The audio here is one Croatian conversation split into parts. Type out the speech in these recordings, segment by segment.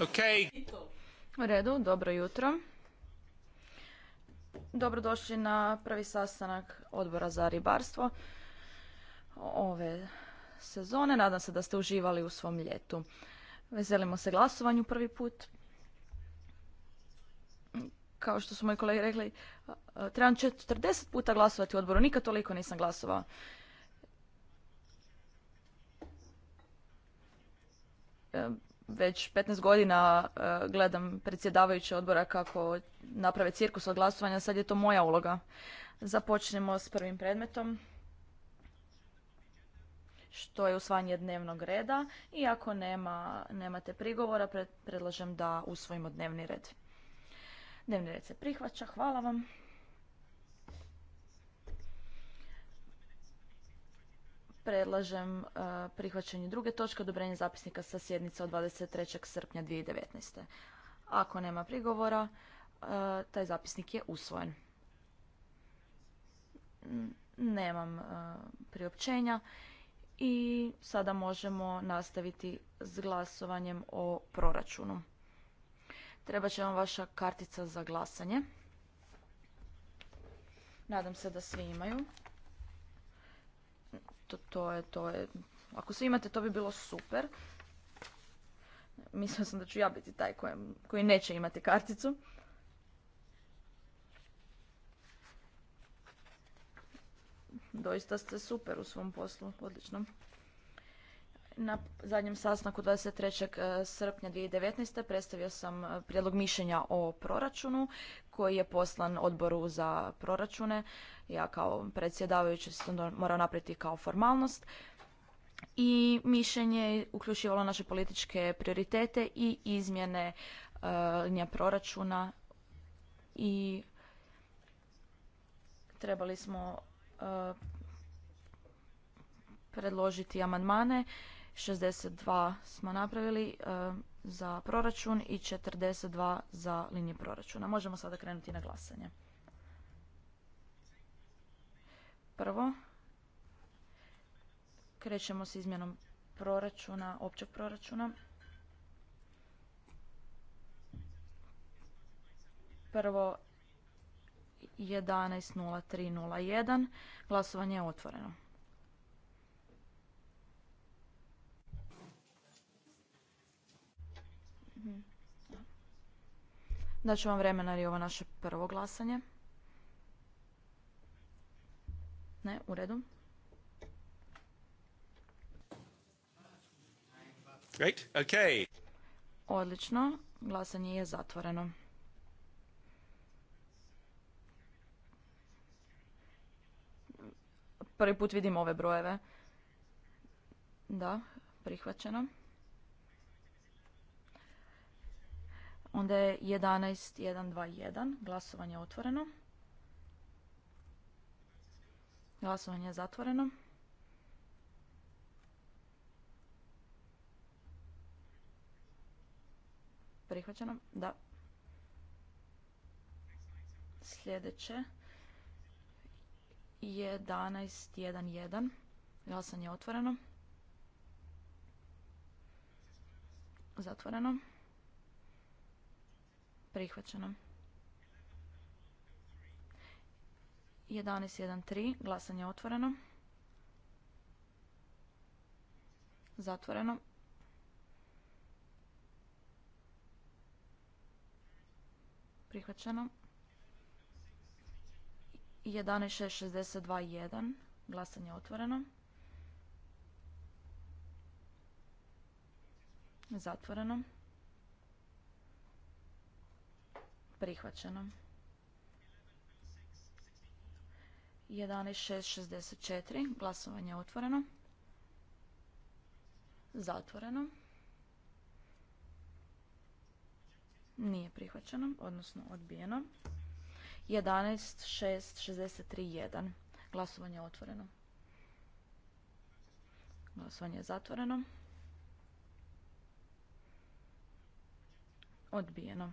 Okay. U redu, dobro jutro. Dobrodošli na prvi sastanak odbora za ribarstvo ove sezone. Nadam se da ste uživali u svom ljetu. Veselimo se glasovanju prvi put. Kao što su moji kolege rekli, trebam 40 puta glasovati u odboru. Nikad toliko nisam glasovao već 15 godina e, gledam predsjedavajuće odbora kako naprave cirkus od glasovanja, sad je to moja uloga. Započnemo s prvim predmetom što je usvajanje dnevnog reda i ako nema, nemate prigovora predlažem da usvojimo dnevni red. Dnevni red se prihvaća, hvala vam. predlažem uh, prihvaćanje druge točke odobrenja zapisnika sa sjednice od 23. srpnja 2019. Ako nema prigovora, uh, taj zapisnik je usvojen. Nemam uh, priopćenja i sada možemo nastaviti s glasovanjem o proračunu. Treba će vam vaša kartica za glasanje. Nadam se da svi imaju to, to je, to je, ako svi imate to bi bilo super. Mislio sam da ću ja biti taj koji, koji neće imati karticu. Doista ste super u svom poslu, odlično. Na zadnjem sastanku 23. Eh, srpnja 2019. predstavio sam eh, prijedlog mišljenja o proračunu koji je poslan odboru za proračune. Ja kao predsjedavajući sam morao napraviti kao formalnost. I mišljenje je uključivalo naše političke prioritete i izmjene e, linja proračuna i trebali smo e, predložiti amandmane 62 smo napravili e, za proračun i 42 za linije proračuna. Možemo sada krenuti na glasanje. Prvo, krećemo s izmjenom proračuna, općeg proračuna. Prvo, 11.03.01. Glasovanje je otvoreno. Mhm. Daću vam vremena jer ovo naše prvo glasanje. Ne, u redu. Odlično, glasanje je zatvoreno. Prvi put vidim ove brojeve. Da, prihvaćeno. Onda je 11.1.2.1. Glasovanje je otvoreno. Glasovanje je zatvoreno. Prihvaćeno? Da. Sljedeće. 11.1.1. Glasanje otvoreno. Zatvoreno. Prihvaćeno. 11.1.3. Glasanje otvoreno. Zatvoreno. Prihvaćeno. 11.6.62.1. Glasanje otvoreno. Zatvoreno. Prihvaćeno. 11.664. Glasovanje otvoreno. Zatvoreno. Nije prihvaćeno, odnosno odbijeno. 11.663.1. Glasovanje je otvoreno. Glasovanje je zatvoreno. Odbijeno.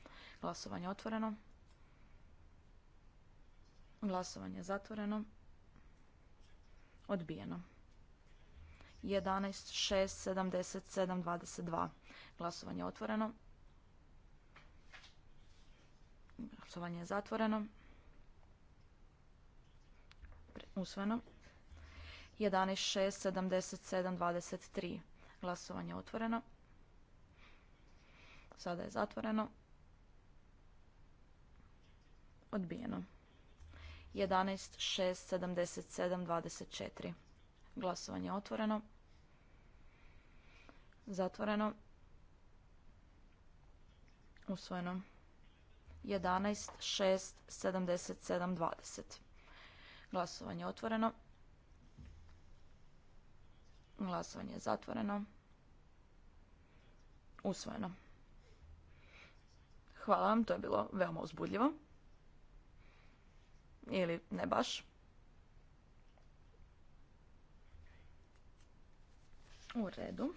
Glasovanje otvoreno. Glasovanje zatvoreno. Odbijeno. 11.6.77.22. Glasovanje otvoreno. Glasovanje je zatvoreno. Usvojeno. 11.6.77.23. Glasovanje otvoreno. Sada je zatvoreno. Odbijeno. 11.6.77.24. Glasovanje otvoreno. Zatvoreno. Usvojeno. 11.6.77.20. Glasovanje otvoreno. Glasovanje je zatvoreno. Usvojeno. Hvala vam, to je bilo veoma uzbudljivo. Ili ne baš. U redu.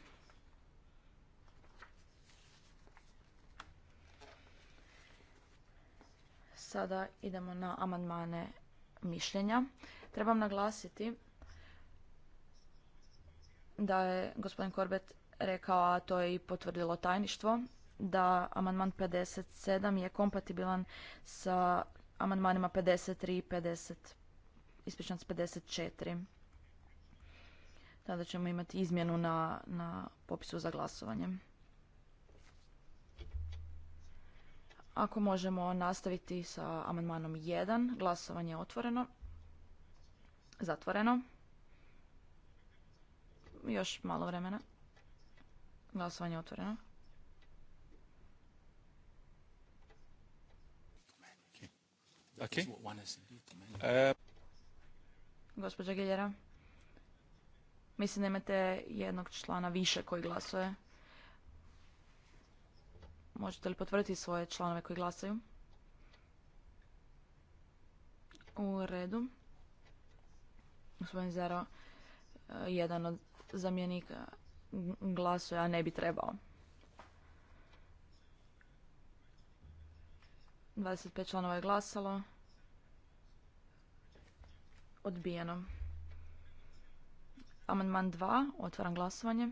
Sada idemo na amandmane mišljenja. Trebam naglasiti da je gospodin Korbet rekao, a to je i potvrdilo tajništvo, da amandman 57 je kompatibilan sa amandmanima 53 i 50, ispričan s 54. Tada ćemo imati izmjenu na, na popisu za glasovanje. Ako možemo nastaviti sa amandmanom 1, glasovanje je otvoreno, zatvoreno, još malo vremena, glasovanje je otvoreno, Okay. Uh... Giljera, mislim da imate jednog člana više koji glasuje. Možete li potvrditi svoje članove koji glasaju? U redu. Gospodin Zero, eh, jedan od zamjenika glasuje, a ne bi trebao. 25 članova je glasalo. Odbijeno. Amandman 2. Otvaram glasovanje.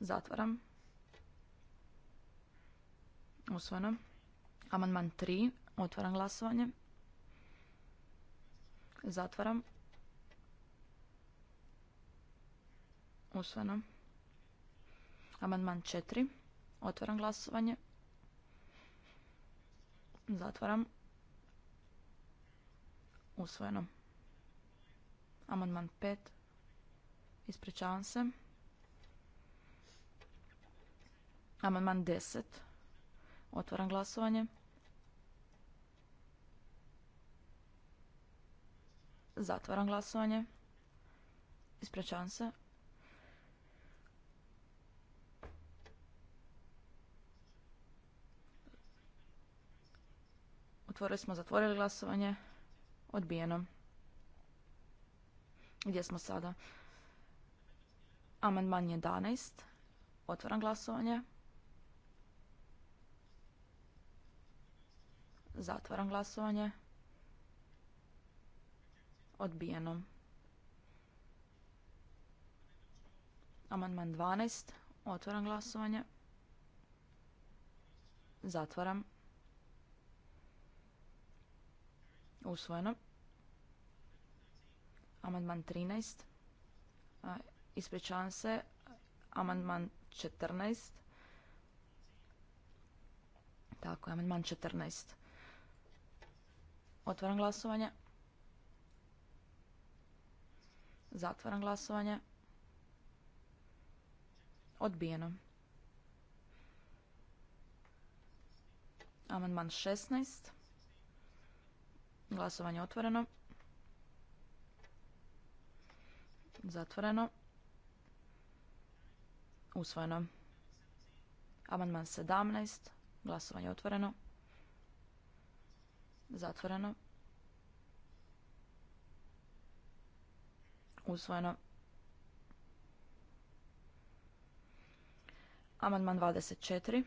Zatvaram. Usvojeno. Amandman 3. Otvaram glasovanje. Zatvaram. Usvojeno. Amandman 4. Otvaram glasovanje. Zatvaram. Usvojeno. Amandman 5. Ispričavam se. Amandman 10. Otvaram glasovanje. Zatvaram glasovanje. Ispričavam se. Otvorili smo, zatvorili glasovanje. Odbijeno. Gdje smo sada? Amandman 11. Otvaram glasovanje. Zatvaram glasovanje. Odbijeno. Amandman 12. Otvaram glasovanje. Zatvaram. Usvojeno. Amandman 13. Ispričavam se. Amandman 14. Tako je, amandman 14. Otvaram glasovanje. Zatvaram glasovanje. Odbijeno. Amandman 16. Glasovanje otvoreno. Zatvoreno. Usvojeno. Amandman 17. Glasovanje otvoreno. Zatvoreno. Usvojeno. Amandman 24.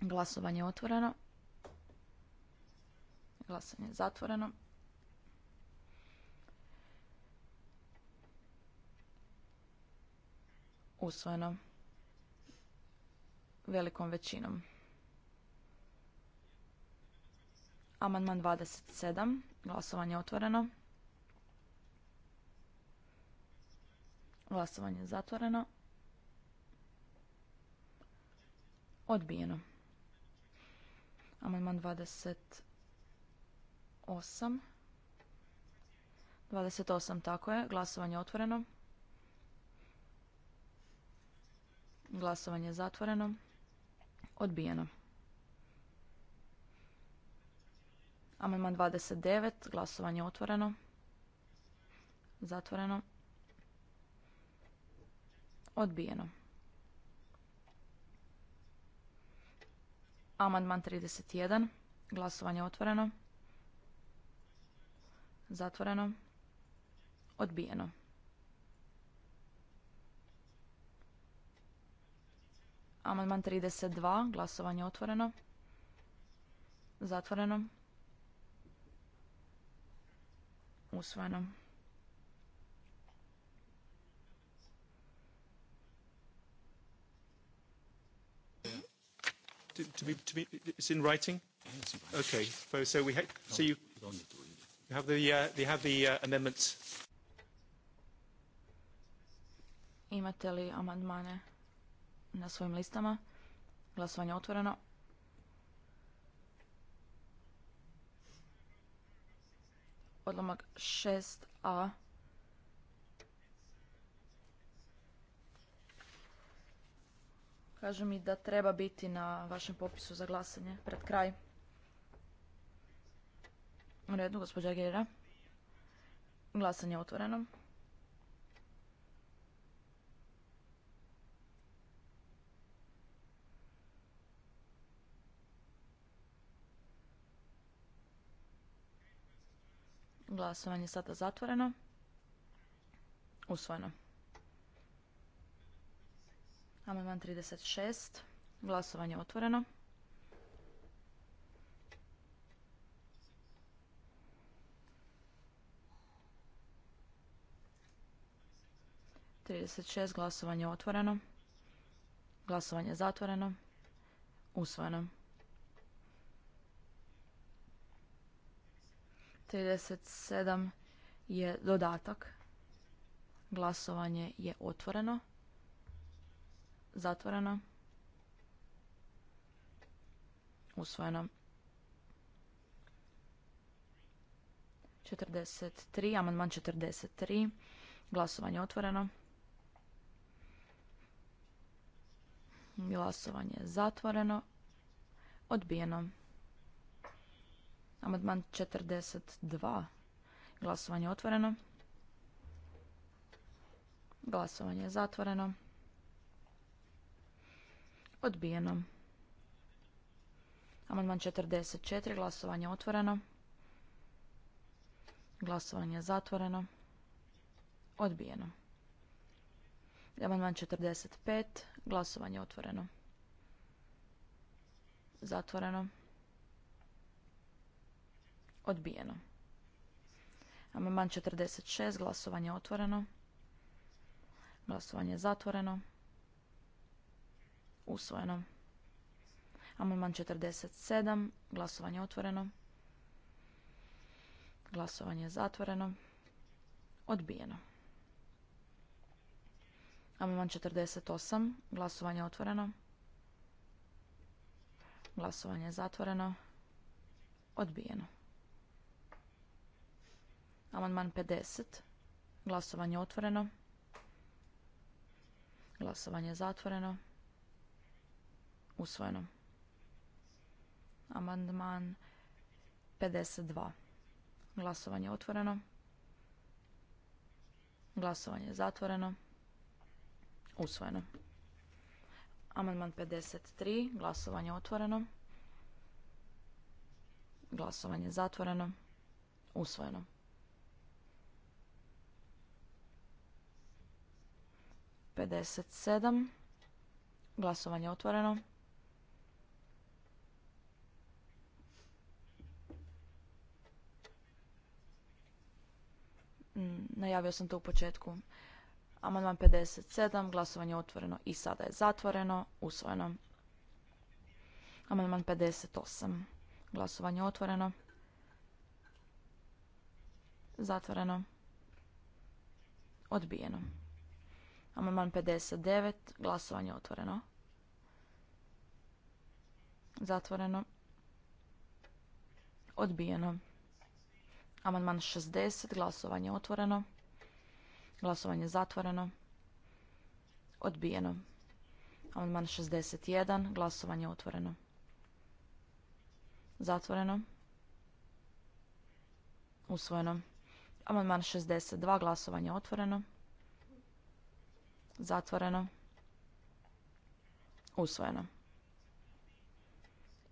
Glasovanje otvoreno. Glasanje je zatvoreno. Usvojeno velikom većinom. Amandman 27. Glasovanje je otvoreno. Glasovanje je zatvoreno. Odbijeno. Amandman 28. 8. 28, tako je. Glasovanje je otvoreno. Glasovanje je zatvoreno. Odbijeno. Amandman 29, glasovanje otvoreno. Zatvoreno. Odbijeno. Amandman 31, glasovanje otvoreno. Zatvoreno. Odbijeno. Amandman 32. Glasovanje otvoreno. Zatvoreno. Usvojeno. To, to be, to be, it's in writing? Okay, so, we have, so you have the, uh, uh, Imate li amandmane na svojim listama? Glasovanje otvoreno. Odlomak 6a. Kaže mi da treba biti na vašem popisu za glasanje pred kraj. U redu, gospođa Gira. Glasanje je otvoreno. Glasovanje je sada zatvoreno. Usvojeno. Amandman 36. Glasovanje je otvoreno. 36. Glasovanje otvoreno. Glasovanje zatvoreno. Usvojeno. 37 je dodatak. Glasovanje je otvoreno. Zatvoreno. Usvojeno. 43, amandman 43. Glasovanje otvoreno. Glasovanje je zatvoreno. Odbijeno. Amandman 42. Glasovanje je otvoreno. Glasovanje je zatvoreno. Odbijeno. Amandman 44. Glasovanje je otvoreno. Glasovanje je zatvoreno. Odbijeno. Amandman 45. Glasovanje otvoreno. Zatvoreno. Odbijeno. Amandman 46. Glasovanje otvoreno. Glasovanje zatvoreno. Usvojeno. Amandman 47. Glasovanje otvoreno. Glasovanje zatvoreno. Odbijeno. Amandman 48. Glasovanje otvoreno. Glasovanje je zatvoreno. Odbijeno. Amandman 50. Glasovanje otvoreno. Glasovanje je zatvoreno. Usvojeno. Amandman 52. Glasovanje je otvoreno. Glasovanje je zatvoreno. Usvojeno. Amandman 53. Glasovanje otvoreno. Glasovanje zatvoreno. Usvojeno. Pedeset sedam. Glasovanje otvoreno. Najavio sam to u početku. Amandman 57, glasovanje otvoreno i sada je zatvoreno, usvojeno. Amandman 58, glasovanje otvoreno, zatvoreno, odbijeno. Amandman 59, glasovanje otvoreno, zatvoreno, odbijeno. Amandman 60, glasovanje otvoreno, Glasovanje zatvoreno. Odbijeno. Amandman 61. Glasovanje otvoreno. Zatvoreno. Usvojeno. Amandman 62. Glasovanje otvoreno. Zatvoreno. Usvojeno.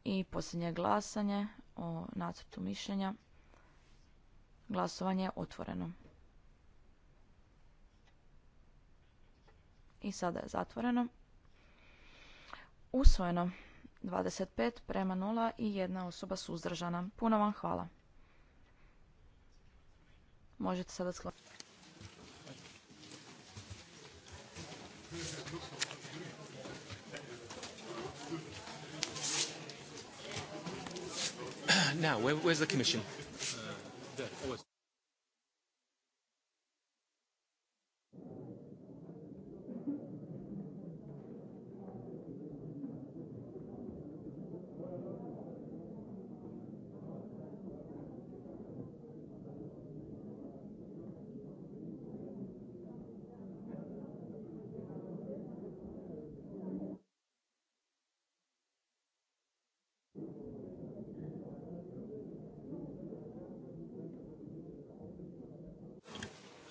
I posljednje glasanje o nacrtu mišljenja. Glasovanje otvoreno. i sada je zatvoreno. Usvojeno 25 prema 0 i jedna osoba suzdržana. Puno vam hvala. Možete sada sklopiti. Now, where, where's the commission? Uh,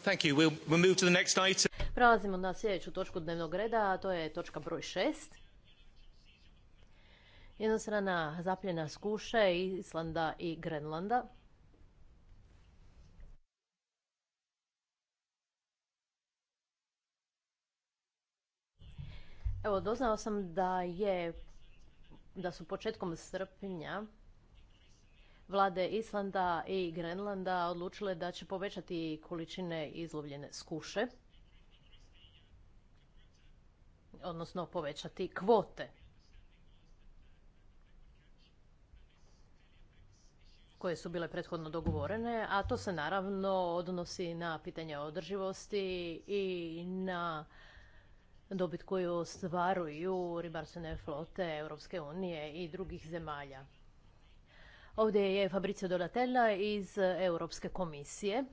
Thank you. We'll, move to the next item. Prelazimo na sljedeću točku dnevnog reda, a to je točka broj 6. Jednostrana zapljena skuše Islanda i Grenlanda. Evo, doznao sam da je da su početkom srpnja vlade Islanda i Grenlanda odlučile da će povećati količine izlovljene skuše, odnosno povećati kvote koje su bile prethodno dogovorene, a to se naravno odnosi na pitanje održivosti i na dobit koju ostvaruju ribarstvene flote Europske unije i drugih zemalja. Ovdje je Fabricio Donatella iz e, Europske komisije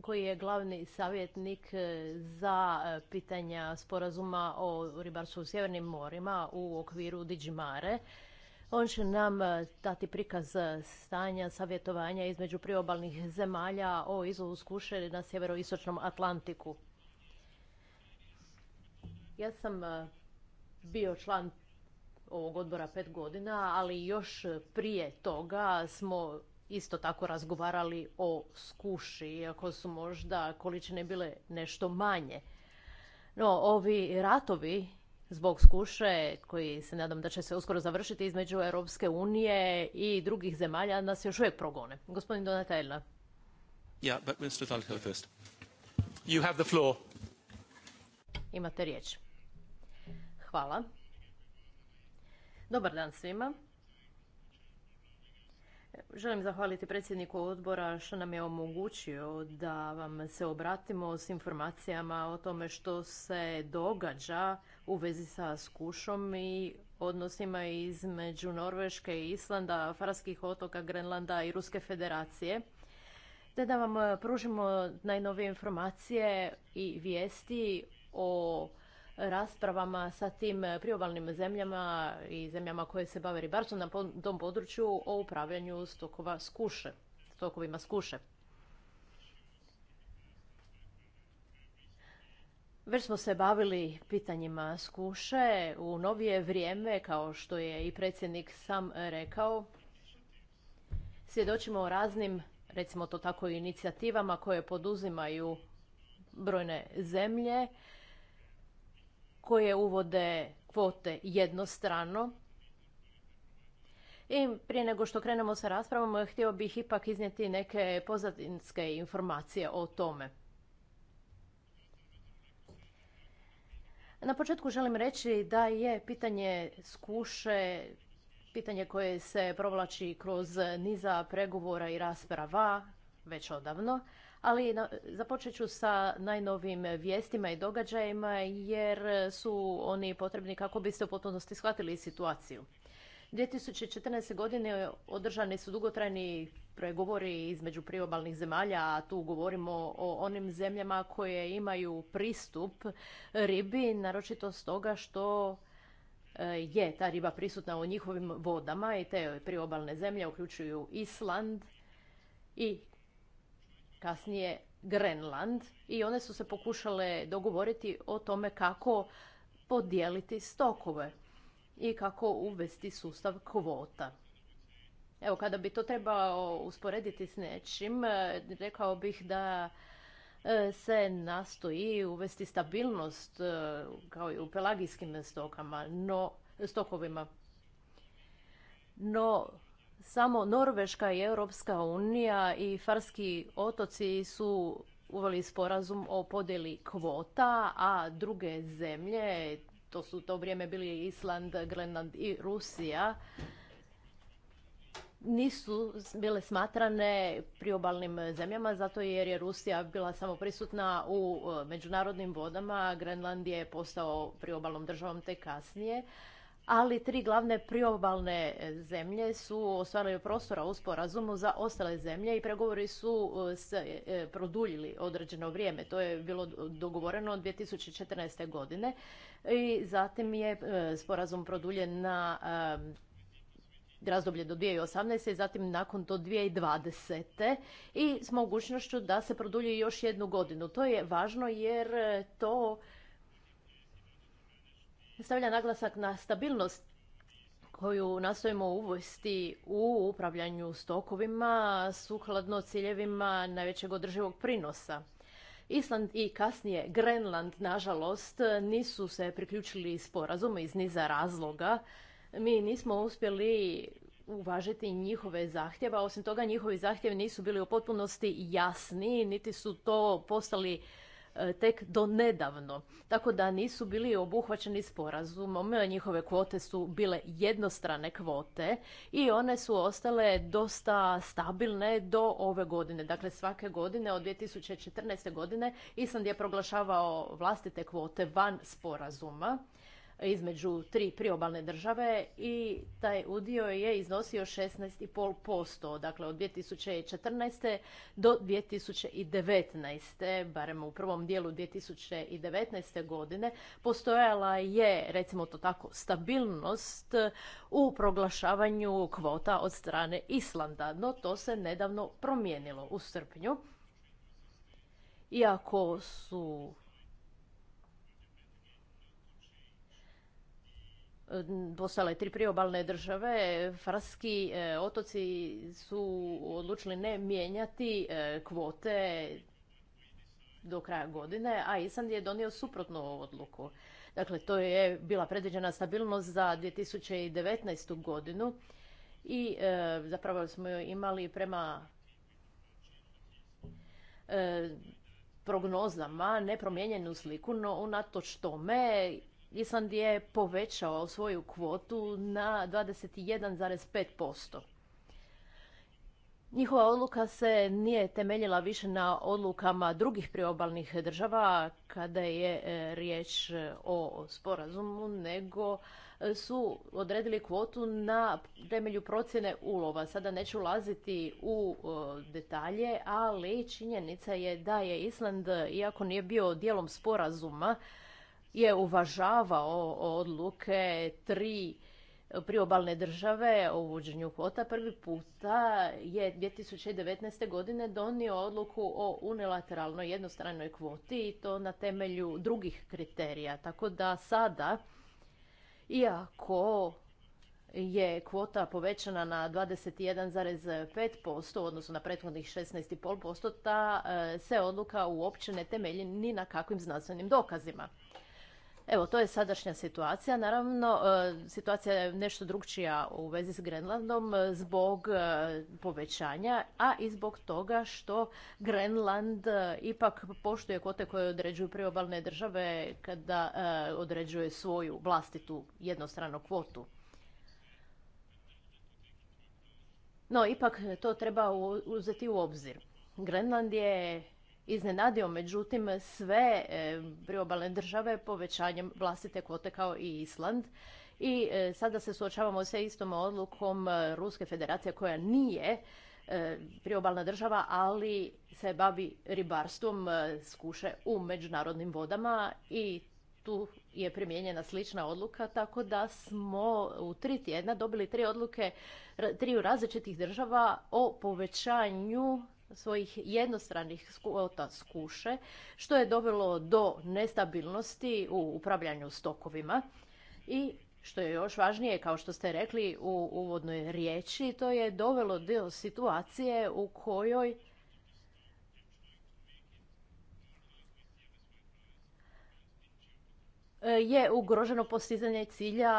koji je glavni savjetnik e, za e, pitanja sporazuma o ribarstvu u Sjevernim morima u okviru Diđimare. On će nam dati prikaz stanja savjetovanja između priobalnih zemalja o izlovu skušeri na sjeveroistočnom Atlantiku. Ja sam bio član ovog odbora pet godina, ali još prije toga smo isto tako razgovarali o skuši, iako su možda količine bile nešto manje. No, ovi ratovi zbog skuše, koji se nadam da će se uskoro završiti između Europske unije i drugih zemalja, nas još uvijek progone. Gospodin Donatella. Yeah, Mr. first. You have the floor. Imate riječ. Hvala. Dobar dan svima. Želim zahvaliti predsjedniku odbora što nam je omogućio da vam se obratimo s informacijama o tome što se događa u vezi sa skušom i odnosima između Norveške i Islanda, Farskih otoka, Grenlanda i Ruske federacije te da vam pružimo najnovije informacije i vijesti o raspravama sa tim priobalnim zemljama i zemljama koje se bave ribarstvom na tom području o upravljanju stokova skuše, stokovima skuše. Već smo se bavili pitanjima skuše u novije vrijeme, kao što je i predsjednik sam rekao. Svjedočimo o raznim, recimo to tako, inicijativama koje poduzimaju brojne zemlje koje uvode kvote jednostrano. I prije nego što krenemo sa raspravom, htio bih ipak iznijeti neke pozadinske informacije o tome. Na početku želim reći da je pitanje skuše pitanje koje se provlači kroz niza pregovora i rasprava već odavno, ali započet ću sa najnovim vijestima i događajima jer su oni potrebni kako biste u potpunosti shvatili situaciju. 2014. godine održani su dugotrajni pregovori između priobalnih zemalja, a tu govorimo o onim zemljama koje imaju pristup ribi, naročito stoga što eh, je ta riba prisutna u njihovim vodama i te priobalne zemlje uključuju Island i kasnije Grenland i one su se pokušale dogovoriti o tome kako podijeliti stokove i kako uvesti sustav kvota. Evo, kada bi to trebao usporediti s nečim, e, rekao bih da e, se nastoji uvesti stabilnost e, kao i u pelagijskim stokama, no, stokovima. No, samo Norveška i Europska unija i Farski otoci su uveli sporazum o podjeli kvota, a druge zemlje, to su to vrijeme bili Island, Grenland i Rusija, nisu bile smatrane priobalnim zemljama zato jer je Rusija bila samo prisutna u e, međunarodnim vodama, Grenland je postao priobalnom državom te kasnije ali tri glavne priobalne e, zemlje su ostvarile prostora u sporazumu za ostale zemlje i pregovori su se e, e, produljili određeno vrijeme. To je bilo dogovoreno 2014. godine i zatim je sporazum produljen na razdoblje do 2018. i zatim nakon do 2020. i s mogućnošću da se produlji još jednu godinu. To je važno jer to stavlja naglasak na stabilnost koju nastojimo uvesti u upravljanju stokovima sukladno ciljevima najvećeg održivog prinosa. Island i kasnije Grenland, nažalost, nisu se priključili sporazumu iz niza razloga. Mi nismo uspjeli uvažiti njihove zahtjeva. Osim toga, njihovi zahtjevi nisu bili u potpunosti jasni, niti su to postali E, tek do nedavno, tako da nisu bili obuhvaćeni sporazumom. Njihove kvote su bile jednostrane kvote i one su ostale dosta stabilne do ove godine. Dakle, svake godine od 2014. godine Island je proglašavao vlastite kvote van sporazuma između tri priobalne države i taj udio je iznosio 16,5%, dakle od 2014. do 2019. barem u prvom dijelu 2019. godine postojala je, recimo to tako, stabilnost u proglašavanju kvota od strane Islanda, no to se nedavno promijenilo u srpnju. Iako su postale tri priobalne države, Farski e, otoci su odlučili ne mijenjati e, kvote do kraja godine, a Island je donio suprotnu odluku. Dakle, to je bila predviđena stabilnost za 2019. godinu i e, zapravo smo imali prema prognozama nepromijenjenu sliku, no unatoč tome Island je povećao svoju kvotu na 21,5%. Njihova odluka se nije temeljila više na odlukama drugih priobalnih država kada je e, riječ e, o sporazumu, nego su odredili kvotu na temelju procjene ulova. Sada neću ulaziti u e, detalje, ali činjenica je da je Island, iako nije bio dijelom sporazuma, je uvažavao odluke tri priobalne države o uvođenju kvota prvi puta je 2019. godine donio odluku o unilateralnoj jednostranoj kvoti i to na temelju drugih kriterija. Tako da sada, iako je kvota povećana na 21,5%, odnosno na prethodnih 16,5%, ta e, se odluka uopće ne temelji ni na kakvim znanstvenim dokazima. Evo, to je sadašnja situacija. Naravno, e, situacija je nešto drugčija u vezi s Grenlandom e, zbog e, povećanja, a i zbog toga što Grenland ipak poštuje kvote koje određuju priobalne države kada određuje svoju vlastitu jednostranu kvotu. No, ipak to treba uzeti u obzir. Grenland je iznenadio, međutim sve e, priobalne države povećanjem vlastite kvote kao i Island. I e, sada se suočavamo sa istom odlukom e, Ruske federacije koja nije priobalna država, ali se bavi ribarstvom skuše u međunarodnim vodama i tu je primijenjena slična odluka, tako da smo u tri tjedna dobili tri odluke triju različitih država o povećanju svojih jednostranih skuota skuše, što je dovelo do nestabilnosti u upravljanju stokovima i što je još važnije, kao što ste rekli u uvodnoj riječi, to je dovelo do situacije u kojoj E, je ugroženo postizanje cilja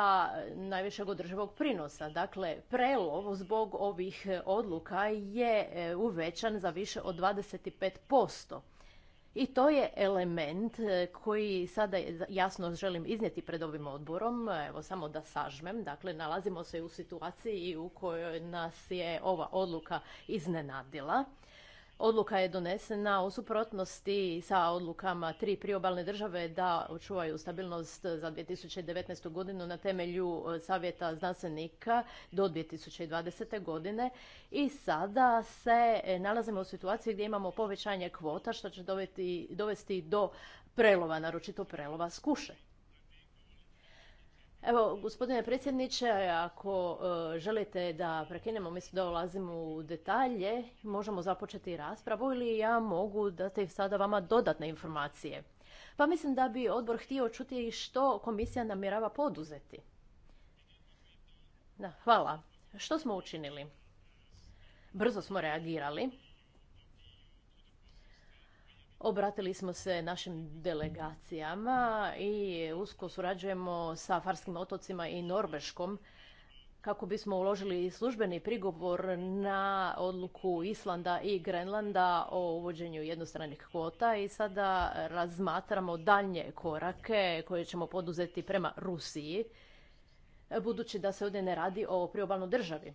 najvišeg održivog prinosa. Dakle, prelov zbog ovih e, odluka je e, uvećan za više od 25%. I to je element koji sada jasno želim iznijeti pred ovim odborom, evo samo da sažmem. Dakle, nalazimo se u situaciji u kojoj nas je ova odluka iznenadila. Odluka je donesena u suprotnosti sa odlukama tri priobalne države da očuvaju stabilnost za 2019. godinu na temelju e, savjeta znanstvenika do 2020. godine i sada se e, nalazimo u situaciji gdje imamo povećanje kvota što će dovesti do prelova, naročito prelova skuše. Evo, gospodine predsjedniče, ako e, želite da prekinemo, mislim da ulazimo u detalje, možemo započeti raspravu ili ja mogu dati sada vama dodatne informacije. Pa mislim da bi odbor htio čuti što komisija namjerava poduzeti. Da, hvala. Što smo učinili? Brzo smo reagirali Obratili smo se našim delegacijama i usko surađujemo sa Farskim otocima i Norveškom kako bismo uložili službeni prigovor na odluku Islanda i Grenlanda o uvođenju jednostranih kvota i sada razmatramo daljnje korake koje ćemo poduzeti prema Rusiji, budući da se ovdje ne radi o priobalnoj državi.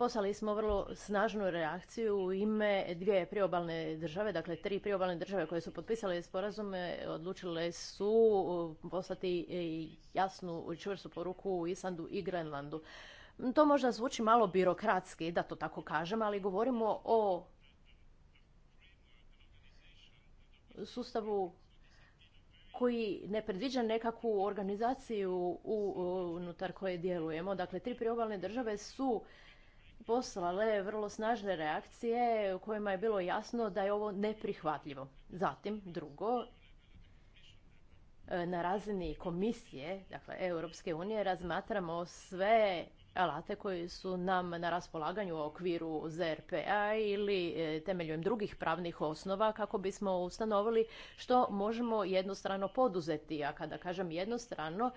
poslali smo vrlo snažnu reakciju u ime dvije priobalne države, dakle tri priobalne države koje su potpisale sporazume, odlučile su uh, poslati e, jasnu i čvrstu poruku u Islandu i Grenlandu. To možda zvuči malo birokratski, da to tako kažem, ali govorimo o sustavu koji ne predviđa nekakvu organizaciju unutar koje djelujemo. Dakle, tri priobalne države su poslale vrlo snažne reakcije u kojima je bilo jasno da je ovo neprihvatljivo. Zatim, drugo, e, na razini komisije, dakle Europske unije, razmatramo sve alate koji su nam na raspolaganju u okviru ZRPA ili e, temeljem drugih pravnih osnova kako bismo ustanovili što možemo jednostrano poduzeti. A kada kažem jednostrano,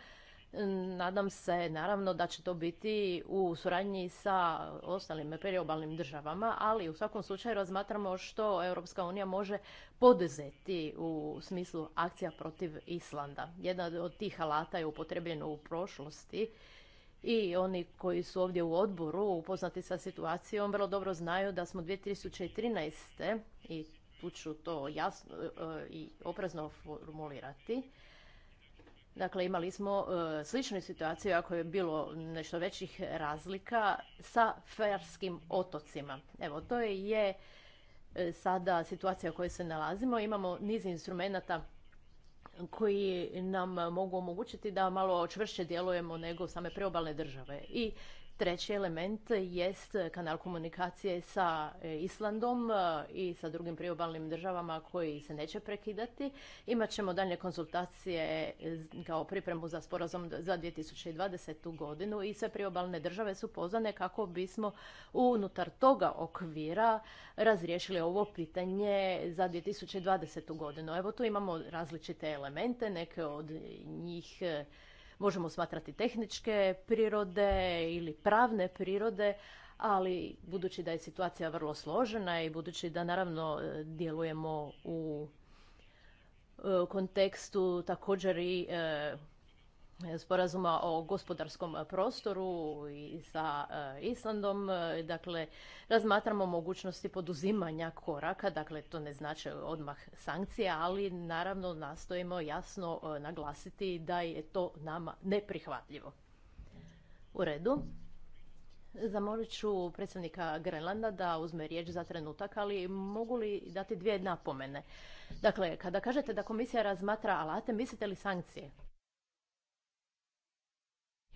Nadam se naravno da će to biti u suradnji sa ostalim periobalnim državama, ali u svakom slučaju razmatramo što Europska unija može poduzeti u smislu akcija protiv Islanda. Jedan od tih alata je upotrebljen u prošlosti i oni koji su ovdje u odboru upoznati sa situacijom vrlo dobro znaju da smo 2013. i tu ću to jasno e, e, i oprezno formulirati, Dakle, imali smo e, sličnu situaciju ako je bilo nešto većih razlika sa ferskim otocima. Evo, to je e, sada situacija u kojoj se nalazimo. Imamo niz instrumenata koji nam mogu omogućiti da malo čvršće djelujemo nego same preobalne države. I Treći element jest kanal komunikacije sa e, Islandom e, i sa drugim priobalnim državama koji se neće prekidati. Imaćemo dalje konzultacije e, kao pripremu za sporazum za 2020. godinu i sve priobalne države su pozvane kako bismo unutar toga okvira razriješili ovo pitanje za 2020. godinu. Evo tu imamo različite elemente, neke od njih možemo smatrati tehničke prirode ili pravne prirode, ali budući da je situacija vrlo složena i budući da naravno e, djelujemo u e, kontekstu također i e, sporazuma o gospodarskom prostoru i sa e, Islandom. E, dakle, razmatramo mogućnosti poduzimanja koraka, dakle to ne znači odmah sankcije, ali naravno nastojimo jasno e, naglasiti da je to nama neprihvatljivo. U redu. Zamolit ću predsjednika Grenlanda da uzme riječ za trenutak, ali mogu li dati dvije napomene? Dakle, kada kažete da komisija razmatra alate, mislite li sankcije?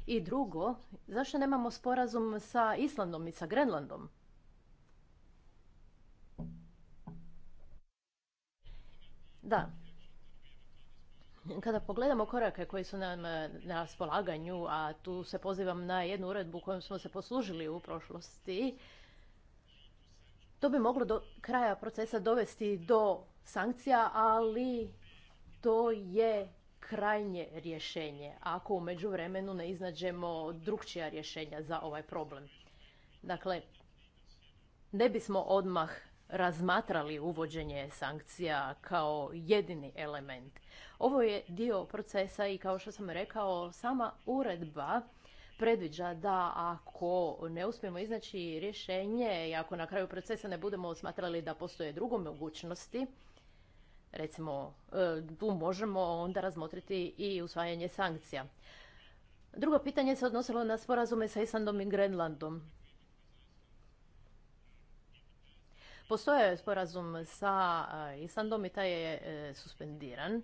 I drugo, zašto nemamo sporazum sa Islandom i sa Grenlandom? Da. Kada pogledamo korake koji su nam eh, na raspolaganju, a tu se pozivam na jednu uredbu kojom smo se poslužili u prošlosti, to bi moglo do kraja procesa dovesti do sankcija, ali to je krajnje rješenje ako u međuvremenu ne iznađemo drukčija rješenja za ovaj problem. Dakle, ne bismo odmah razmatrali uvođenje sankcija kao jedini element. Ovo je dio procesa i kao što sam rekao, sama uredba predviđa da ako ne uspijemo iznaći rješenje i ako na kraju procesa ne budemo smatrali da postoje drugo mogućnosti, recimo e, tu možemo onda razmotriti i usvajanje sankcija. Drugo pitanje se odnosilo na sporazume sa Islandom i Grenlandom. Postoje sporazum sa e, Islandom i taj je e, suspendiran.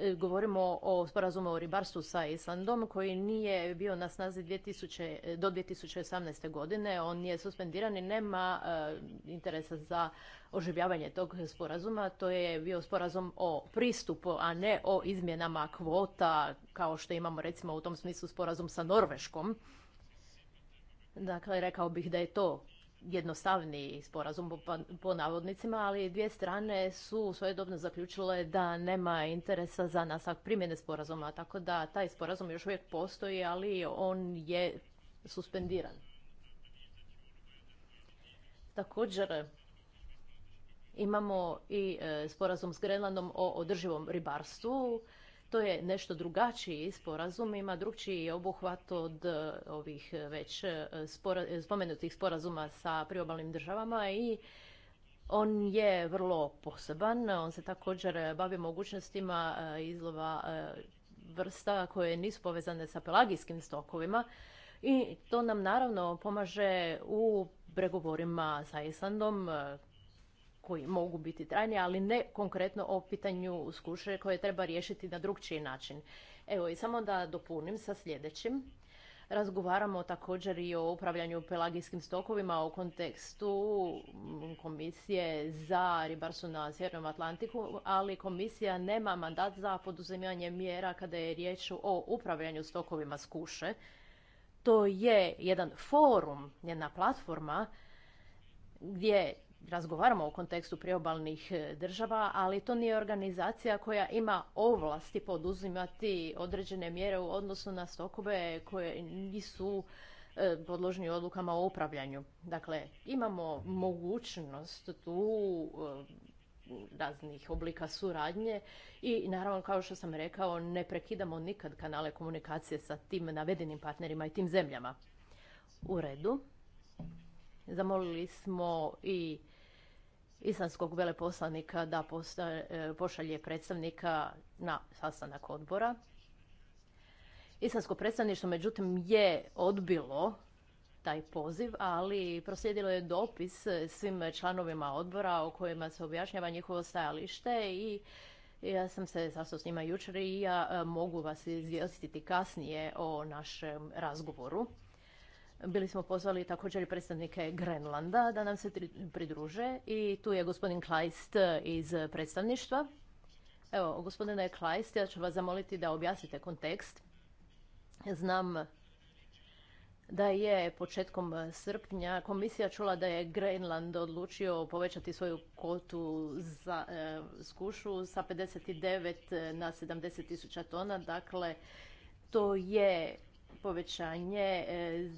E, govorimo o sporazumu o ribarstvu sa Islandom koji nije bio na snazi 2000, e, do 2018. godine. On je suspendiran i nema e, interesa za oživljavanje tog sporazuma. To je bio sporazum o pristupu, a ne o izmjenama kvota kao što imamo recimo u tom smislu sporazum sa Norveškom. Dakle, rekao bih da je to jednostavni sporazum po navodnicima, ali dvije strane su svojedobno zaključile da nema interesa za nastavak primjene sporazuma, tako da taj sporazum još uvijek postoji, ali on je suspendiran. Također imamo i e, sporazum s Grenlandom o održivom ribarstvu to je nešto drugačiji sporazum, ima drugčiji obuhvat od e, ovih već e, spomenutih sporazuma sa priobalnim državama i on je vrlo poseban. On se također bavi mogućnostima e, izlova vrsta koje nisu povezane sa pelagijskim stokovima i to nam naravno pomaže u pregovorima sa Islandom koji mogu biti trajni, ali ne konkretno o pitanju skuše koje treba riješiti na drugčiji način. Evo i samo da dopunim sa sljedećim. Razgovaramo također i o upravljanju pelagijskim stokovima u kontekstu mm, komisije za ribarstvo na Sjevernom Atlantiku, ali komisija nema mandat za poduzimanje mjera kada je riječ o upravljanju stokovima skuše. To je jedan forum, jedna platforma gdje razgovaramo o kontekstu priobalnih e, država, ali to nije organizacija koja ima ovlasti poduzimati određene mjere u odnosu na stokove koje nisu e, podložni odlukama o upravljanju. Dakle, imamo mogućnost tu e, raznih oblika suradnje i naravno kao što sam rekao ne prekidamo nikad kanale komunikacije sa tim navedenim partnerima i tim zemljama. U redu. Zamolili smo i islamskog veleposlanika da e, pošalje predstavnika na sastanak odbora. Islamsko predstavništvo, međutim, je odbilo taj poziv, ali proslijedilo je dopis svim članovima odbora o kojima se objašnjava njihovo stajalište i ja sam se sastao s njima jučer i ja e, mogu vas izvijestiti kasnije o našem razgovoru. Bili smo pozvali također i predstavnike Grenlanda da nam se pridruže i tu je gospodin Kleist e, iz predstavništva. Evo, gospodine Kleist, ja ću vas zamoliti da objasnite kontekst. Znam da je početkom srpnja komisija čula da je Grenland odlučio povećati svoju kotu za e, skušu sa 59 na 70 tisuća tona. Dakle, to je povećanje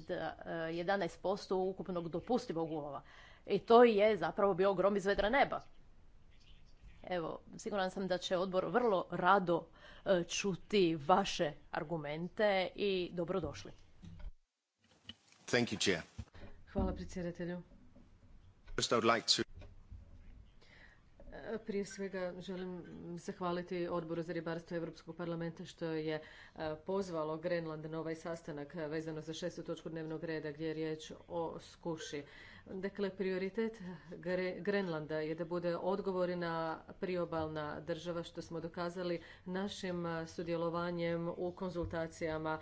11% e, e, ukupnog dopustivog ulova. I to je zapravo bio grom iz vedra neba. Evo, siguran sam da će odbor vrlo rado e, čuti vaše argumente i dobrodošli. Thank you, Chair. Hvala predsjedatelju. Prije svega želim zahvaliti Odboru za ribarstvo Europskog parlamenta što je e, pozvalo Grenland na ovaj sastanak vezano za šestu točku dnevnog reda gdje je riječ o skuši. Dakle, prioritet Grenlanda je da bude odgovorina priobalna država što smo dokazali našim sudjelovanjem u konzultacijama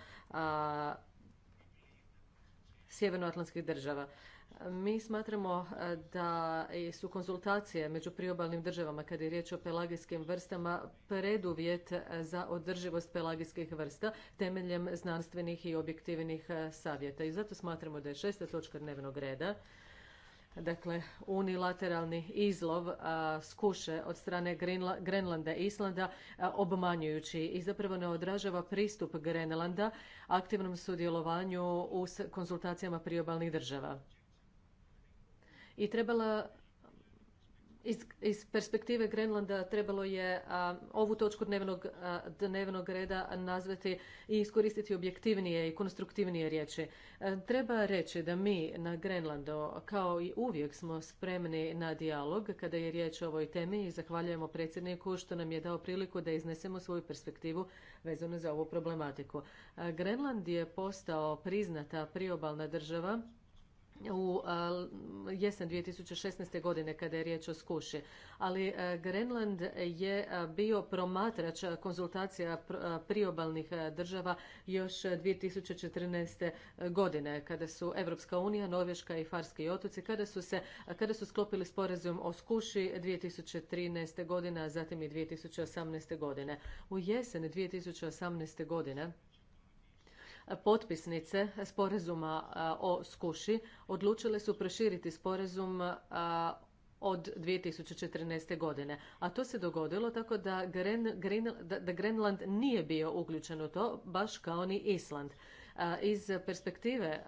sjevernoatlantskih država. Mi smatramo e, da su konzultacije među priobalnim državama kada je riječ o pelagijskim vrstama preduvjet e, za održivost pelagijskih vrsta temeljem znanstvenih i objektivnih e, savjeta. I zato smatramo da je šesta točka dnevnog reda dakle unilateralni izlov skuše od strane Grenlanda i Islanda obmanjujući i zapravo ne odražava pristup Grenlanda aktivnom sudjelovanju u konzultacijama priobalnih država i trebala iz, iz perspektive Grenlanda trebalo je ovu točku dnevnog, dnevnog reda nazvati i iskoristiti objektivnije i konstruktivnije riječi. E, treba reći da mi na Grenlandu kao i uvijek smo spremni na dijalog kada je riječ o ovoj temi i zahvaljujemo predsjedniku što nam je dao priliku da iznesemo svoju perspektivu vezano za ovu problematiku. E, Grenland je postao priznata priobalna država u e, jesen 2016. godine kada je riječ o skuši. Ali e, Grenland je e, bio promatrač konzultacija priobalnih država još 2014. godine kada su Evropska unija, Norveška i Farski otoci, kada su, se, kada su sklopili sporazum o skuši 2013. godine, a zatim i 2018. godine. U jesen 2018. godine potpisnice sporazuma o skuši odlučile su proširiti sporazum od 2014. godine. A to se dogodilo tako da, Gren, da Grenland nije bio uključen u to, baš kao ni Island. Iz perspektive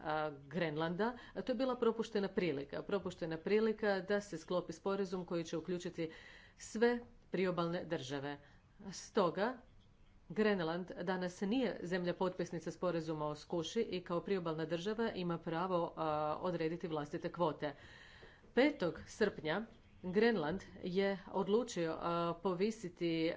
Grenlanda to je bila propuštena prilika. Propuštena prilika da se sklopi sporazum koji će uključiti sve priobalne države. Stoga Grenland danas nije zemlja potpisnica sporazuma o skuši i kao priobalna država ima pravo odrediti vlastite kvote. 5. srpnja Grenland je odlučio povisiti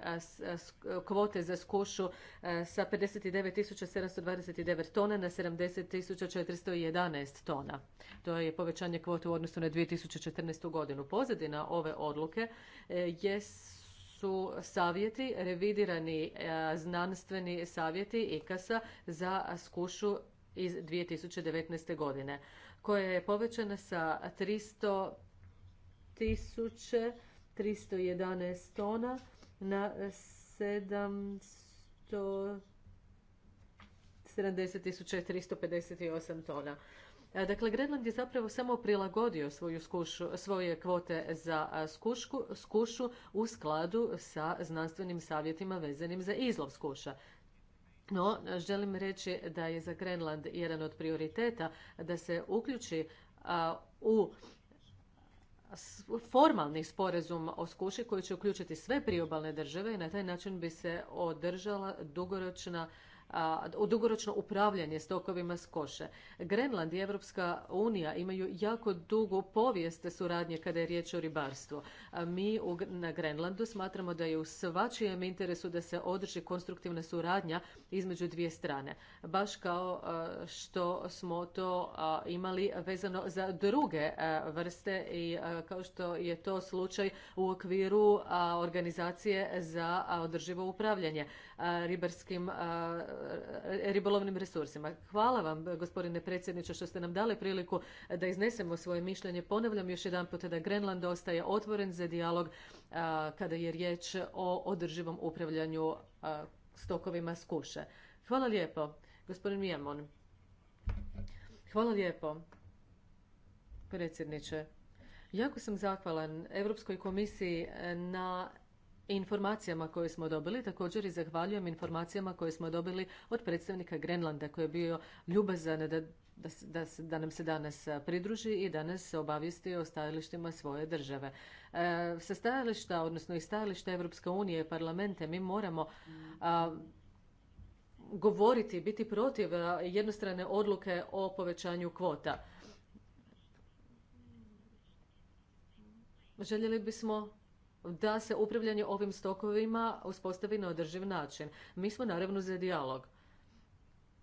kvote za skušu sa 59.729 tona na 70.411 tona. To je povećanje kvote u odnosu na 2014. godinu. Pozadina ove odluke e, je su savjeti, revidirani e, znanstveni savjeti IKASA za skušu iz 2019. godine, koja je povećana sa 300.311 tona na 770.358 tona. E, dakle, Grenland je zapravo samo prilagodio svoju skušu, svoje kvote za skušu u skladu sa znanstvenim savjetima vezanim za izlov skuša. No, želim reći da je za Grenland jedan od prioriteta da se uključi u formalni sporazum o skuši koji će uključiti sve priobalne države i na taj način bi se održala dugoročna u dugoročno upravljanje stokovima s koše. Grenland i Evropska unija imaju jako dugu povijest suradnje kada je riječ o ribarstvu. Mi na Grenlandu smatramo da je u svačijem interesu da se održi konstruktivna suradnja između dvije strane. Baš kao što smo to imali vezano za druge vrste i kao što je to slučaj u okviru organizacije za održivo upravljanje ribarskim, e, ribolovnim resursima. Hvala vam, gospodine predsjedniče, što ste nam dali priliku da iznesemo svoje mišljenje. Ponavljam još jedan put da Grenland ostaje otvoren za dijalog kada je riječ o održivom upravljanju stokovima skuše. Hvala lijepo, gospodin Mijamon. Hvala lijepo, predsjedniče. Jako sam zahvalan Europskoj komisiji na informacijama koje smo dobili. Također i zahvaljujem informacijama koje smo dobili od predstavnika Grenlanda koji je bio ljubazan da, da, da nam se danas pridruži i danas obavijesti o stajalištima svoje države. E, sa stajališta, odnosno i stajališta Europske unije i parlamente, mi moramo govoriti, biti protiv jednostrane odluke o povećanju kvota. Željeli bismo da se upravljanje ovim stokovima uspostavi na održiv način. Mi smo naravno za dijalog.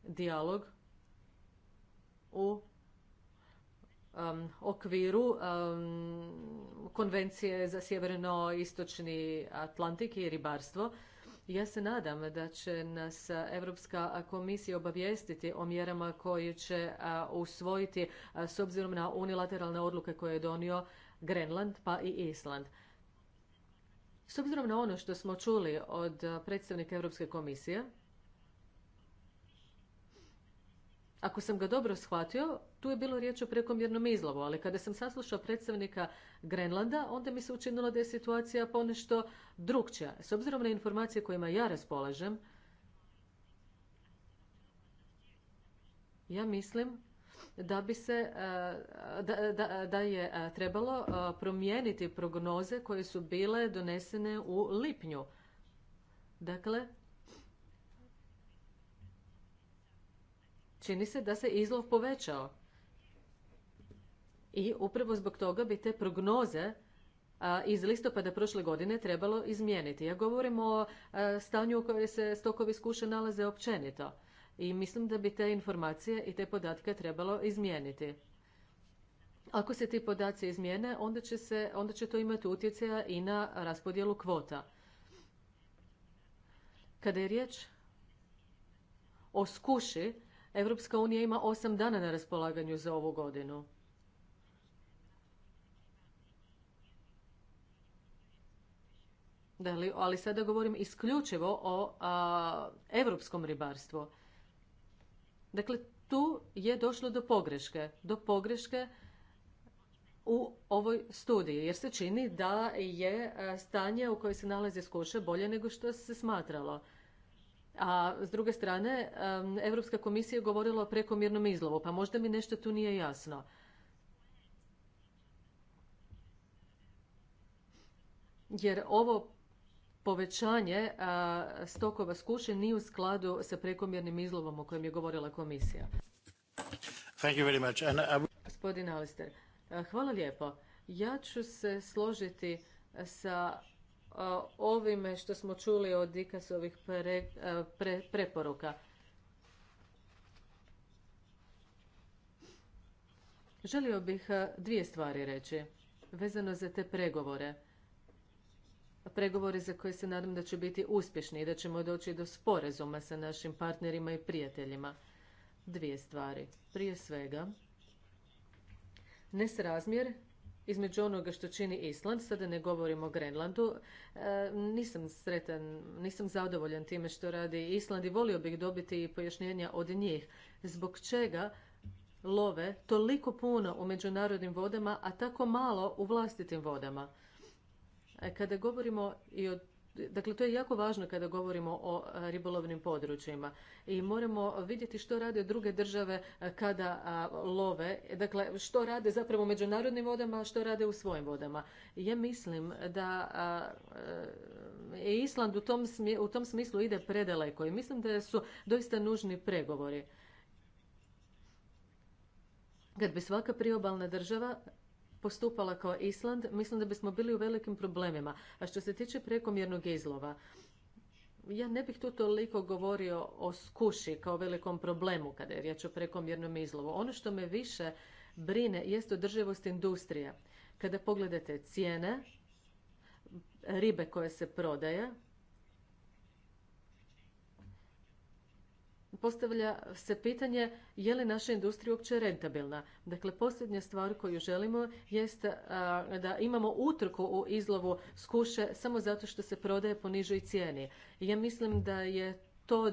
Dijalog u okviru konvencije za sjeverno-istočni Atlantik i ribarstvo. Ja se nadam da će nas Europska komisija obavijestiti o mjerama koje će usvojiti s obzirom na unilateralne odluke koje je donio Grenland pa i Island. S obzirom na ono što smo čuli od eh, predstavnika Europske komisije, ako sam ga dobro shvatio, tu je bilo riječ o prekomjernom izlovu, ali kada sam saslušao predstavnika Grenlanda, onda mi se učinilo da je situacija ponešto drugčija. S obzirom na informacije kojima ja raspolažem, ja mislim da bi se e, da, je e, trebalo e, promijeniti prognoze koje su bile donesene u lipnju. Dakle, čini se da se izlov povećao. I upravo zbog toga bi te prognoze iz listopada prošle godine trebalo izmijeniti. Ja govorim o stanju u kojem se stokovi skuše nalaze općenito i mislim da bi te informacije i te podatke trebalo izmijeniti. Ako se ti podaci izmijene, onda će, se, onda će to imati utjecaja i na raspodjelu kvota. Kada je riječ o skuši, Evropska unija ima osam dana na raspolaganju za ovu godinu. Da ali sada govorim isključivo o europskom evropskom ribarstvu Dakle, tu je došlo do pogreške. Do pogreške u ovoj studiji, jer se čini da je e, stanje u kojoj se nalazi skuše bolje nego što se smatralo. A s druge strane, Europska komisija je govorila o prekomjernom izlovu, pa možda mi nešto tu nije jasno. Jer ovo povećanje stokova skuše nije u skladu sa prekomjernim izlovom o kojem je govorila komisija. Uh, Gospodin Alister, hvala lijepo. Ja ću se složiti sa ovime što smo čuli od Dikasovih preporuka. Želio bih dvije stvari reći vezano za te pregovore pregovore za koje se nadam da će biti uspješni i da ćemo doći do sporazuma sa našim partnerima i prijateljima. Dvije stvari. Prije svega, nesrazmjer između onoga što čini Island, sada ne govorim o Grenlandu, e, nisam sretan, nisam zadovoljan time što radi Island i volio bih dobiti i pojašnjenja od njih zbog čega love toliko puno u međunarodnim vodama, a tako malo u vlastitim vodama. E, kada govorimo i o Dakle, to je jako važno kada govorimo o e, ribolovnim područjima i moramo vidjeti što rade druge države e, kada love, dakle što rade zapravo u međunarodnim vodama, a što rade u svojim vodama. Ja mislim da Island u tom, u tom smislu ide predaleko i mislim da su doista nužni pregovori. Kad bi svaka priobalna država postupala kao Island, mislim da bismo bili u velikim problemima. A što se tiče prekomjernog izlova, ja ne bih tu toliko govorio o skuši kao velikom problemu kada je riječ o prekomjernom izlovu. Ono što me više brine jest održivost industrije. Kada pogledate cijene ribe koje se prodaje, postavlja se pitanje je li naša industrija uopće rentabilna. Dakle, posljednja stvar koju želimo jest da imamo utrku u izlovu skuše samo zato što se prodaje po nižoj cijeni. Ja mislim da je to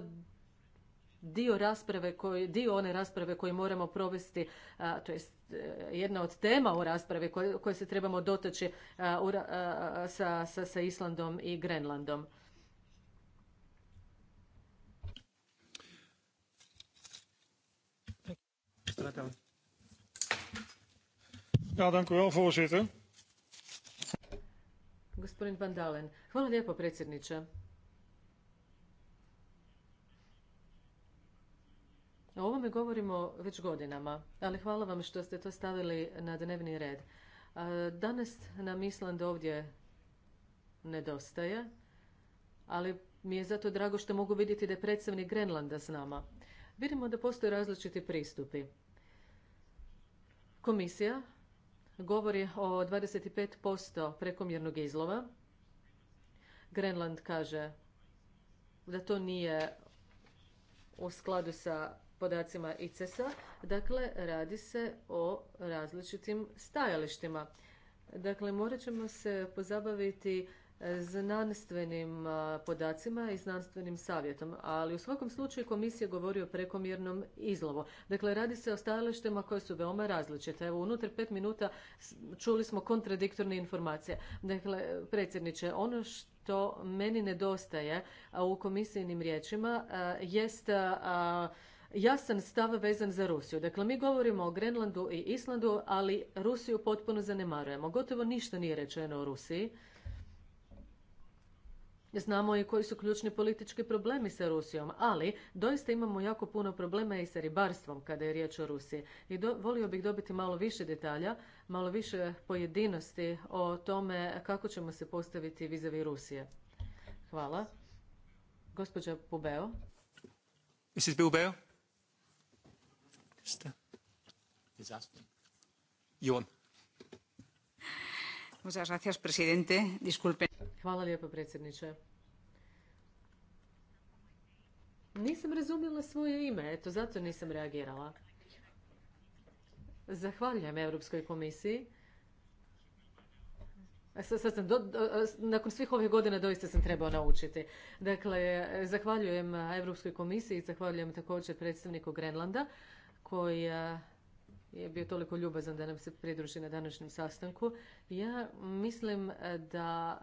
dio rasprave koji, dio one rasprave koji moramo provesti, a, to jest e, jedna od tema u raspravi koje, se trebamo dotaći sa, sa Islandom i Grenlandom. Straten. Ja, dank u voorzitter. Hvala lijepo, predsjedniče. O ovome govorimo već godinama, ali hvala vam što ste to stavili na dnevni red. Danas nam Island ovdje nedostaje, ali mi je zato drago što mogu vidjeti da je predstavnik Grenlanda s nama. Vidimo da postoje različiti pristupi. Komisija govori o 25% prekomjernog izlova. Grenland kaže da to nije u skladu sa podacima ICES-a. Dakle, radi se o različitim stajalištima. Dakle, morat ćemo se pozabaviti znanstvenim podacima i znanstvenim savjetom, ali u svakom slučaju komisija govori o prekomjernom izlovu. Dakle, radi se o stajalištima koje su veoma različite. Evo, unutar pet minuta čuli smo kontradiktorne informacije. Dakle, predsjedniče, ono što meni nedostaje u komisijnim riječima jest jasan stav vezan za Rusiju. Dakle, mi govorimo o Grenlandu i Islandu, ali Rusiju potpuno zanemarujemo. Gotovo ništa nije rečeno o Rusiji Znamo i koji su ključni politički problemi sa Rusijom, ali doista imamo jako puno problema i sa ribarstvom kada je riječ o Rusiji. I volio bih dobiti malo više detalja, malo više pojedinosti o tome kako ćemo se postaviti vizavi Rusije. Hvala. Gospođa Pubeo. Mrs. Jon. Hvala lijepo predsjedniče. Nisam razumjela svoje ime, eto zato nisam reagirala. Zahvaljujem Europskoj komisiji. Sad sam nakon svih ovih godina doista sam trebao naučiti. Dakle, zahvaljujem Europskoj komisiji, i zahvaljujem također predstavniku Grenlanda koji je bio toliko ljubazan da nam se pridruži na današnjem sastanku. Ja mislim eh, da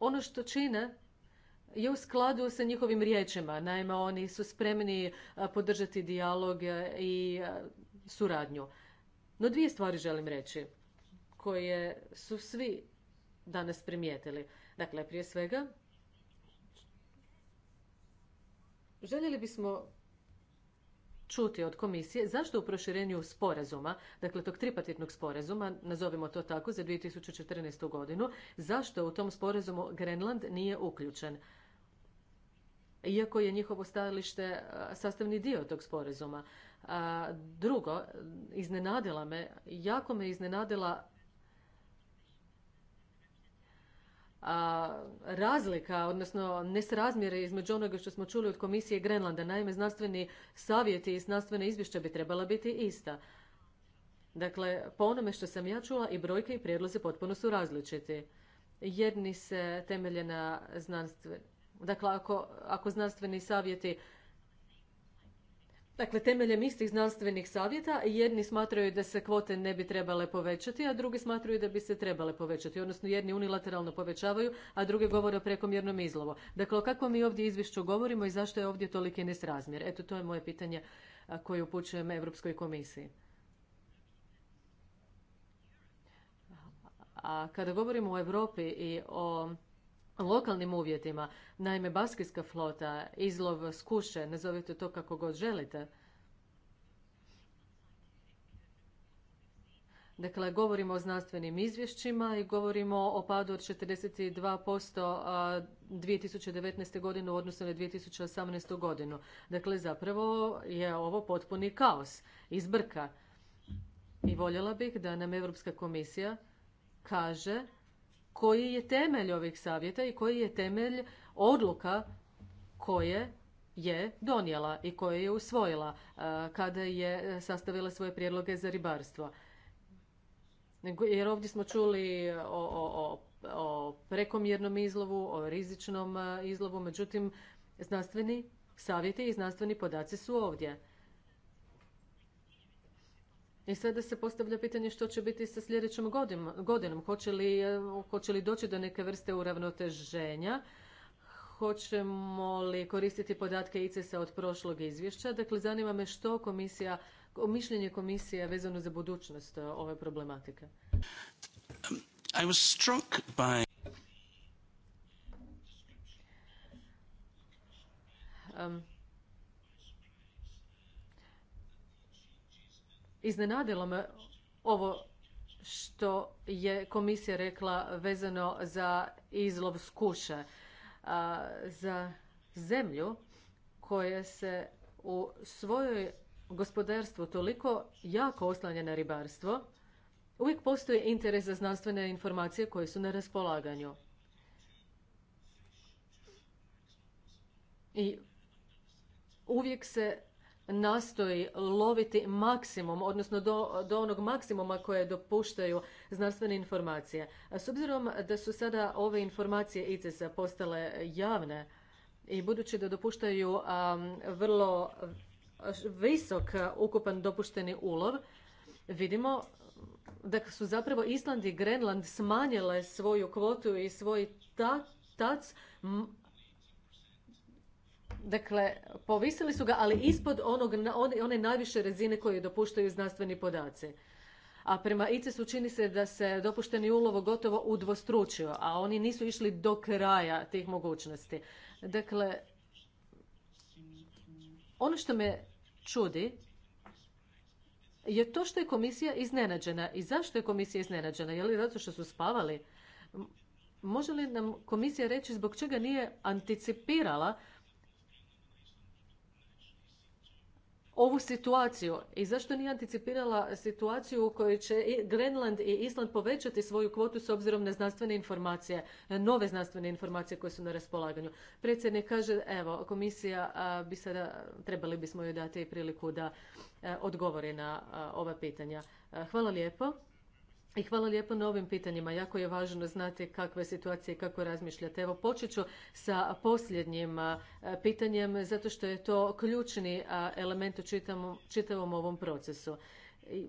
ono što čine je u skladu sa njihovim riječima. Naime, oni su spremni eh, podržati dijalog eh, i suradnju. No dvije stvari želim reći koje su svi danas primijetili. Dakle, prije svega, željeli bismo čuti od komisije zašto u proširenju sporazuma, dakle tog tripatitnog sporazuma, nazovimo to tako, za 2014. godinu, zašto u tom sporazumu Grenland nije uključen? Iako je njihovo stajalište sastavni dio tog sporazuma. Drugo, iznenadila me, jako me iznenadila a, razlika, odnosno nesrazmjere između onoga što smo čuli od komisije Grenlanda. Naime, znanstveni savjeti i znanstvene izvješća bi trebala biti ista. Dakle, po onome što sam ja čula i brojke i prijedlozi potpuno su različiti. Jedni se temelje na znanstveni... Dakle, ako, ako znanstveni savjeti Dakle, temeljem istih znanstvenih savjeta, jedni smatraju da se kvote ne bi trebale povećati, a drugi smatraju da bi se trebale povećati. Odnosno, jedni unilateralno povećavaju, a drugi govore o prekomjernom izlovo. Dakle, o kakvom mi ovdje izvješću govorimo i zašto je ovdje toliki nesrazmjer? Eto, to je moje pitanje koje upućujem Europskoj komisiji. A kada govorimo o Europi i o lokalnim uvjetima. Naime, baskijska flota, izlov skuše, nazovite to kako god želite. Dakle, govorimo o znanstvenim izvješćima i govorimo o padu od 42% 2019. godine u odnosu na 2018. godinu. Dakle, zapravo je ovo potpuni kaos, izbrka. I voljela bih da nam Europska komisija kaže koji je temelj ovih savjeta i koji je temelj odluka koje je donijela i koje je usvojila e, kada je e, sastavila svoje prijedloge za ribarstvo. Jer ovdje smo čuli o, o, o prekomjernom izlovu, o rizičnom e, izlovu, međutim, znanstveni savjeti i znanstveni podaci su ovdje. I sada se postavlja pitanje što će biti sa sljedećom godinom. E, hoće li, doći do neke vrste uravnoteženja? Hoćemo li koristiti podatke ICES-a od prošlog izvješća? Dakle, zanima me što komisija, mišljenje komisije vezano za budućnost e, ove problematike. Iznenadilo me ovo što je komisija rekla vezano za izlov skuše. za zemlju koja se u svojoj gospodarstvu toliko jako oslanja na ribarstvo, uvijek postoji interes za znanstvene informacije koje su na raspolaganju. I uvijek se nastoji loviti maksimum, odnosno do, onog maksimuma koje dopuštaju znanstvene informacije. s obzirom da su sada ove informacije ices postale javne i budući da dopuštaju vrlo visok ukupan dopušteni ulov, vidimo da su zapravo Island i Grenland smanjile svoju kvotu i svoj ta, tac Dakle, povisili su ga, ali ispod onog, one najviše razine koje dopuštaju znanstveni podaci. A prema ICES-u čini se da se dopušteni ulov gotovo udvostručio, a oni nisu išli do kraja tih mogućnosti. Dakle, ono što me čudi je to što je komisija iznenađena. I zašto je komisija iznenađena? Je li zato što su spavali? Može li nam komisija reći zbog čega nije anticipirala ovu situaciju i zašto nije anticipirala situaciju u kojoj će Grenland i Island povećati svoju kvotu s obzirom na znanstvene informacije, e, nove znanstvene informacije koje su na raspolaganju. Predsjednik kaže, evo, komisija bi sada, trebali bismo joj dati priliku da e, odgovori na ova pitanja. E, hvala lijepo. I hvala lijepo na ovim pitanjima. Jako je važno znati kakve situacije i kako razmišljate. Evo počet ću sa posljednjim pitanjem zato što je to ključni element u čitavom, čitavom ovom procesu.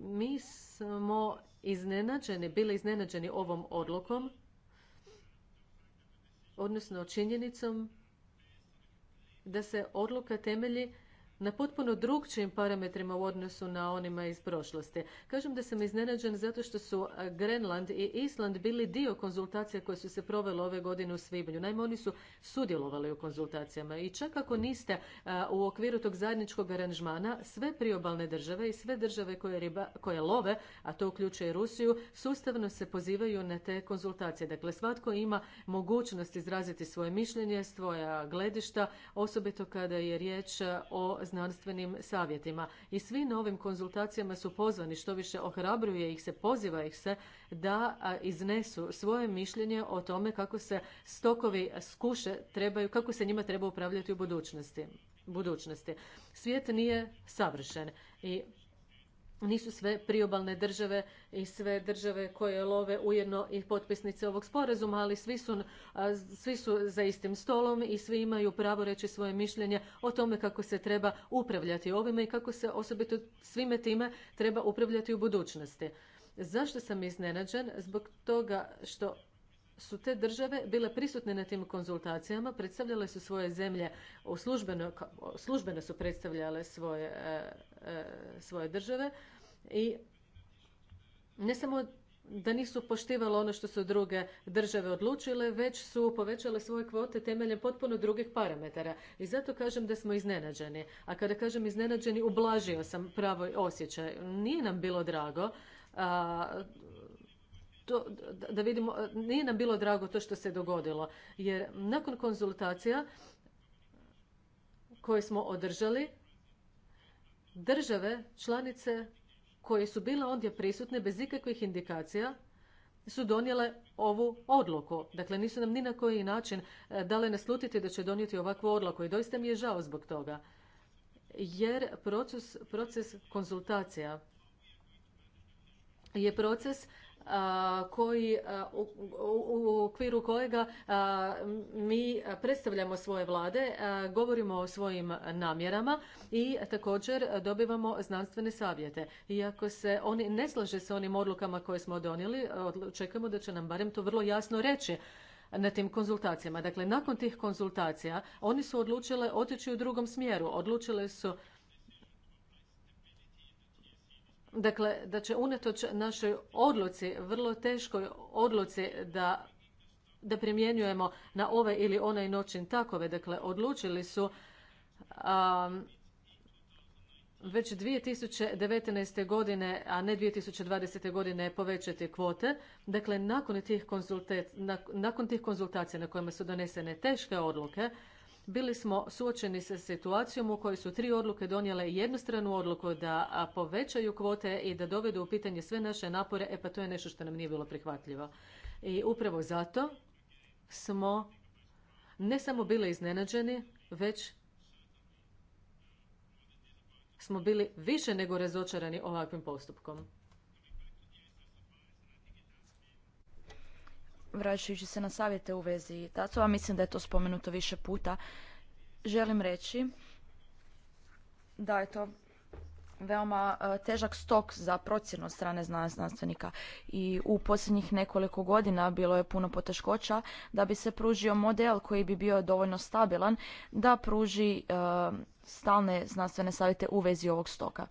Mi smo iznenađeni, bili iznenađeni ovom odlukom, odnosno činjenicom da se odluka temelji na potpuno drugčijim parametrima u odnosu na onima iz prošlosti. Kažem da sam iznenađen zato što su e, Grenland i Island bili dio konzultacija koje su se provele ove godine u svibnju. Naime, oni su sudjelovali u konzultacijama i čak ako niste e, u okviru tog zajedničkog aranžmana, sve priobalne države i sve države koje, koje love, a to uključuje Rusiju, sustavno se pozivaju na te konzultacije. Dakle, svatko ima mogućnost izraziti svoje mišljenje, svoja gledišta, osobito kada je riječ e, o znanstvenim savjetima. I svi na ovim konzultacijama su pozvani, što više ohrabruje ih se, poziva ih se da iznesu svoje mišljenje o tome kako se stokovi skuše trebaju, kako se njima treba upravljati u budućnosti. budućnosti. Svijet nije savršen i nisu sve priobalne države i sve države koje love ujedno i potpisnice ovog sporazuma, ali svi su, svi su za istim stolom i svi imaju pravo reći svoje mišljenje o tome kako se treba upravljati ovime i kako se osobito svime time treba upravljati u budućnosti. Zašto sam iznenađen? Zbog toga što su te države bile prisutne na tim konzultacijama, predstavljale su svoje zemlje, službeno, službeno su predstavljale svoje, e, e, svoje države i ne samo da nisu poštivale ono što su druge države odlučile, već su povećale svoje kvote temeljem potpuno drugih parametara. I zato kažem da smo iznenađeni. A kada kažem iznenađeni, ublažio sam pravo osjećaj. Nije nam bilo drago to, da vidimo, nije nam bilo drago to što se dogodilo. Jer nakon konzultacija koje smo održali, države, članice koje su bile ondje prisutne bez ikakvih indikacija su donijele ovu odluku. Dakle, nisu nam ni na koji način e, dale naslutiti da će donijeti ovakvu odluku i doista mi je žao zbog toga. Jer proces, proces konzultacija je proces koji, u okviru kojega mi predstavljamo svoje vlade, govorimo o svojim namjerama i također dobivamo znanstvene savjete. Iako se oni ne slaže sa onim odlukama koje smo donijeli, očekujemo da će nam barem to vrlo jasno reći na tim konzultacijama. Dakle, nakon tih konzultacija oni su odlučile otići u drugom smjeru. Odlučile su Dakle, da će unatoč našoj odluci, vrlo teškoj odluci da, da primjenjujemo na ovaj ili onaj noćin takove, dakle, odlučili su um, već 2019. godine, a ne 2020. godine povećati kvote. Dakle, nakon tih, nakon tih konzultacija na kojima su donesene teške odluke, bili smo suočeni sa situacijom u kojoj su tri odluke donijele jednostranu odluku da povećaju kvote i da dovedu u pitanje sve naše napore, e pa to je nešto što nam nije bilo prihvatljivo. I upravo zato smo ne samo bili iznenađeni, već smo bili više nego razočarani ovakvim postupkom. vraćajući se na savjete u vezi tatova, mislim da je to spomenuto više puta, želim reći da je to veoma e, težak stok za procjenu od strane znanstvenika i u posljednjih nekoliko godina bilo je puno poteškoća da bi se pružio model koji bi bio dovoljno stabilan da pruži e, stalne znanstvene savjete u vezi ovog stoka.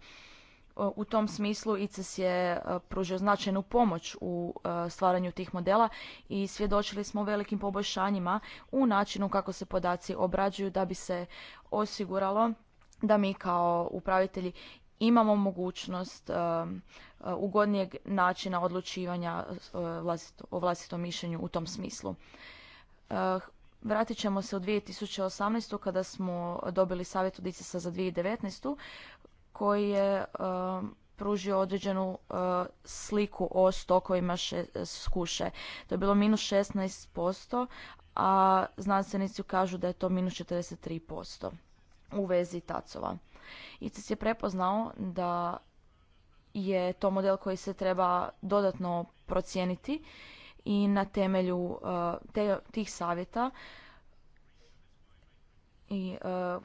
U tom smislu ICES je e, pružio značajnu pomoć u e, stvaranju tih modela i svjedočili smo velikim poboljšanjima u načinu kako se podaci obrađuju da bi se osiguralo da mi kao upravitelji imamo mogućnost e, ugodnijeg načina odlučivanja o vlastitom mišljenju u tom smislu. Vratit ćemo se u 2018. kada smo dobili savjet od ICES-a za 2019 koji je e, pružio određenu e, sliku o stokovima skuše. To je bilo minus 16%, a znanstvenici kažu da je to minus 43% u vezi tacova. ICES je prepoznao da je to model koji se treba dodatno procijeniti i na temelju e, tih savjeta i e,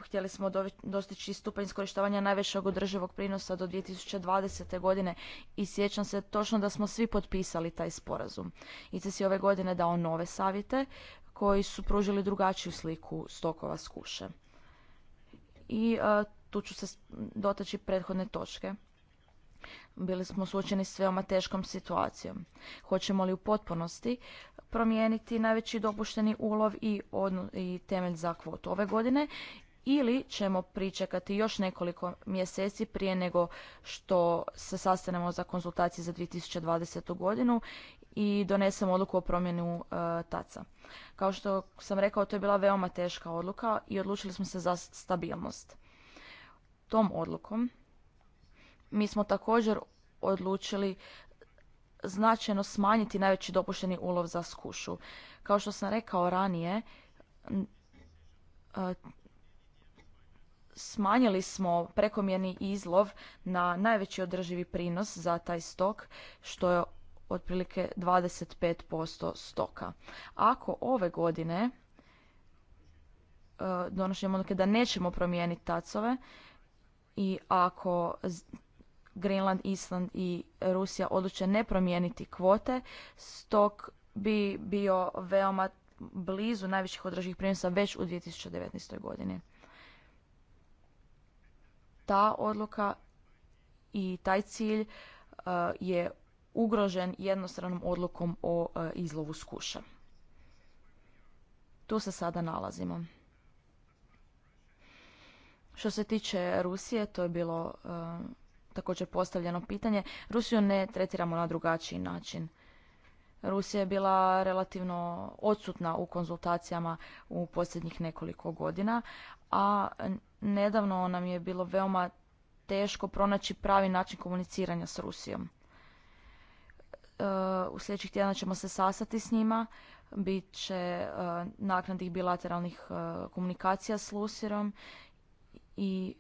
htjeli smo dostići stupanj iskorištavanja najvećeg održivog prinosa do 2020. godine i sjećam se točno da smo svi potpisali taj sporazum. ICES je ove godine dao nove savjete koji su pružili drugačiju sliku stokova skuše. I e, tu ću se dotaći prethodne točke. Bili smo suočeni s veoma teškom situacijom. Hoćemo li u potpunosti promijeniti najveći dopušteni ulov i, i temelj za kvotu ove godine ili ćemo pričekati još nekoliko mjeseci prije nego što se sastanemo za konzultacije za 2020. godinu i donesemo odluku o promjenu uh, taca. Kao što sam rekao, to je bila veoma teška odluka i odlučili smo se za stabilnost. Tom odlukom mi smo također odlučili značajno smanjiti najveći dopušteni ulov za skušu. Kao što sam rekao ranije, e, smanjili smo prekomjerni izlov na najveći održivi prinos za taj stok, što je otprilike 25% stoka. Ako ove godine e, donošenjem odluke da nećemo promijeniti tacove i ako Grenland, Island i Rusija odluče ne promijeniti kvote, stok bi bio veoma blizu najviših održivih prinosa već u 2019. godini. Ta odluka i taj cilj uh, je ugrožen jednostranom odlukom o uh, izlovu skuša. Tu se sada nalazimo. Što se tiče Rusije, to je bilo uh, također postavljeno pitanje, Rusiju ne tretiramo na drugačiji način. Rusija je bila relativno odsutna u konzultacijama u posljednjih nekoliko godina, a nedavno nam je bilo veoma teško pronaći pravi način komuniciranja s Rusijom. E, u sljedećih tjedana ćemo se sastati s njima, bit će e, naknadih bilateralnih e, komunikacija s Lusirom i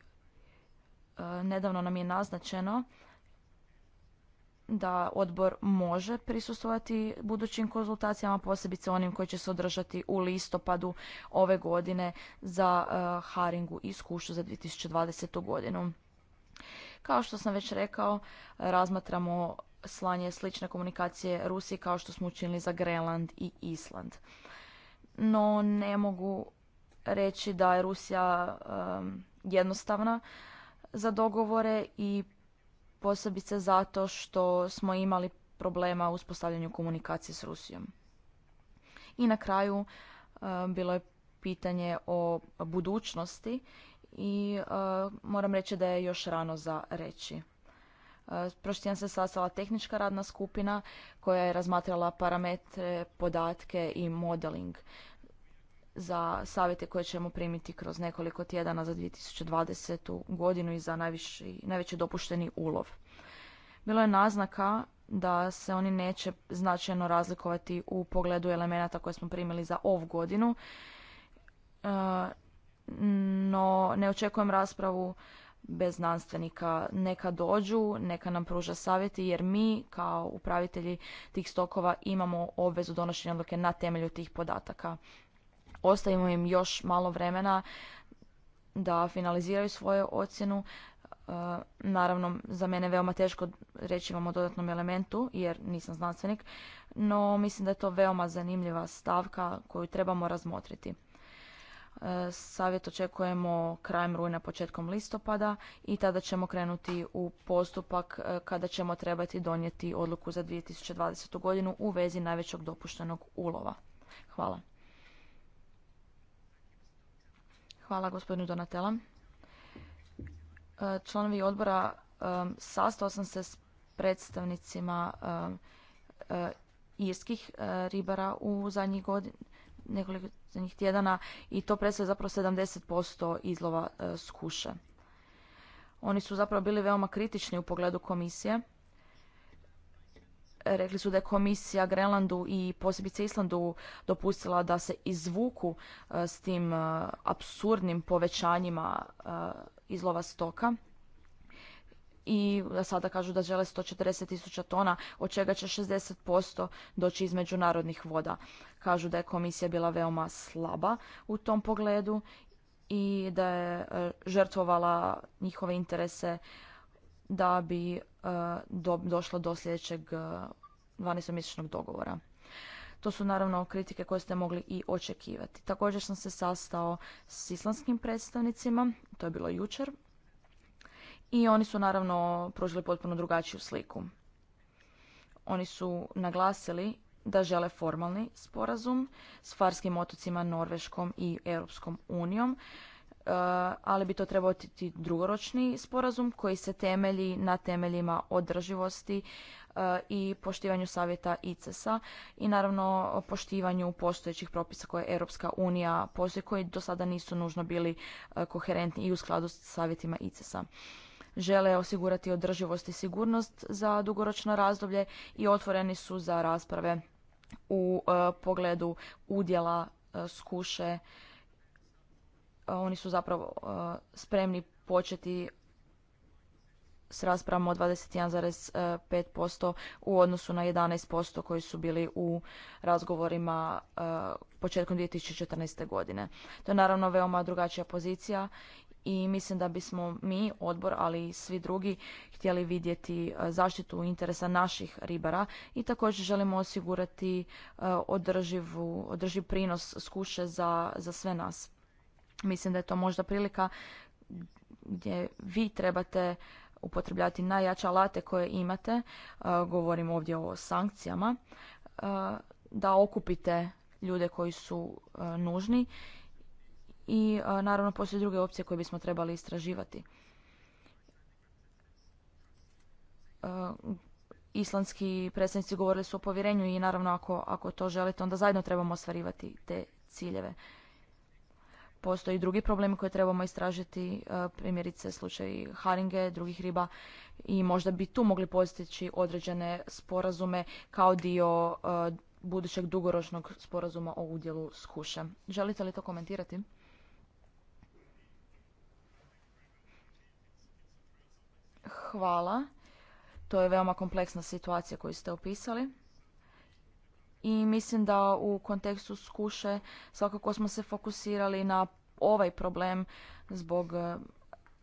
E, nedavno nam je naznačeno da odbor može prisustovati budućim konzultacijama, posebice onim koji će se održati u listopadu ove godine za e, Haringu i Skušu za 2020. godinu. Kao što sam već rekao, razmatramo slanje slične komunikacije Rusiji kao što smo učinili za Grenland i Island. No ne mogu reći da je Rusija e, jednostavna za dogovore i posebice zato što smo imali problema u uspostavljanju komunikacije s Rusijom. I na kraju e, bilo je pitanje o budućnosti i e, moram reći da je još rano za reći. E, prošli se sastala tehnička radna skupina koja je razmatrala parametre, podatke i modeling za savjete koje ćemo primiti kroz nekoliko tjedana za 2020. godinu i za najviši, najveći dopušteni ulov. Bilo je naznaka da se oni neće značajno razlikovati u pogledu elemenata koje smo primili za ovu godinu, e, no ne očekujem raspravu bez znanstvenika. Neka dođu, neka nam pruža savjeti jer mi kao upravitelji tih stokova imamo obvezu donošenja odluke na temelju tih podataka. Ostavimo im još malo vremena da finaliziraju svoju ocjenu. E, naravno, za mene je veoma teško reći vam o dodatnom elementu, jer nisam znanstvenik, no mislim da je to veoma zanimljiva stavka koju trebamo razmotriti. E, savjet očekujemo krajem rujna, početkom listopada i tada ćemo krenuti u postupak e, kada ćemo trebati donijeti odluku za 2020. godinu u vezi najvećeg dopuštenog ulova. Hvala. Hvala gospodinu Donatela. E, članovi odbora e, sastao sam se s predstavnicima e, irskih ribara u zadnjih godina, nekoliko zadnjih tjedana i to predstavlja zapravo 70% izlova skuše. Oni su zapravo bili veoma kritični u pogledu komisije rekli su da je komisija Grenlandu i posebice Islandu dopustila da se izvuku e, s tim e, apsurdnim povećanjima e, izlova stoka i sada kažu da žele 140 tisuća tona, od čega će 60% doći iz međunarodnih voda. Kažu da je komisija bila veoma slaba u tom pogledu i da je žrtvovala njihove interese da bi došlo do sljedećeg 12-mjesečnog dogovora. To su naravno kritike koje ste mogli i očekivati. Također sam se sastao s islamskim predstavnicima, to je bilo jučer, i oni su naravno pružili potpuno drugačiju sliku. Oni su naglasili da žele formalni sporazum s Farskim otocima, Norveškom i Europskom unijom E, ali bi to trebao biti drugoročni sporazum koji se temelji na temeljima održivosti e, i poštivanju savjeta ICES-a i naravno poštivanju postojećih propisa koje Europska unija postoji koji do sada nisu nužno bili e, koherentni i u skladu sa savjetima ICES-a žele osigurati održivost i sigurnost za dugoročno razdoblje i otvoreni su za rasprave u pogledu udjela skuše Eh, oni su zapravo eh, spremni početi s raspravom od 21,5% eh, u odnosu na 11% koji su bili u razgovorima početkom 2014. godine. To je naravno veoma drugačija pozicija i mislim da bismo mi, odbor, ali i svi drugi htjeli vidjeti zaštitu interesa naših ribara i također želimo osigurati održivu, održiv prinos skuše za sve nas. Mislim da je to možda prilika gdje vi trebate upotrebljati najjače alate koje imate, e, govorim ovdje o sankcijama, e, da okupite ljude koji su e, nužni i naravno postoje druge opcije koje bismo trebali istraživati. Islandski predstavnici govorili su o povjerenju i naravno ako, ako to želite onda zajedno trebamo ostvarivati te ciljeve postoje i drugi problemi koje trebamo istražiti, e, primjerice slučaj haringe, drugih riba i možda bi tu mogli postići određene sporazume kao dio e, budućeg dugoročnog sporazuma o udjelu s kušem. Želite li to komentirati? Hvala. To je veoma kompleksna situacija koju ste opisali i mislim da u kontekstu skuše svakako smo se fokusirali na ovaj problem zbog e,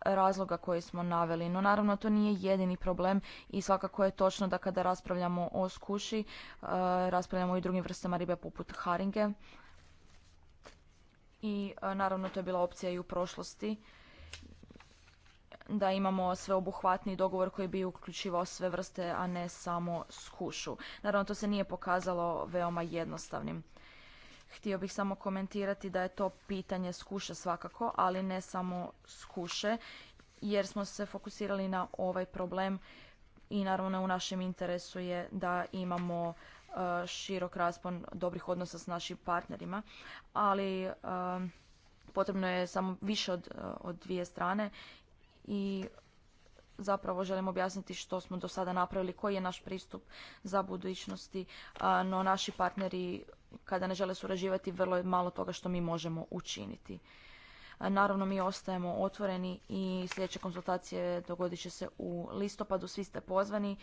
razloga koje smo naveli. No naravno to nije jedini problem i svakako je točno da kada raspravljamo o skuši, e, raspravljamo i drugim vrstama ribe poput haringe. I e, naravno to je bila opcija i u prošlosti da imamo sveobuhvatni dogovor koji bi uključivao sve vrste, a ne samo skušu. Naravno, to se nije pokazalo veoma jednostavnim. Htio bih samo komentirati da je to pitanje skuše svakako, ali ne samo skuše, jer smo se fokusirali na ovaj problem i naravno u našem interesu je da imamo e, širok raspon dobrih odnosa s našim partnerima, ali e, potrebno je samo više od, e, od dvije strane i zapravo želim objasniti što smo do sada napravili, koji je naš pristup za budućnosti, no naši partneri kada ne žele surađivati vrlo je malo toga što mi možemo učiniti. Naravno, mi ostajemo otvoreni i sljedeće konsultacije dogodit će se u listopadu. Svi ste pozvani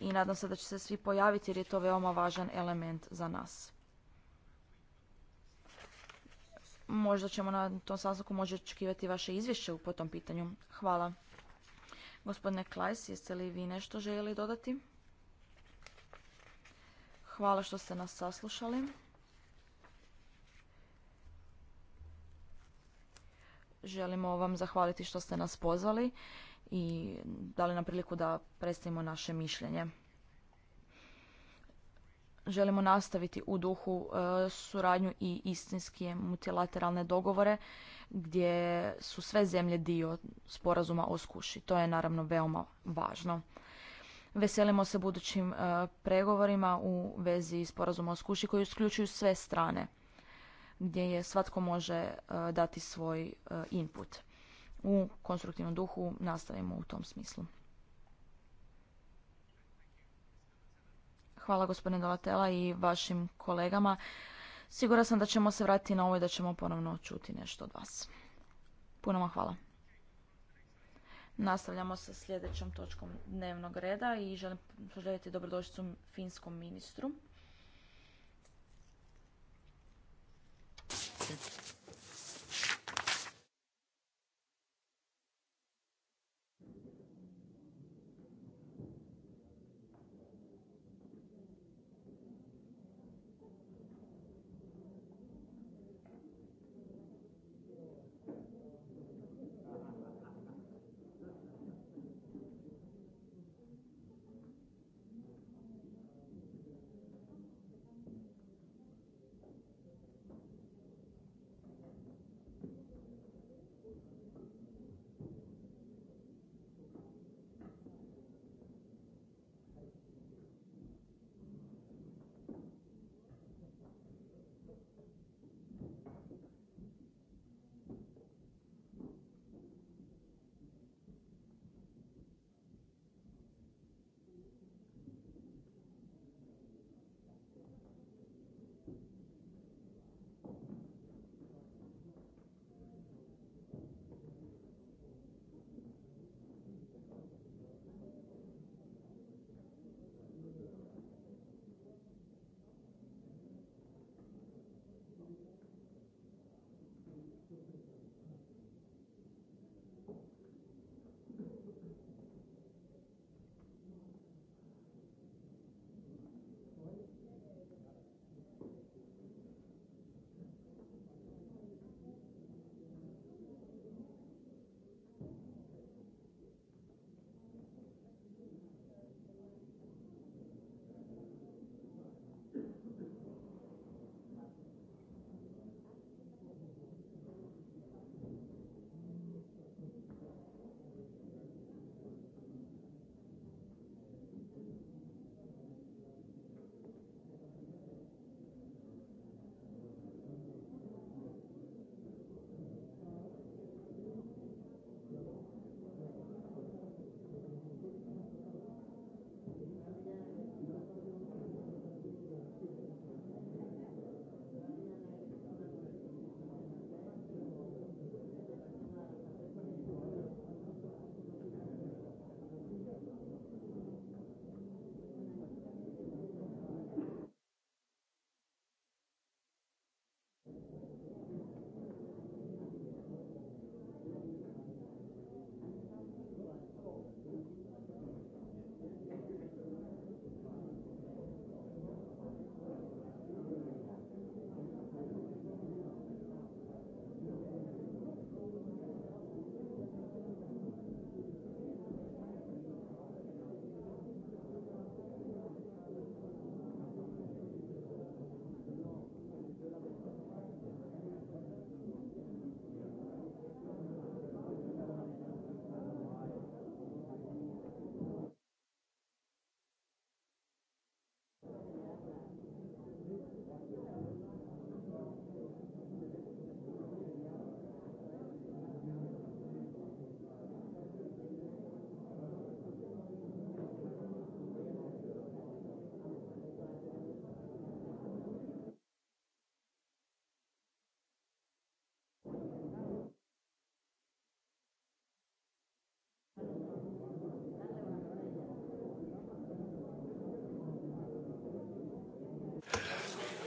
i nadam se da će se svi pojaviti jer je to veoma važan element za nas. možda ćemo na tom sastanku možda očekivati vaše izvješće po tom pitanju. Hvala. Gospodine Klajs, jeste li vi nešto željeli dodati? Hvala što ste nas saslušali. Želimo vam zahvaliti što ste nas pozvali i dali nam priliku da predstavimo naše mišljenje želimo nastaviti u duhu e, suradnju i istinske multilateralne dogovore gdje su sve zemlje dio sporazuma o skuši. To je naravno veoma važno. Veselimo se budućim e, pregovorima u vezi sporazuma o skuši koji isključuju sve strane gdje je svatko može e, dati svoj input. U konstruktivnom duhu nastavimo u tom smislu. Hvala gospodine Dolatela i vašim kolegama. Sigura sam da ćemo se vratiti na ovo i da ćemo ponovno čuti nešto od vas. Puno vam hvala. Nastavljamo sa sljedećom točkom dnevnog reda i želim poželjeti dobrodošlicu finskom ministru.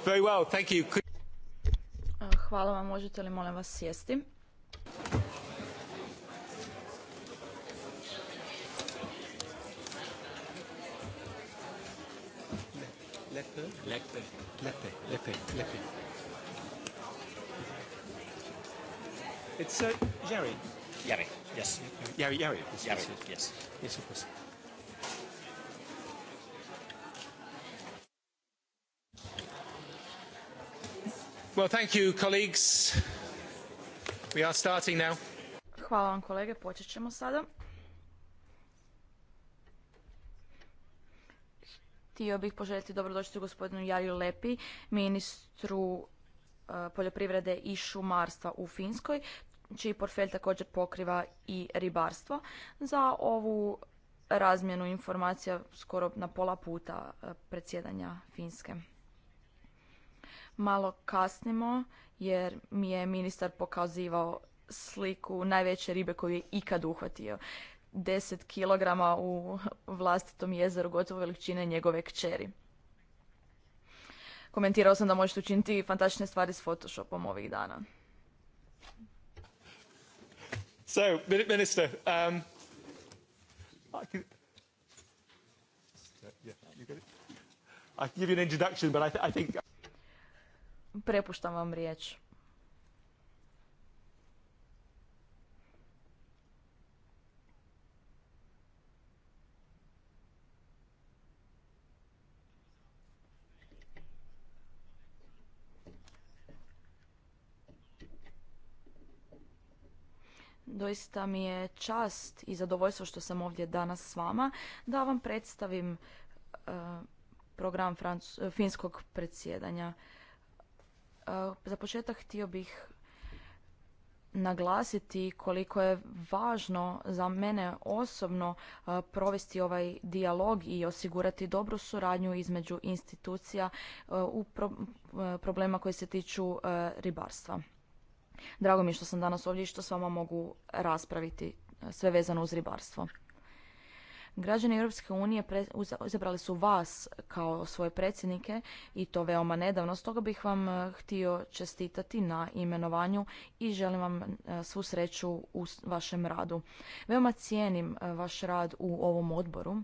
Very well, thank you. Hvala vam, možete li molim vas sjesti? Lepe. Lepe. Lepe. Lepe. Lepe. It's uh, Jerry. Jerry, yes. Jerry, Jerry. Yes, Jerry. yes. Yes, of course. thank you, Hvala vam kolege, počet ćemo sada. Htio bih poželjeti dobrodošću gospodinu jaju Lepi, ministru e, poljoprivrede i šumarstva u Finskoj, čiji portfelj također pokriva i ribarstvo. Za ovu razmjenu informacija skoro na pola puta e, predsjedanja Finske malo kasnimo jer mi je ministar pokazivao sliku najveće ribe koju je ikad uhvatio. 10 kilograma u vlastitom jezeru gotovo veličine njegove kćeri. Komentirao sam da možete učiniti fantastične stvari s Photoshopom ovih dana. So, minister, um, I can... I give you an introduction, but I, I think Prepuštam vam riječ. Doista mi je čast i zadovoljstvo što sam ovdje danas s vama da vam predstavim eh, program eh, finskog predsjedanja. Eh, za početak htio bih naglasiti koliko je važno za mene osobno eh, provesti ovaj dijalog i osigurati dobru suradnju između institucija eh, u problema koji se tiču ribarstva. Drago mi je što sam danas ovdje i što s vama mogu raspraviti sve vezano uz ribarstvo. Građani Europske unije izabrali su vas kao svoje predsjednike i to veoma nedavno. Stoga bih vam eh, htio čestitati na imenovanju i želim vam eh, svu sreću u vašem radu. Veoma cijenim eh, vaš rad u ovom odboru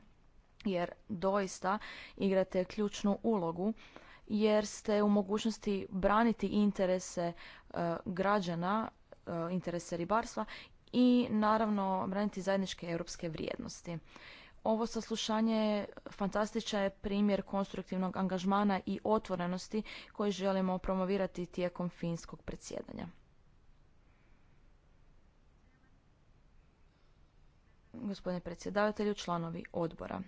jer doista igrate ključnu ulogu jer ste u mogućnosti braniti interese građana interese ribarstva i naravno braniti zajedničke europske vrijednosti. Ovo saslušanje fantastičan je primjer konstruktivnog angažmana i otvorenosti koji želimo promovirati tijekom finskog predsjedanja. Gospodine predsjedavatelju, članovi odbora.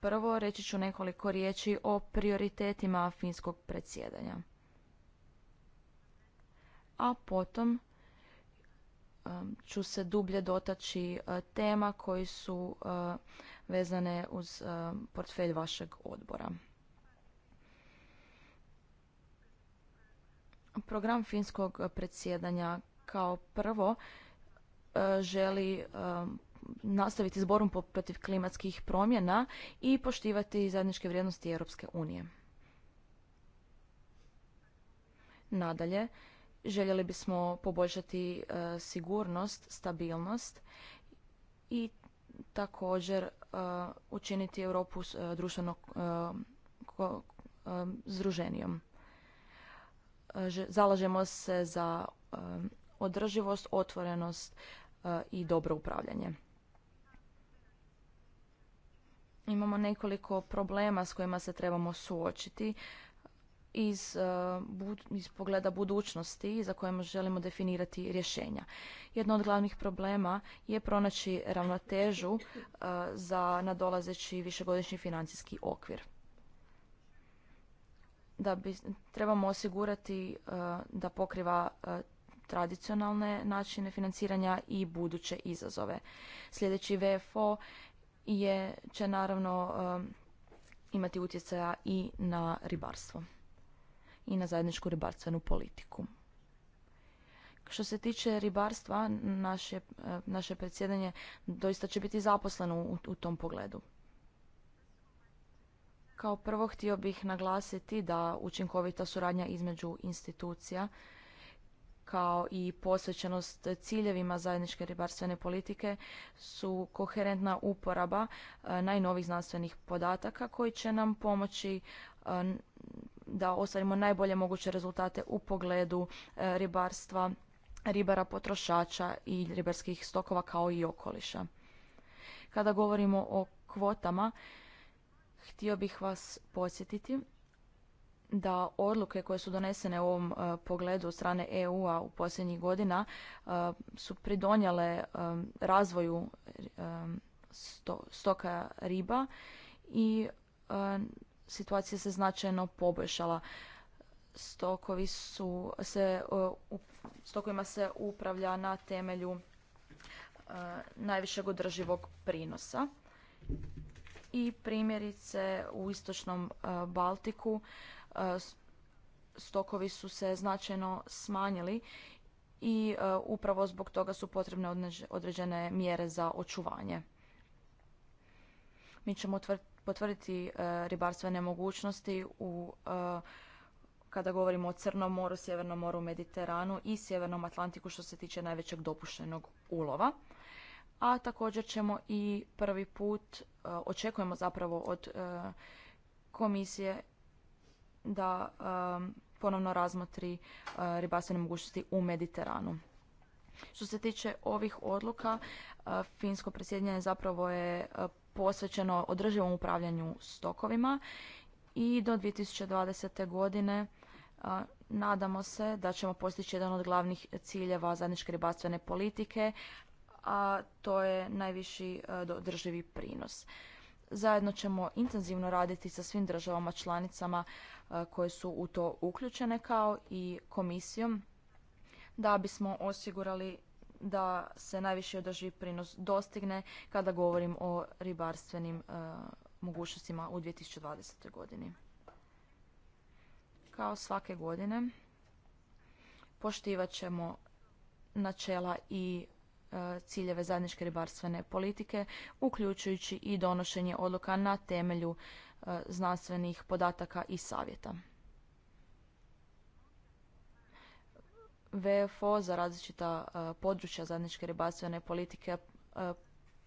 Prvo reći ću nekoliko riječi o prioritetima finskog predsjedanja. A potom Um, ću se dublje dotaći uh, tema koji su uh, vezane uz um, portfelj vašeg odbora. Program finskog predsjedanja kao prvo uh, želi um, nastaviti s borom protiv klimatskih promjena i poštivati zajedničke vrijednosti Europske unije. Nadalje, Željeli bismo poboljšati e, sigurnost, stabilnost i također e, učiniti Europu e, društveno združenijom. Zalažemo se za održivost, otvorenost i dobro upravljanje. Imamo nekoliko problema s kojima se trebamo suočiti iz, eh, iz pogleda budućnosti za kojima želimo definirati rješenja. Jedno od glavnih problema je pronaći ravnotežu eh, za nadolazeći višegodišnji financijski okvir. Da bi, trebamo osigurati eh, da pokriva tradicionalne načine financiranja i buduće izazove. Sljedeći VFO je, će naravno imati utjecaja i na ribarstvo i na zajedničku ribarstvenu politiku. Što se tiče ribarstva, naše, e, naše predsjedanje doista će biti zaposleno u, u tom pogledu. Kao prvo htio bih naglasiti da učinkovita suradnja između institucija kao i posvećenost ciljevima zajedničke ribarstvene politike su koherentna uporaba e, najnovih znanstvenih podataka koji će nam pomoći da ostvarimo najbolje moguće rezultate u pogledu e, ribarstva, ribara potrošača i ribarskih stokova kao i okoliša. Kada govorimo o kvotama, htio bih vas podsjetiti da odluke koje su donesene u ovom e, pogledu od strane EU-a u posljednjih godina e, su pridonjale razvoju stoka riba i situacija se značajno poboljšala. Stokovi su se, e, stokovima se upravlja na temelju e, najvišeg održivog prinosa. I primjerice u istočnom e, Baltiku stokovi su se značajno smanjili i upravo zbog toga su potrebne određene mjere za očuvanje. Mi ćemo potvrditi e, ribarstvene mogućnosti u e, kada govorimo o Crnom moru, Sjevernom moru, Mediteranu i Sjevernom Atlantiku što se tiče najvećeg dopuštenog ulova. A također ćemo i prvi put, e, očekujemo zapravo od komisije da ponovno razmotri ribarstvene mogućnosti u Mediteranu. Što se tiče ovih odluka, finsko predsjedanje zapravo je posvećeno održivom upravljanju stokovima i do 2020. godine nadamo se da ćemo postići jedan od glavnih ciljeva zajedničke ribarstvene politike, a to je najviši održivi prinos. Zajedno ćemo intenzivno raditi sa svim državama članicama koje su u to uključene kao i komisijom da bismo osigurali da se najviše održiv prinos dostigne kada govorim o ribarstvenim e, mogućnostima u 2020. godini. Kao svake godine poštivat ćemo načela i e, ciljeve zajedničke ribarstvene politike, uključujući i donošenje odluka na temelju e, znanstvenih podataka i savjeta. VFO za različita e, područja zajedničke ribarstvene politike e,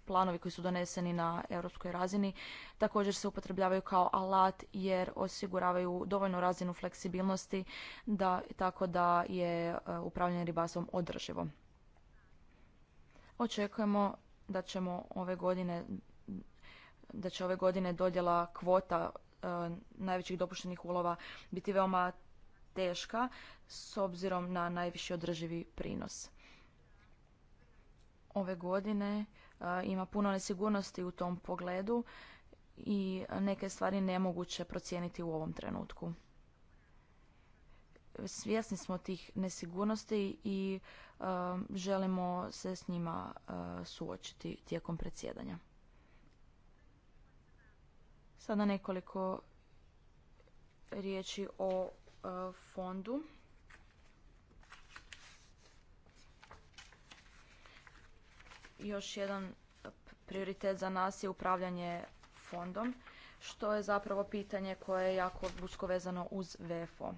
planovi koji su doneseni na europskoj razini također se upotrebljavaju kao alat jer osiguravaju dovoljnu razinu fleksibilnosti da, tako da je e, upravljanje ribarstvom održivo. Očekujemo da ćemo ove godine da će ove godine dodjela kvota najvećih dopuštenih ulova biti veoma teška s obzirom na najviši održivi prinos. Ove godine ima puno nesigurnosti u tom pogledu i neke stvari nemoguće procijeniti u ovom trenutku. Svjesni smo tih nesigurnosti i želimo se s njima suočiti tijekom predsjedanja. Sada nekoliko riječi o fondu Još jedan prioritet za nas je upravljanje fondom, što je zapravo pitanje koje je jako usko vezano uz VFO.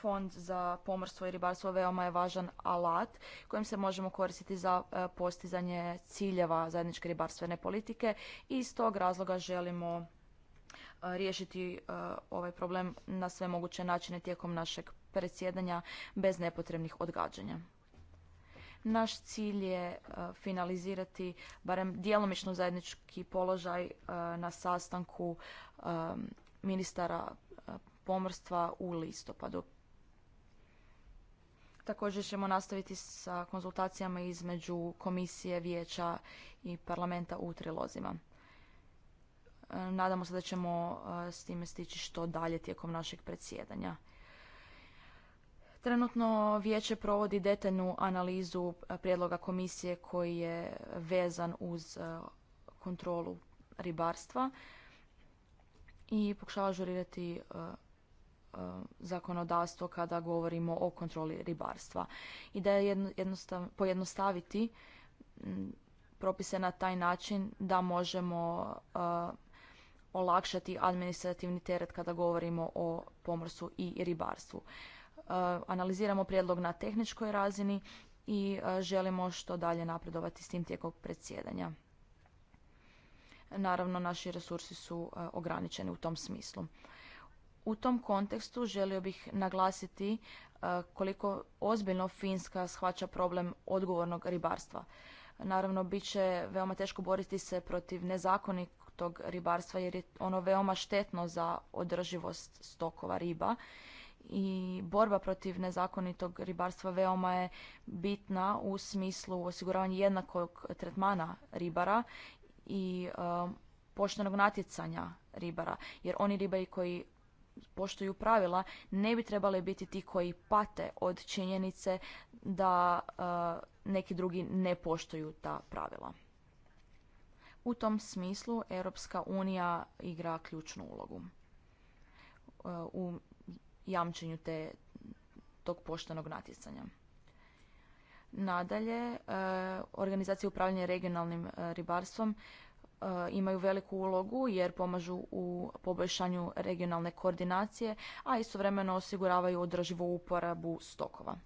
Fond za pomorstvo i ribarstvo veoma je važan alat kojim se možemo koristiti za e, postizanje ciljeva zajedničke ribarstvene politike i iz tog razloga želimo e, riješiti e, ovaj problem na sve moguće načine tijekom našeg predsjedanja bez nepotrebnih odgađanja. Naš cilj je e, finalizirati barem djelomično zajednički položaj e, na sastanku e, ministara pomorstva u listopadu. Također ćemo nastaviti sa konzultacijama između komisije, vijeća i parlamenta u trilozima. Nadamo se da ćemo s time stići što dalje tijekom našeg predsjedanja. Trenutno vijeće provodi detaljnu analizu e, prijedloga komisije koji je vezan uz e, kontrolu ribarstva i pokušava ažurirati e, zakonodavstvo kada govorimo o kontroli ribarstva. I da je pojednostaviti propise na taj način da možemo olakšati administrativni teret kada govorimo o pomorsu i ribarstvu. E, analiziramo prijedlog na tehničkoj razini i e, želimo što dalje napredovati s tim tijekom predsjedanja. Naravno, naši resursi su e, ograničeni u tom smislu. U tom kontekstu želio bih naglasiti koliko ozbiljno Finska shvaća problem odgovornog ribarstva. Naravno, bit će veoma teško boriti se protiv nezakonitog ribarstva jer je ono veoma štetno za održivost stokova riba i borba protiv nezakonitog ribarstva veoma je bitna u smislu osiguravanja jednakog tretmana ribara i um, poštenog natjecanja ribara jer oni ribari koji poštuju pravila ne bi trebali biti ti koji pate od činjenice da uh, neki drugi ne poštuju ta pravila. U tom smislu Europska unija igra ključnu ulogu. Uh, u jamčenju te, tog poštenog natjecanja. Nadalje, e, organizacije upravljanja regionalnim e, ribarstvom e, imaju veliku ulogu jer pomažu u poboljšanju regionalne koordinacije, a istovremeno osiguravaju održivu uporabu stokova.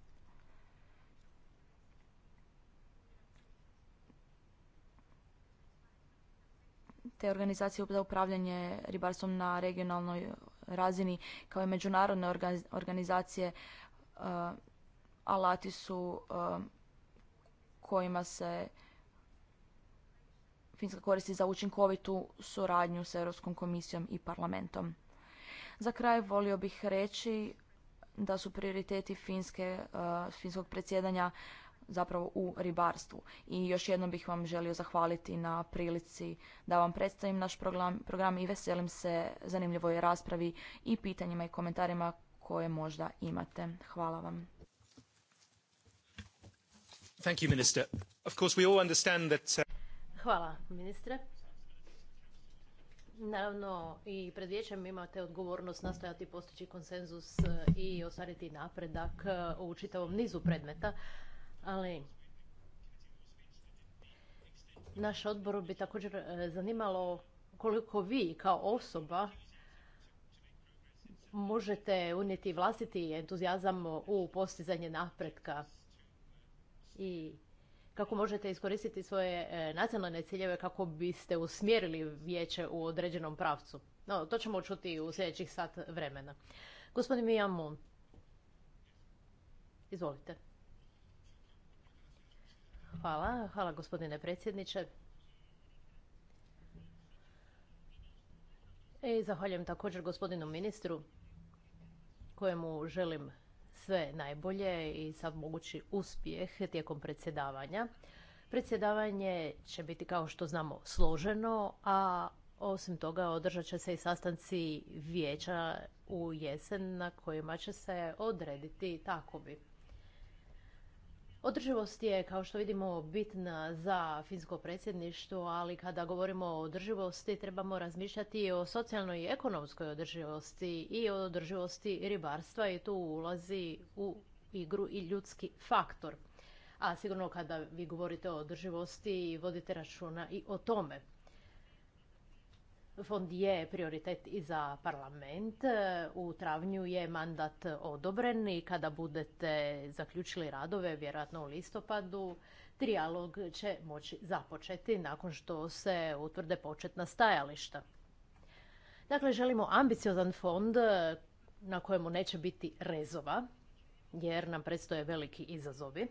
Te organizacije za upravljanje ribarstvom na regionalnoj razini kao i međunarodne organizacije eh, alati su eh, kojima se Finska koristi za učinkovitu suradnju s Europskom komisijom i parlamentom. Za kraj volio bih reći da su prioriteti Finske, eh, finskog predsjedanja zapravo u ribarstvu. I još jednom bih vam želio zahvaliti na prilici da vam predstavim naš program, i veselim se zanimljivoj raspravi i pitanjima i komentarima koje možda imate. Hvala vam. Thank you, minister. Of course, we all understand that... Uh, Hvala, ministre. Naravno, i pred vijećem imate odgovornost nastojati postići konsenzus uh, i ostvariti napredak uh, u čitavom nizu predmeta ali naš odbor bi također e, zanimalo koliko vi kao osoba možete unijeti vlastiti entuzijazam u postizanje napretka i kako možete iskoristiti svoje e, nacionalne ciljeve kako biste usmjerili vijeće u određenom pravcu. No, to ćemo čuti u sljedećih sat vremena. Gospodin Mijamun, izvolite. Hvala. Hvala gospodine predsjedniče. I e, zahvaljujem također gospodinu ministru kojemu želim sve najbolje i sav mogući uspjeh tijekom predsjedavanja. Predsjedavanje će biti, kao što znamo, složeno, a osim toga održat će se i sastanci vijeća u jesen na kojima će se odrediti bi. Održivost je, kao što vidimo, bitna za finsko predsjedništvo, ali kada govorimo o održivosti trebamo razmišljati o socijalnoj i ekonomskoj održivosti i o održivosti ribarstva i tu ulazi u igru i ljudski faktor. A sigurno kada vi govorite o održivosti vodite računa i o tome. Fond je prioritet i za parlament. E, u travnju je mandat odobren i kada budete zaključili radove, vjerojatno u listopadu, trijalog će moći započeti nakon što se utvrde početna stajališta. Dakle, želimo ambiciozan fond e, na kojemu neće biti rezova, jer nam predstoje veliki izazovi.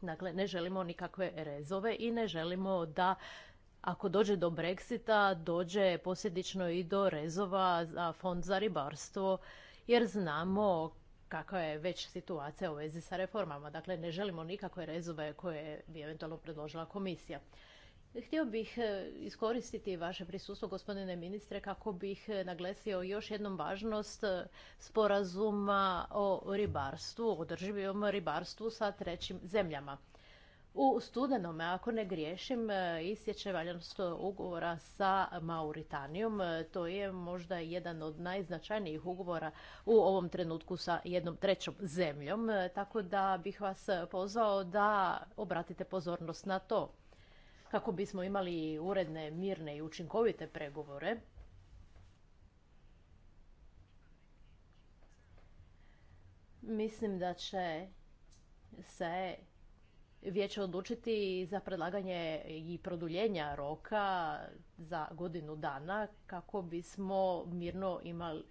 Dakle, ne želimo nikakve rezove i ne želimo da ako dođe do Brexita, dođe posljedično i do rezova za fond za ribarstvo, jer znamo kakva je već situacija u vezi sa reformama. Dakle, ne želimo nikakve rezove koje bi eventualno predložila komisija. Htio bih e, iskoristiti vaše prisustvo, gospodine ministre, kako bih e, naglesio još jednom važnost e, sporazuma o ribarstvu, održivom ribarstvu sa trećim zemljama u studenome, ako ne griješim, e, istječe valjanost ugovora sa Mauritanijom. E, to je možda jedan od najznačajnijih ugovora u ovom trenutku sa jednom trećom zemljom, e, tako da bih vas pozvao da obratite pozornost na to kako bismo imali uredne, mirne i učinkovite pregovore. Mislim da će se vijeće odlučiti za predlaganje i produljenja roka za godinu dana kako bismo mirno imali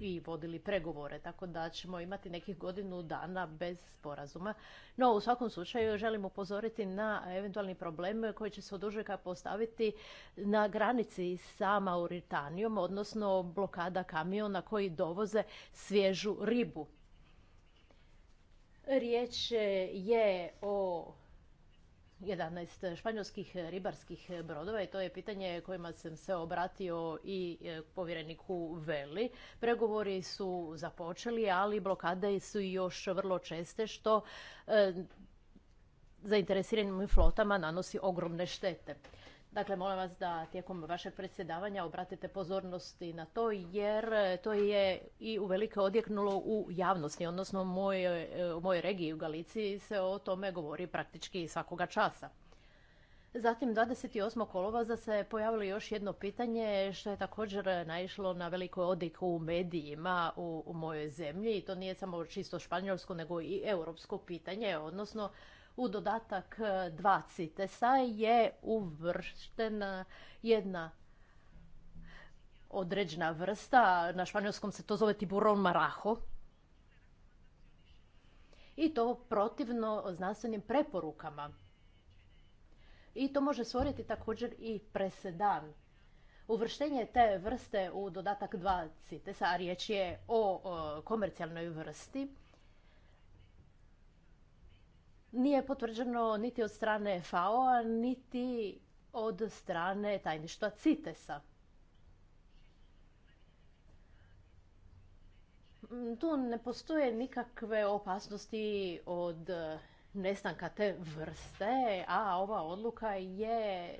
i vodili pregovore. Tako da ćemo imati nekih godinu dana bez sporazuma. No, u svakom slučaju želim upozoriti na eventualni problem koji će se od užeka postaviti na granici sa Mauritanijom, odnosno blokada kamiona koji dovoze svježu ribu. Riječ je o 11 španjolskih ribarskih brodova i to je pitanje kojima sam se obratio i e, povjereniku Veli. Pregovori su započeli, ali blokade su još vrlo česte što e, zainteresiranim flotama nanosi ogromne štete. Dakle, molim vas da tijekom vašeg predsjedavanja obratite pozornosti na to, jer to je i velike odjeknulo u javnosti, odnosno u mojoj regiji u Galiciji se o tome govori praktički svakoga časa. Zatim, 28. kolovoza se pojavilo još jedno pitanje što je također naišlo na veliko odiku u medijima u, u mojoj zemlji. I to nije samo čisto španjolsko, nego i europsko pitanje, odnosno u dodatak e, dva cites je uvrštena e, jedna određena vrsta, na španjolskom se to zove tiburon maraho, i to protivno znanstvenim preporukama. I to može stvoriti također i presedan. Uvrštenje te vrste u dodatak dva CITES-a, riječ je o komercijalnoj vrsti, nije potvrđeno niti od strane FAO-a, niti od strane tajništva CITES-a. Mm, tu ne postoje nikakve opasnosti od nestanka te vrste, a ova odluka je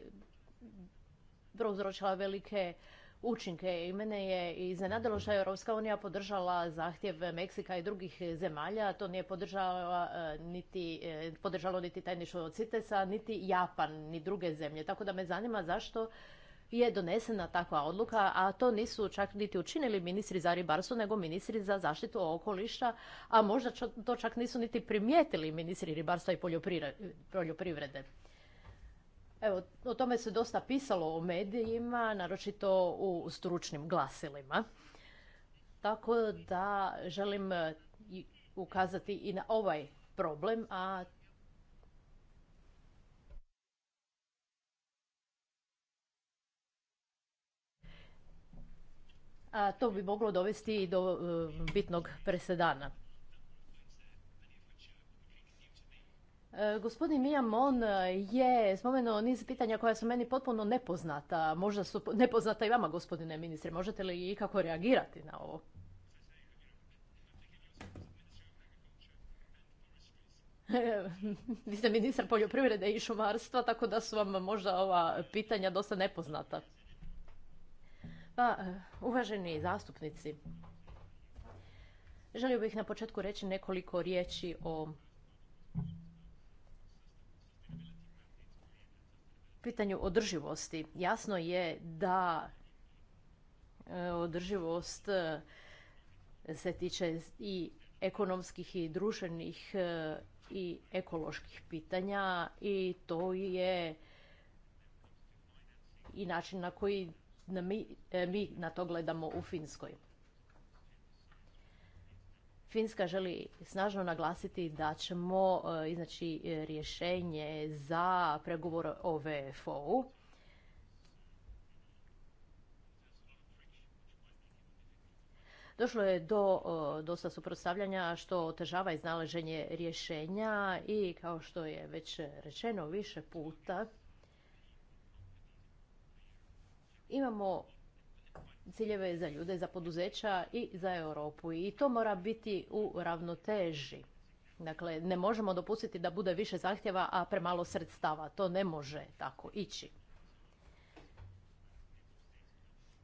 prouzročila velike učinke. I mene je iznenadilo što je Europska unija podržala zahtjev Meksika i drugih zemalja. To nije podržala e, niti, e, podržalo niti tajništvo od CITES-a, niti Japan, ni druge zemlje. Tako da me zanima zašto je donesena takva odluka, a to nisu čak niti učinili ministri za ribarstvo, nego ministri za zaštitu okoliša, a možda to čak nisu niti primijetili ministri ribarstva i poljoprivrede. Evo, o tome se dosta pisalo u medijima, naročito u stručnim glasilima. Tako da želim e, ukazati i na ovaj problem, a a to bi moglo dovesti i do e, bitnog presedana. E, gospodin Mijamon e, je spomenuo niz pitanja koja su meni potpuno nepoznata. Možda su nepoznata i vama, gospodine ministre. Možete li ikako reagirati na ovo? E, vi ste ministar poljoprivrede i šumarstva, tako da su vam možda ova pitanja dosta nepoznata. Pa, uvaženi zastupnici, želio bih na početku reći nekoliko riječi o pitanju održivosti. Jasno je da e, održivost e, se tiče i ekonomskih i društvenih e, i ekoloških pitanja i to je i način na koji mi, mi na to gledamo u Finskoj. Finska želi snažno naglasiti da ćemo e, iznaći e, rješenje za pregovor o VFO-u. Došlo je do e, dosta suprotstavljanja što otežava iznalaženje rješenja i kao što je već rečeno više puta, imamo ciljeve za ljude, za poduzeća i za Europu. I to mora biti u ravnoteži. Dakle, ne možemo dopustiti da bude više zahtjeva, a premalo sredstava. To ne može tako ići.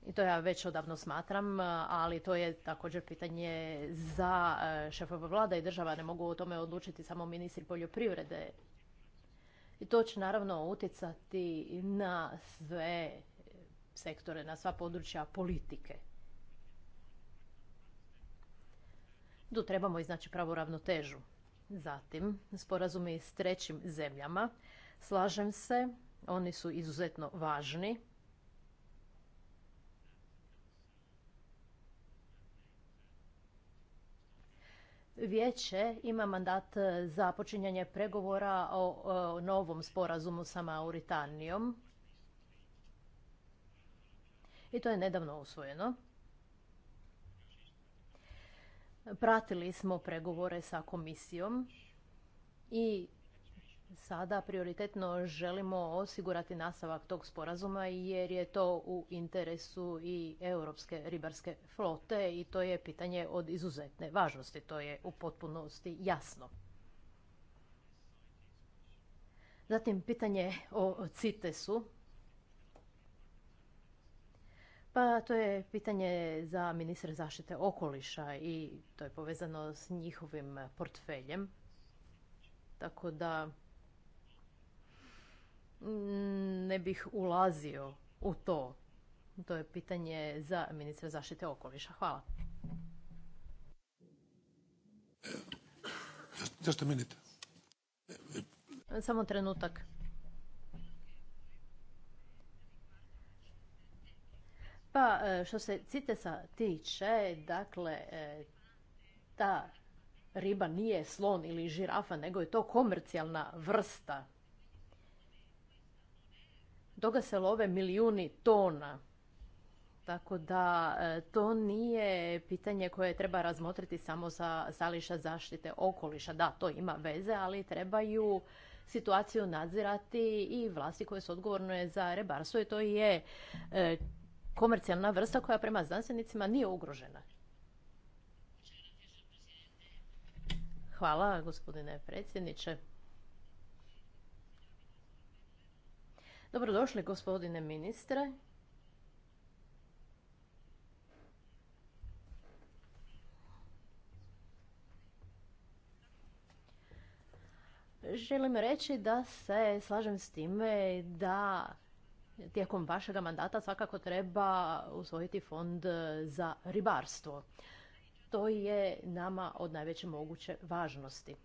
I to ja već odavno smatram, ali to je također pitanje za eh, šefove vlada i država. Ne mogu o tome odlučiti samo ministri poljoprivrede. I to će naravno utjecati na sve sektore, na sva područja politike. Tu trebamo iznaći pravu ravnotežu. Zatim, sporazumi s trećim zemljama. Slažem se, oni su izuzetno važni. Vijeće ima mandat za počinjanje pregovora o, o novom sporazumu sa Mauritanijom i to je nedavno usvojeno. Pratili smo pregovore sa komisijom i sada prioritetno želimo osigurati nastavak tog sporazuma jer je to u interesu i europske ribarske flote i to je pitanje od izuzetne važnosti, to je u potpunosti jasno. Zatim pitanje o CITES-u. Pa to je pitanje za ministra zaštite okoliša i to je povezano s njihovim portfeljem. Tako da mm, ne bih ulazio u to. To je pitanje za ministra zaštite okoliša. Hvala. Samo trenutak. Pa e, što se CITES-a tiče, dakle, e, ta riba nije slon ili žirafa, nego je to komercijalna vrsta. Doga se love milijuni tona. Tako da e, to nije pitanje koje treba razmotriti samo sa zališa zaštite okoliša. Da, to ima veze, ali trebaju situaciju nadzirati i vlasti koje su odgovorne za rebarstvo i to je komercijalna vrsta koja prema znanstvenicima nije ugrožena. Hvala, gospodine predsjedniče. Dobrodošli, gospodine ministre. Želim reći da se slažem s time da tijekom vašega mandata svakako treba usvojiti fond e, za ribarstvo. To je nama od najveće moguće važnosti.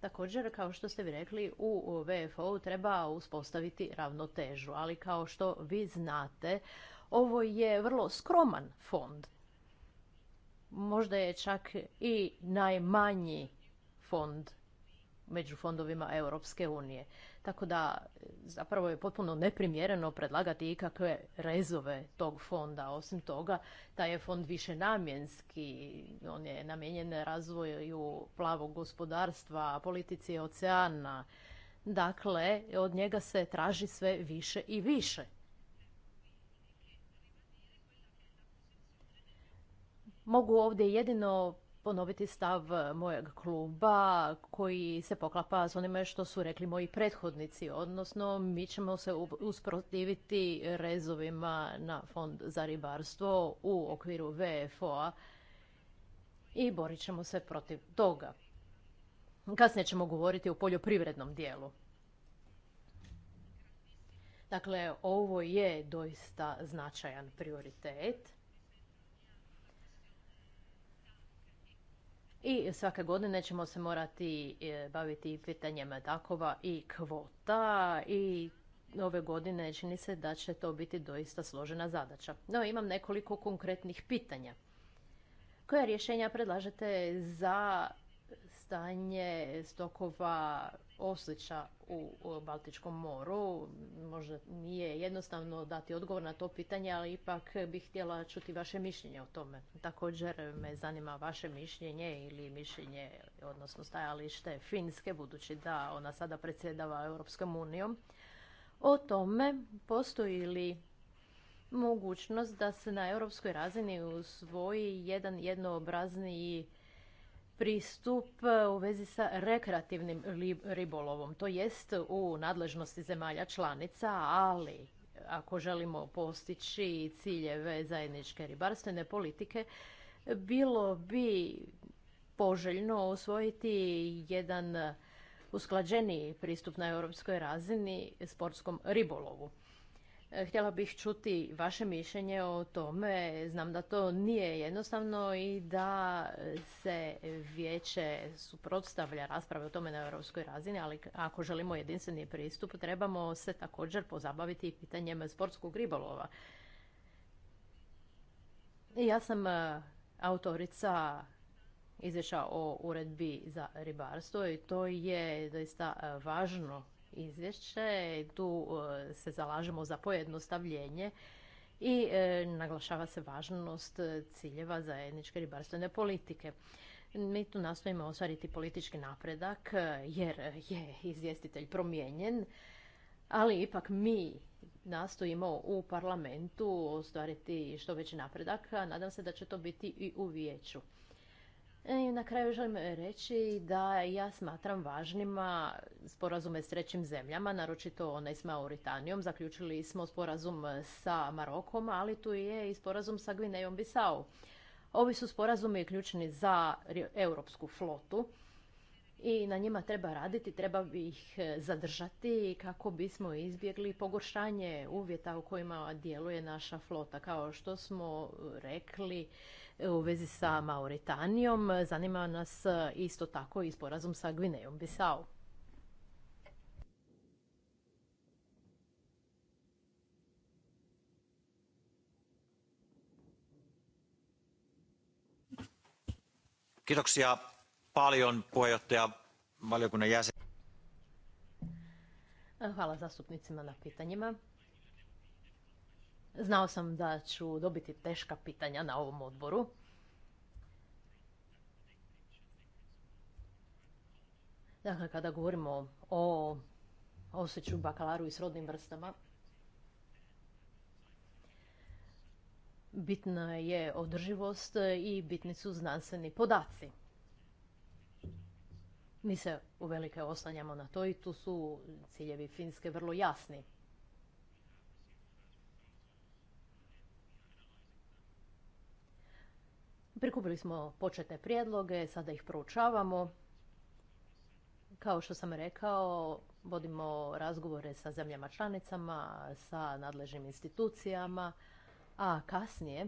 Također, kao što ste vi rekli, u VFO treba uspostaviti ravnotežu, ali kao što vi znate, ovo je vrlo skroman fond. Možda je čak i najmanji fond među fondovima Europske unije. Tako da zapravo je potpuno neprimjereno predlagati ikakve rezove tog fonda. Osim toga, taj je fond višenamjenski. On je namijenjen razvoju plavog gospodarstva, politici oceana. Dakle, od njega se traži sve više i više. Mogu ovdje jedino ponoviti stav e, mojeg kluba koji se poklapa s onime što su rekli moji prethodnici, odnosno mi ćemo se usprotiviti rezovima na fond za ribarstvo u okviru VFO-a i borit ćemo se protiv toga. Kasnije ćemo govoriti o poljoprivrednom dijelu. Dakle, ovo je doista značajan prioritet I svake godine ćemo se morati e, baviti pitanjem takova i kvota i ove godine čini se da će to biti doista složena zadaća. No, imam nekoliko konkretnih pitanja. Koja rješenja predlažete za stanje stokova oslića u Baltičkom moru. Možda nije jednostavno dati odgovor na to pitanje, ali ipak bih htjela čuti vaše mišljenje o tome. Također me zanima vaše mišljenje ili mišljenje, odnosno stajalište Finske, budući da ona sada predsjedava Europskom unijom, o tome postoji li mogućnost da se na europskoj razini usvoji jedan jednoobrazniji pristup e, u vezi sa rekreativnim ribolovom. To jest u nadležnosti zemalja članica, ali ako želimo postići ciljeve zajedničke ribarstvene politike, bilo bi poželjno osvojiti jedan usklađeniji pristup na europskoj razini sportskom ribolovu. E, htjela bih čuti vaše mišljenje o tome. Znam da to nije jednostavno i da se vijeće suprotstavlja rasprave o tome na europskoj razini, ali ako želimo jedinstveni pristup, trebamo se također pozabaviti i pitanjem sportskog ribolova. Ja sam e, autorica izvješća o uredbi za ribarstvo i to je doista e, važno izvješće. Tu e, se zalažemo za pojednostavljenje i e, naglašava se važnost ciljeva zajedničke ribarstvene politike. Mi tu nastojimo ostvariti politički napredak e, jer je izvjestitelj promijenjen, ali ipak mi nastojimo u parlamentu ostvariti što veći napredak, a nadam se da će to biti i u vijeću. E, I na kraju želim reći da ja smatram važnima sporazume s trećim zemljama, naročito onaj s Mauritanijom. Zaključili smo sporazum sa Marokom, ali tu je i sporazum sa Gvinejom Bissau. Ovi su sporazumi ključni za europsku flotu i na njima treba raditi, treba bi ih e, zadržati kako bismo izbjegli pogoršanje uvjeta u kojima djeluje naša flota. Kao što smo rekli, u vezi sa Mauritanijom. Zanima nas e, isto tako i sporazum sa Gvinejom Bisao. Kiitoksia paljon puheenjohtaja valiokunnan jäsen. Hvala zastupnicima na pitanjima. Znao sam da ću dobiti teška pitanja na ovom odboru. Dakle, kada govorimo o osjeću bakalaru i srodnim vrstama, bitna je održivost i bitni su znanstveni podaci. Mi se uvelike oslanjamo na to i tu su ciljevi Finske vrlo jasni. Prikupili smo početne prijedloge, sada ih proučavamo. Kao što sam rekao, vodimo razgovore sa zemljama članicama, sa nadležnim institucijama, a kasnije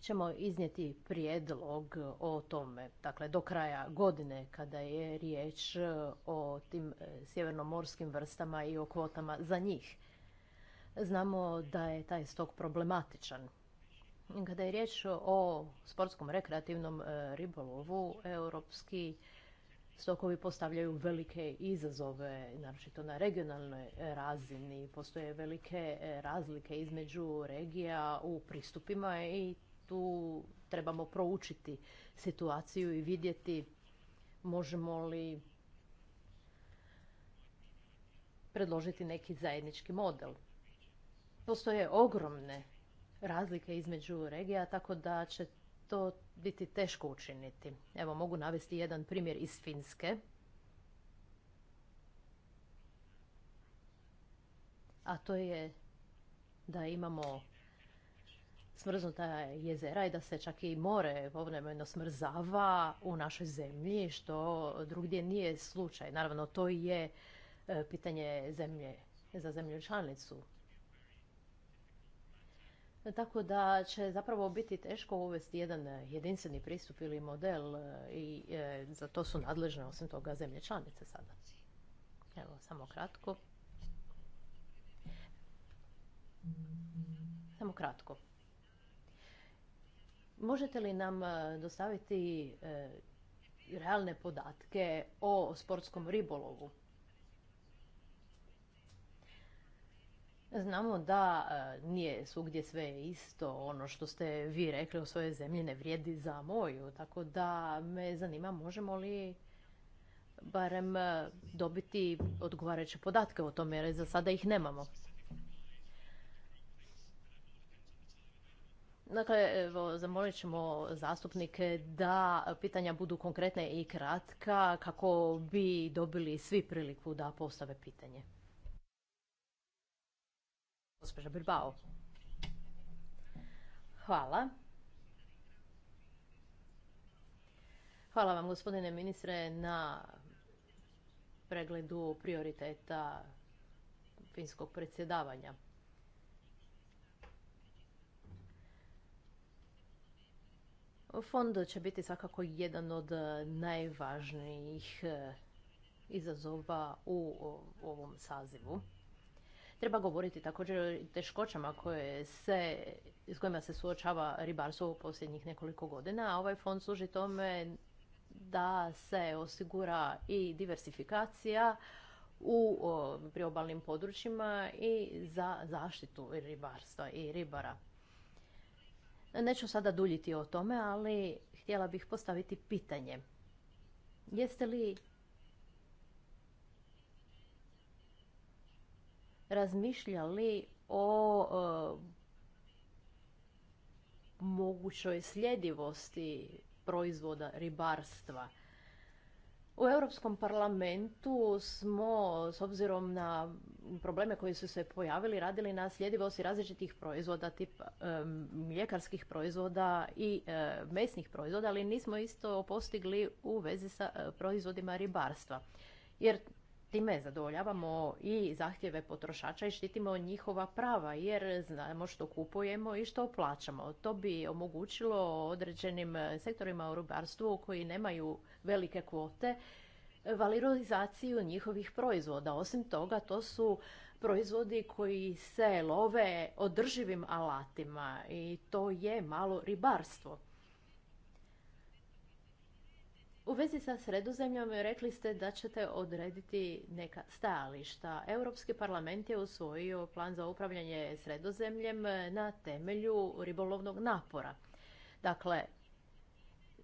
ćemo iznijeti prijedlog o tome, dakle do kraja godine kada je riječ o tim e, sjevernomorskim vrstama i o kvotama za njih. Znamo da je taj stok problematičan. Kada je riječ o sportskom rekreativnom e, ribolovu, europski stokovi postavljaju velike izazove, naročito na regionalnoj razini. Postoje velike e, razlike između regija u pristupima i tu trebamo proučiti situaciju i vidjeti možemo li predložiti neki zajednički model. Postoje ogromne razlike između regija, tako da će to biti teško učiniti. Evo, mogu navesti jedan primjer iz Finske. A to je da imamo smrznuta jezera i da se čak i more povremeno smrzava u našoj zemlji, što drugdje nije slučaj. Naravno, to je e, pitanje zemlje za zemlju članicu. Tako da će zapravo biti teško uvesti jedan e, jedinstveni pristup ili model e, i e, za to su nadležne osim toga zemlje članice sada. Evo, samo kratko. Samo kratko. Možete li nam dostaviti realne podatke o sportskom ribolovu? Znamo da e, nije svugdje sve isto, ono što ste vi rekli o svojoj zemlji ne vrijedi za moju, tako da me zanima možemo li barem e, dobiti odgovarajuće podatke o tome, jer za sada ih nemamo. Dakle, evo, zamolit ćemo zastupnike da pitanja budu konkretne i kratka kako bi dobili svi priliku da postave pitanje gospođa Bilbao. Hvala. Hvala vam gospodine ministre na pregledu prioriteta finskog predsjedavanja. Fond će biti svakako jedan od najvažnijih izazova u ovom sazivu. Treba govoriti također o teškoćama koje se, s kojima se suočava ribarstvo u posljednjih nekoliko godina, a ovaj fond služi tome da se osigura i diversifikacija u priobalnim područjima i za zaštitu ribarstva i ribara. Neću sada duljiti o tome, ali htjela bih postaviti pitanje. Jeste li razmišljali o e, mogućoj sljedivosti proizvoda ribarstva. U Europskom parlamentu smo, s obzirom na probleme koji su se pojavili, radili na sljedivosti različitih proizvoda, tip e, mljekarskih proizvoda i e, mesnih proizvoda, ali nismo isto postigli u vezi sa proizvodima ribarstva. Jer Time zadovoljavamo i zahtjeve potrošača i štitimo njihova prava jer znamo što kupujemo i što plaćamo. To bi omogućilo određenim sektorima u rubarstvu koji nemaju velike kvote valorizaciju njihovih proizvoda. Osim toga, to su proizvodi koji se love održivim alatima i to je malo ribarstvo. U vezi sa sredozemljom rekli ste da ćete odrediti neka stajališta. Europski parlament je usvojio plan za upravljanje sredozemljem na temelju ribolovnog napora. Dakle,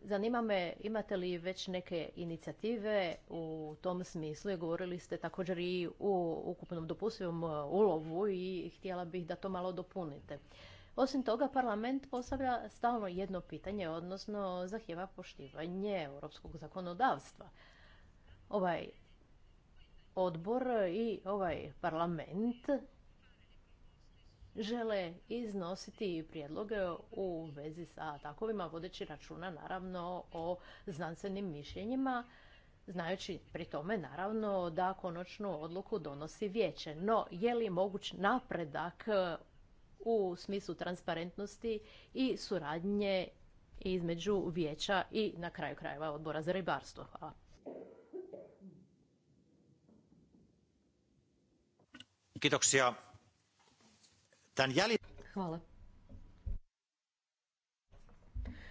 zanima me imate li već neke inicijative u tom smislu govorili ste također i u ukupnom dopustivom ulovu i htjela bih da to malo dopunite. Osim toga, parlament postavlja stalno jedno pitanje, odnosno zahtjeva poštivanje europskog zakonodavstva. Ovaj odbor i ovaj parlament žele iznositi prijedloge u vezi sa takovima, vodeći računa naravno o znanstvenim mišljenjima, znajući pri tome naravno da konačnu odluku donosi vijeće. No, je li moguć napredak u smislu transparentnosti i suradnje između vijeća i na kraju krajeva odbora za ribarstvo. Hvala. Hvala.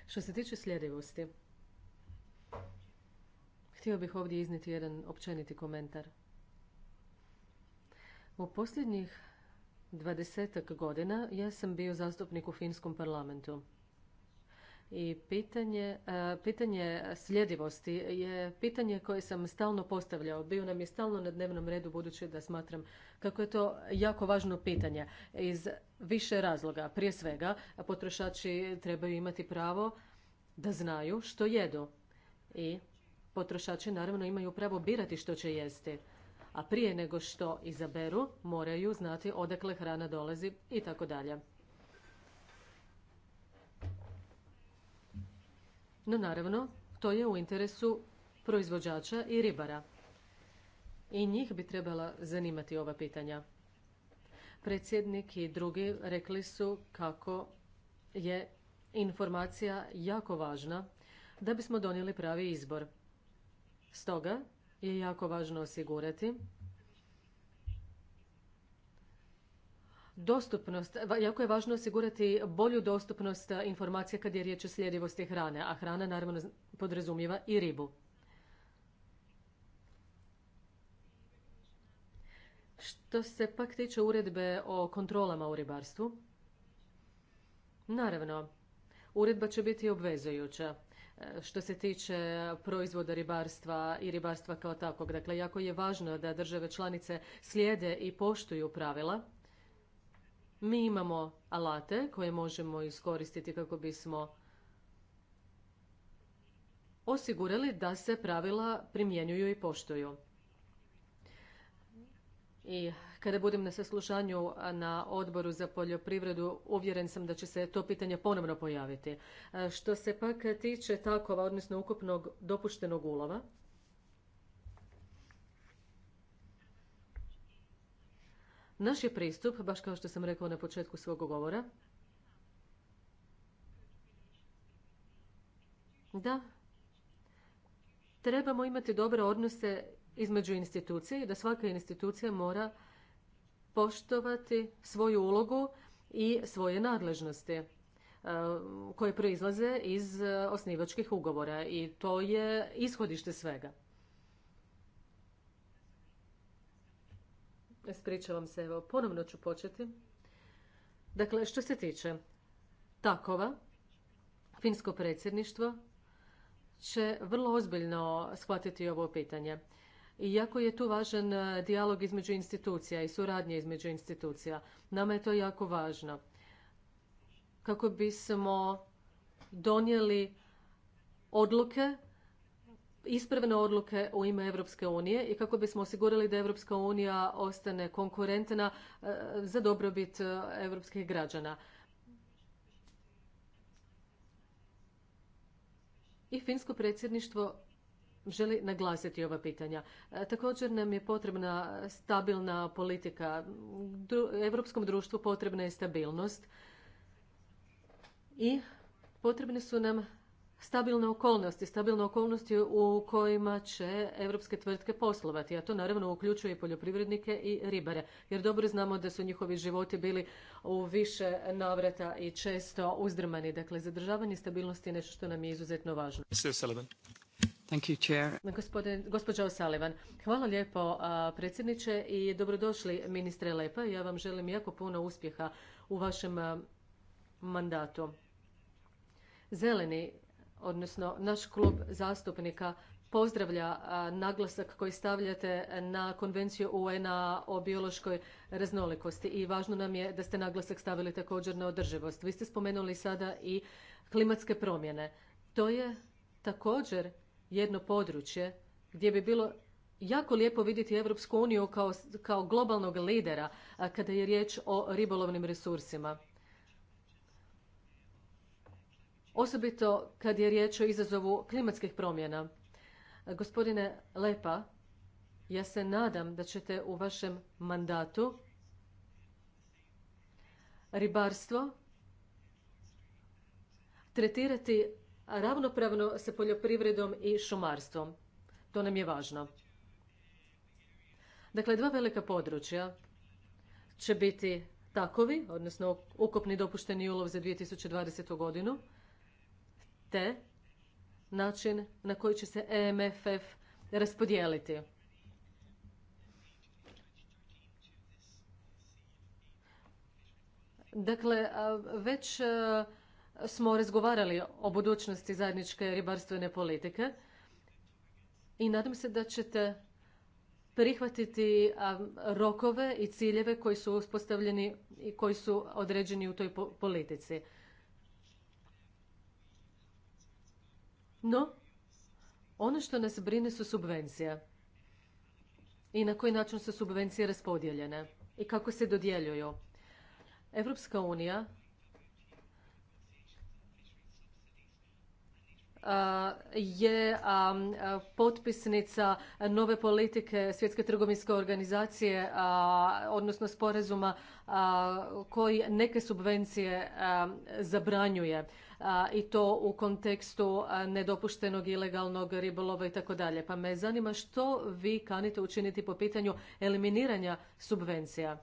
Što se tiče sljedivosti, htio bih ovdje izniti jedan općeniti komentar. U posljednjih dvadesetak godina ja sam bio zastupnik u finskom parlamentu i pitanje, e, pitanje sljedivosti je pitanje koje sam stalno postavljao. Bio nam je stalno na dnevnom redu budući da smatram kako je to jako važno pitanje iz više razloga. Prije svega, potrošači trebaju imati pravo da znaju što jedu i potrošači naravno imaju pravo birati što će jesti a prije nego što izaberu moraju znati odakle hrana dolazi i tako dalje. No naravno, to je u interesu proizvođača i ribara. I njih bi trebala zanimati ova pitanja. Predsjednik i drugi rekli su kako je informacija jako važna da bismo donijeli pravi izbor. Stoga je jako važno osigurati dostupnost, jako je važno osigurati bolju dostupnost informacija kad je riječ o sljedivosti hrane, a hrana naravno podrazumijeva i ribu. Što se pak tiče uredbe o kontrolama u ribarstvu, naravno, uredba će biti obvezujuća što se tiče proizvoda ribarstva i ribarstva kao takvog. Dakle, jako je važno da države članice slijede i poštuju pravila. Mi imamo alate koje možemo iskoristiti kako bismo osigurali da se pravila primjenjuju i poštuju. I kada budem na saslušanju na odboru za poljoprivredu, uvjeren sam da će se to pitanje ponovno pojaviti. E, što se pak tiče takova, odnosno ukupnog dopuštenog ulova, Naš je pristup, baš kao što sam rekao na početku svog govora, da trebamo imati dobre odnose između institucije i da svaka institucija mora poštovati svoju ulogu i svoje nadležnosti e, koje proizlaze iz e, osnivačkih ugovora i to je ishodište svega. Ispričavam se, evo, ponovno ću početi. Dakle, što se tiče takova, finsko predsjedništvo će vrlo ozbiljno shvatiti ovo pitanje. Jako je tu važan e, dijalog između institucija i suradnje između institucija. Nama je to jako važno. Kako bismo donijeli odluke, ispravne odluke u ime Europske unije i kako bismo osigurali da Europska unija ostane konkurentna e, za dobrobit europskih građana. I finsko predsjedništvo želi naglasiti ova pitanja. E, također nam je potrebna stabilna politika. europskom Evropskom društvu potrebna je stabilnost i potrebne su nam stabilne okolnosti, stabilne okolnosti u kojima će europske tvrtke poslovati, a to naravno uključuje i poljoprivrednike i ribare, jer dobro znamo da su njihovi životi bili u više navrata i često uzdrmani. Dakle, zadržavanje stabilnosti je nešto što nam je izuzetno važno. Thank you, O'Sullivan, hvala lijepo predsjedniče i dobrodošli ministre Lepa. Ja vam želim jako puno uspjeha u vašem mandatu. Zeleni, odnosno naš klub zastupnika, pozdravlja naglasak koji stavljate na konvenciju UN-a o biološkoj raznolikosti i važno nam je da ste naglasak stavili također na održivost. Vi ste spomenuli sada i klimatske promjene. To je također jedno područje gdje bi bilo jako lijepo vidjeti Europsku uniju kao, kao globalnog lidera kada je riječ o ribolovnim resursima. Osobito kad je riječ o izazovu klimatskih promjena. Gospodine Lepa, ja se nadam da ćete u vašem mandatu ribarstvo tretirati ravnopravno sa poljoprivredom i šumarstvom. To nam je važno. Dakle, dva velika područja će biti takovi, odnosno ukupni dopušteni ulov za 2020. godinu, te način na koji će se EMFF raspodijeliti. Dakle, već smo razgovarali o budućnosti zajedničke ribarstvene politike i nadam se da ćete prihvatiti rokove i ciljeve koji su uspostavljeni i koji su određeni u toj politici. No, ono što nas brine su subvencije i na koji način su subvencije raspodijeljene i kako se dodjeljuju. Evropska unija je potpisnica nove politike Svjetske trgovinske organizacije, odnosno sporazuma koji neke subvencije zabranjuje i to u kontekstu nedopuštenog ilegalnog ribolova i tako dalje. Pa me zanima što vi kanite učiniti po pitanju eliminiranja subvencija?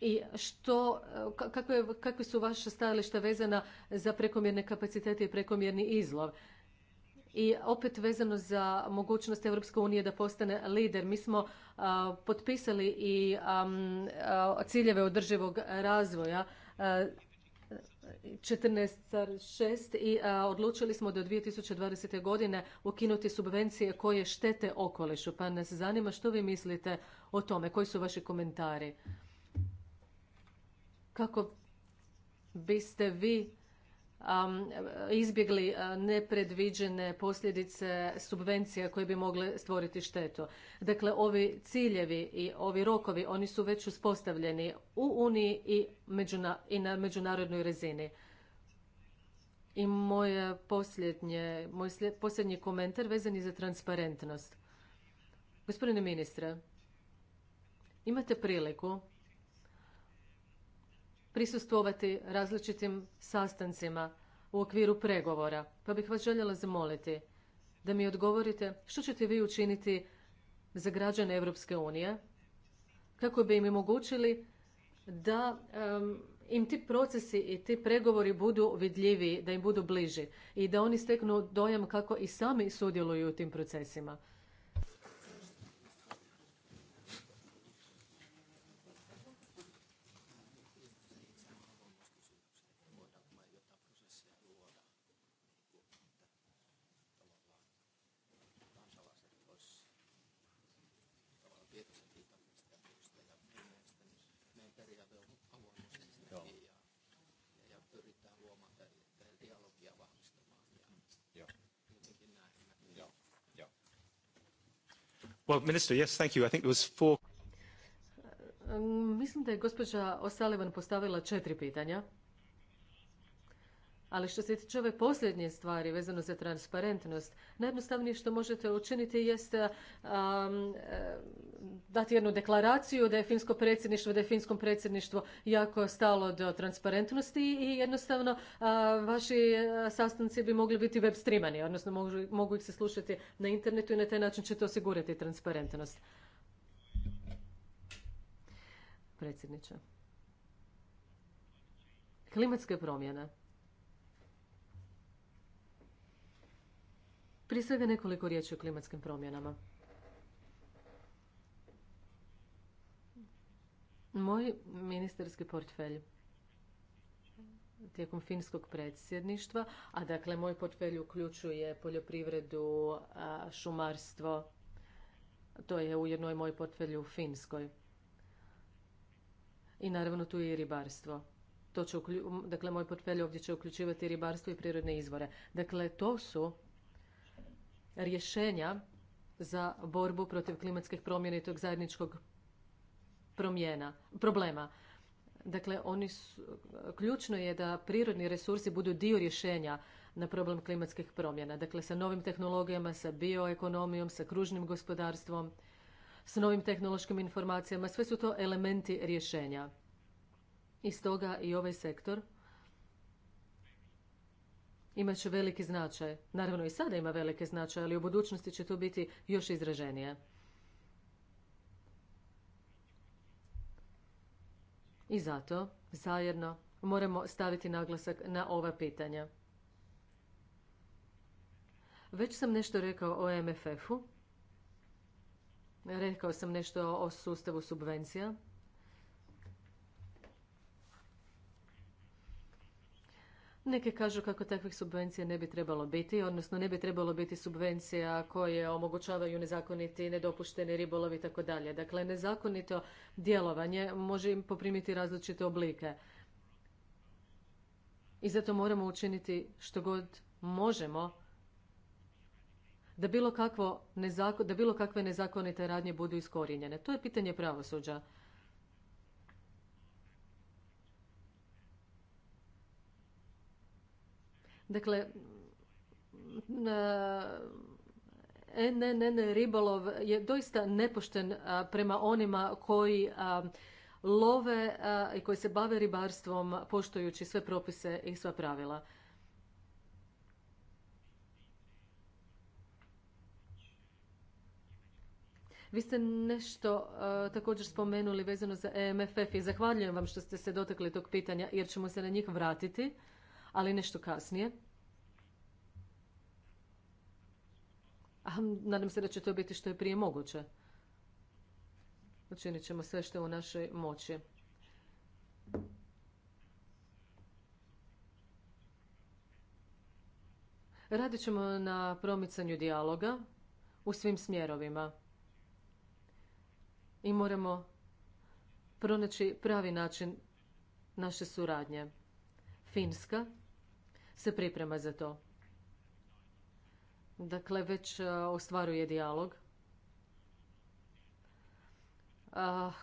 i što, kakve, kakve su vaše stajališta vezana za prekomjerne kapacitete i prekomjerni izlov? I opet vezano za mogućnost Europske unije da postane lider. Mi smo potpisali i ciljeve održivog razvoja 14.6 i odlučili smo do 2020. godine ukinuti subvencije koje štete okolišu. Pa nas zanima što vi mislite o tome, koji su vaši komentari? kako biste vi izbjegli e, nepredviđene posljedice subvencija koje bi mogle stvoriti štetu. Dakle, ovi ciljevi i ovi rokovi, oni su već uspostavljeni u Uniji i, na međunarodnoj razini. I moje moj posljednji komentar vezan je za transparentnost. Gospodine ministre, imate priliku prisustvovati različitim sastancima u okviru pregovora, pa bih vas željela zamoliti da mi odgovorite što ćete vi učiniti za građane Europske unije kako bi im omogućili da im ti procesi i ti pregovori budu vidljiviji, da im budu bliži i da oni steknu dojam kako i sami sudjeluju u tim procesima. Well, minister, yes, thank you. I think there was four... Mislim da je gospođa O'Sullivan postavila četiri pitanja. Ali što se tiče ove posljednje stvari vezano za transparentnost, najjednostavnije što možete učiniti jeste eh, eh, dati jednu deklaraciju da je finsko predsjedništvo, da je finskom predsjedništvo jako stalo do transparentnosti i jednostavno eh, vaši sastanci bi mogli biti web streamani, odnosno mogu, mogu ih se slušati na internetu i na taj način ćete osigurati transparentnost. Predsjedniče. Klimatske promjene. Prije svega nekoliko riječi o klimatskim promjenama. Moj ministarski portfelj tijekom finskog predsjedništva, a dakle moj portfelj uključuje poljoprivredu, šumarstvo, to je u jednoj moj portfelju u Finskoj. I naravno tu je i ribarstvo. dakle, moj portfelj ovdje će uključivati ribarstvo i prirodne izvore. Dakle, to su rješenja za borbu protiv klimatskih promjena i tog zajedničkog promjena, problema. Dakle, oni su, ključno je da prirodni resursi budu dio rješenja na problem klimatskih promjena. Dakle, sa novim tehnologijama, sa bioekonomijom, sa kružnim gospodarstvom, s novim tehnološkim informacijama, sve su to elementi rješenja. I stoga i ovaj sektor imat će veliki značaj. Naravno i sada ima velike značaje, ali u budućnosti će to biti još izraženije. I zato zajedno moramo staviti naglasak na ova pitanja. Već sam nešto rekao o MFF-u. Rekao sam nešto o sustavu subvencija. Neke kažu kako takvih subvencija ne bi trebalo biti, odnosno ne bi trebalo biti subvencija koje omogućavaju nezakoniti, nedopušteni ribolov i tako dalje. Dakle, nezakonito djelovanje može im poprimiti različite oblike. I zato moramo učiniti što god možemo da bilo, kakvo da bilo kakve nezakonite radnje budu iskorijenjene. To je pitanje pravosuđa. Dakle, ne, ribolov je doista nepošten prema onima koji love i koji se bave ribarstvom poštujući sve propise i sva pravila. Vi ste nešto također spomenuli vezano za EMFF i zahvaljujem vam što ste se dotakli tog pitanja jer ćemo se na njih vratiti ali nešto kasnije. A, nadam se da će to biti što je prije moguće. Učinit ćemo sve što je u našoj moći. Radit ćemo na promicanju dijaloga u svim smjerovima. I moramo pronaći pravi način naše suradnje. Finska se priprema za to. Dakle, već e, ostvaruje dijalog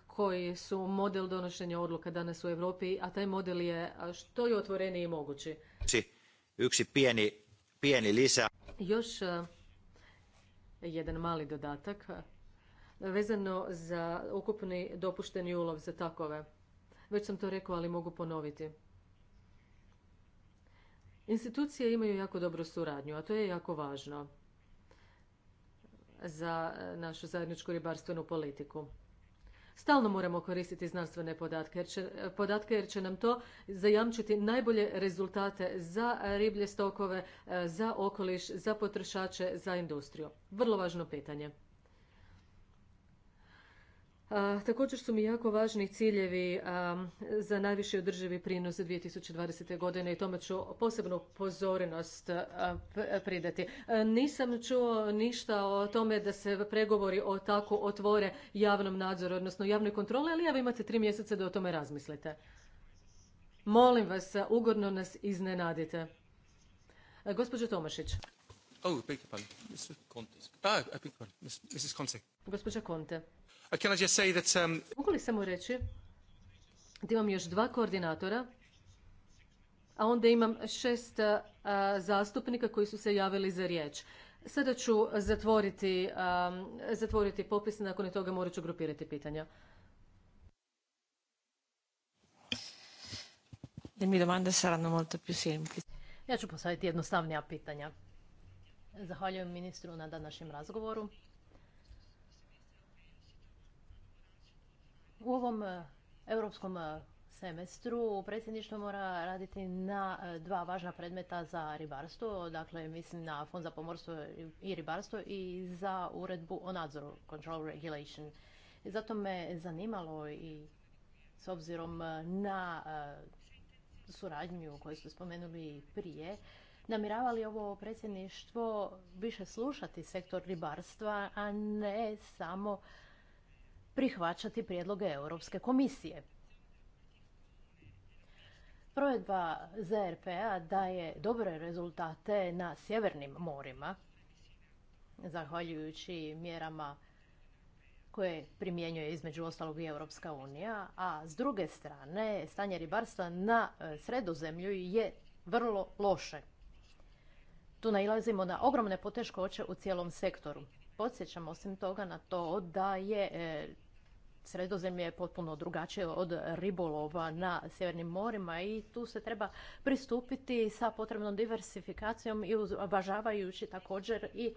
koji su model donošenja odluka danas u Europi, a taj model je što je otvoreniji i mogući. Yksi Još e, jedan mali dodatak e, vezano za ukupni dopušteni ulov za takove. Već sam to rekao, ali mogu ponoviti. Institucije imaju jako dobru suradnju, a to je jako važno za e, našu zajedničku ribarstvenu politiku. Stalno moramo koristiti znanstvene podatke jer, će, e, podatke jer će nam to zajamčiti najbolje rezultate za riblje stokove, e, za okoliš, za potrošače, za industriju. Vrlo važno pitanje također su mi jako važni ciljevi za najviše održivi prinos 2020. godine i tome ću posebnu pozornost pridati. Nisam čuo ništa o tome da se pregovori o tako otvore javnom nadzoru, odnosno javnoj kontroli, ali evo imate tri mjeseca da o tome razmislite. Molim vas, ugodno nas iznenadite. Gospođo Tomašić. Oh, ah, Gospođa Conte. Uh, can I um, Mogu li samo reći da imam još dva koordinatora, a onda imam šest uh, zastupnika koji su se javili za riječ. Sada ću zatvoriti, um, zatvoriti popis, nakon toga morat ću grupirati pitanja. Ja ću postaviti jednostavnija pitanja. Zahvaljujem ministru na današnjem razgovoru. U ovom e, europskom e, semestru predsjedništvo mora raditi na e, dva važna predmeta za ribarstvo, dakle mislim na Fond za pomorstvo i ribarstvo i za uredbu o nadzoru, control regulation. Zato me zanimalo i s obzirom na suradnju koju ste spomenuli prije, namirava li ovo predsjedništvo više slušati sektor ribarstva, a ne samo prihvaćati prijedloge Europske komisije. Provedba zrp p-a daje dobre rezultate na sjevernim morima, zahvaljujući mjerama koje primjenjuje između ostalog i Europska unija, a s druge strane stanje ribarstva na e, sredozemlju je vrlo loše. Tu nalazimo na ogromne poteškoće u cijelom sektoru. Podsjećam osim toga na to da je e, Sredozemlje je potpuno drugačije od ribolova na sjevernim morima i tu se treba pristupiti sa potrebnom diversifikacijom i uvažavajući također i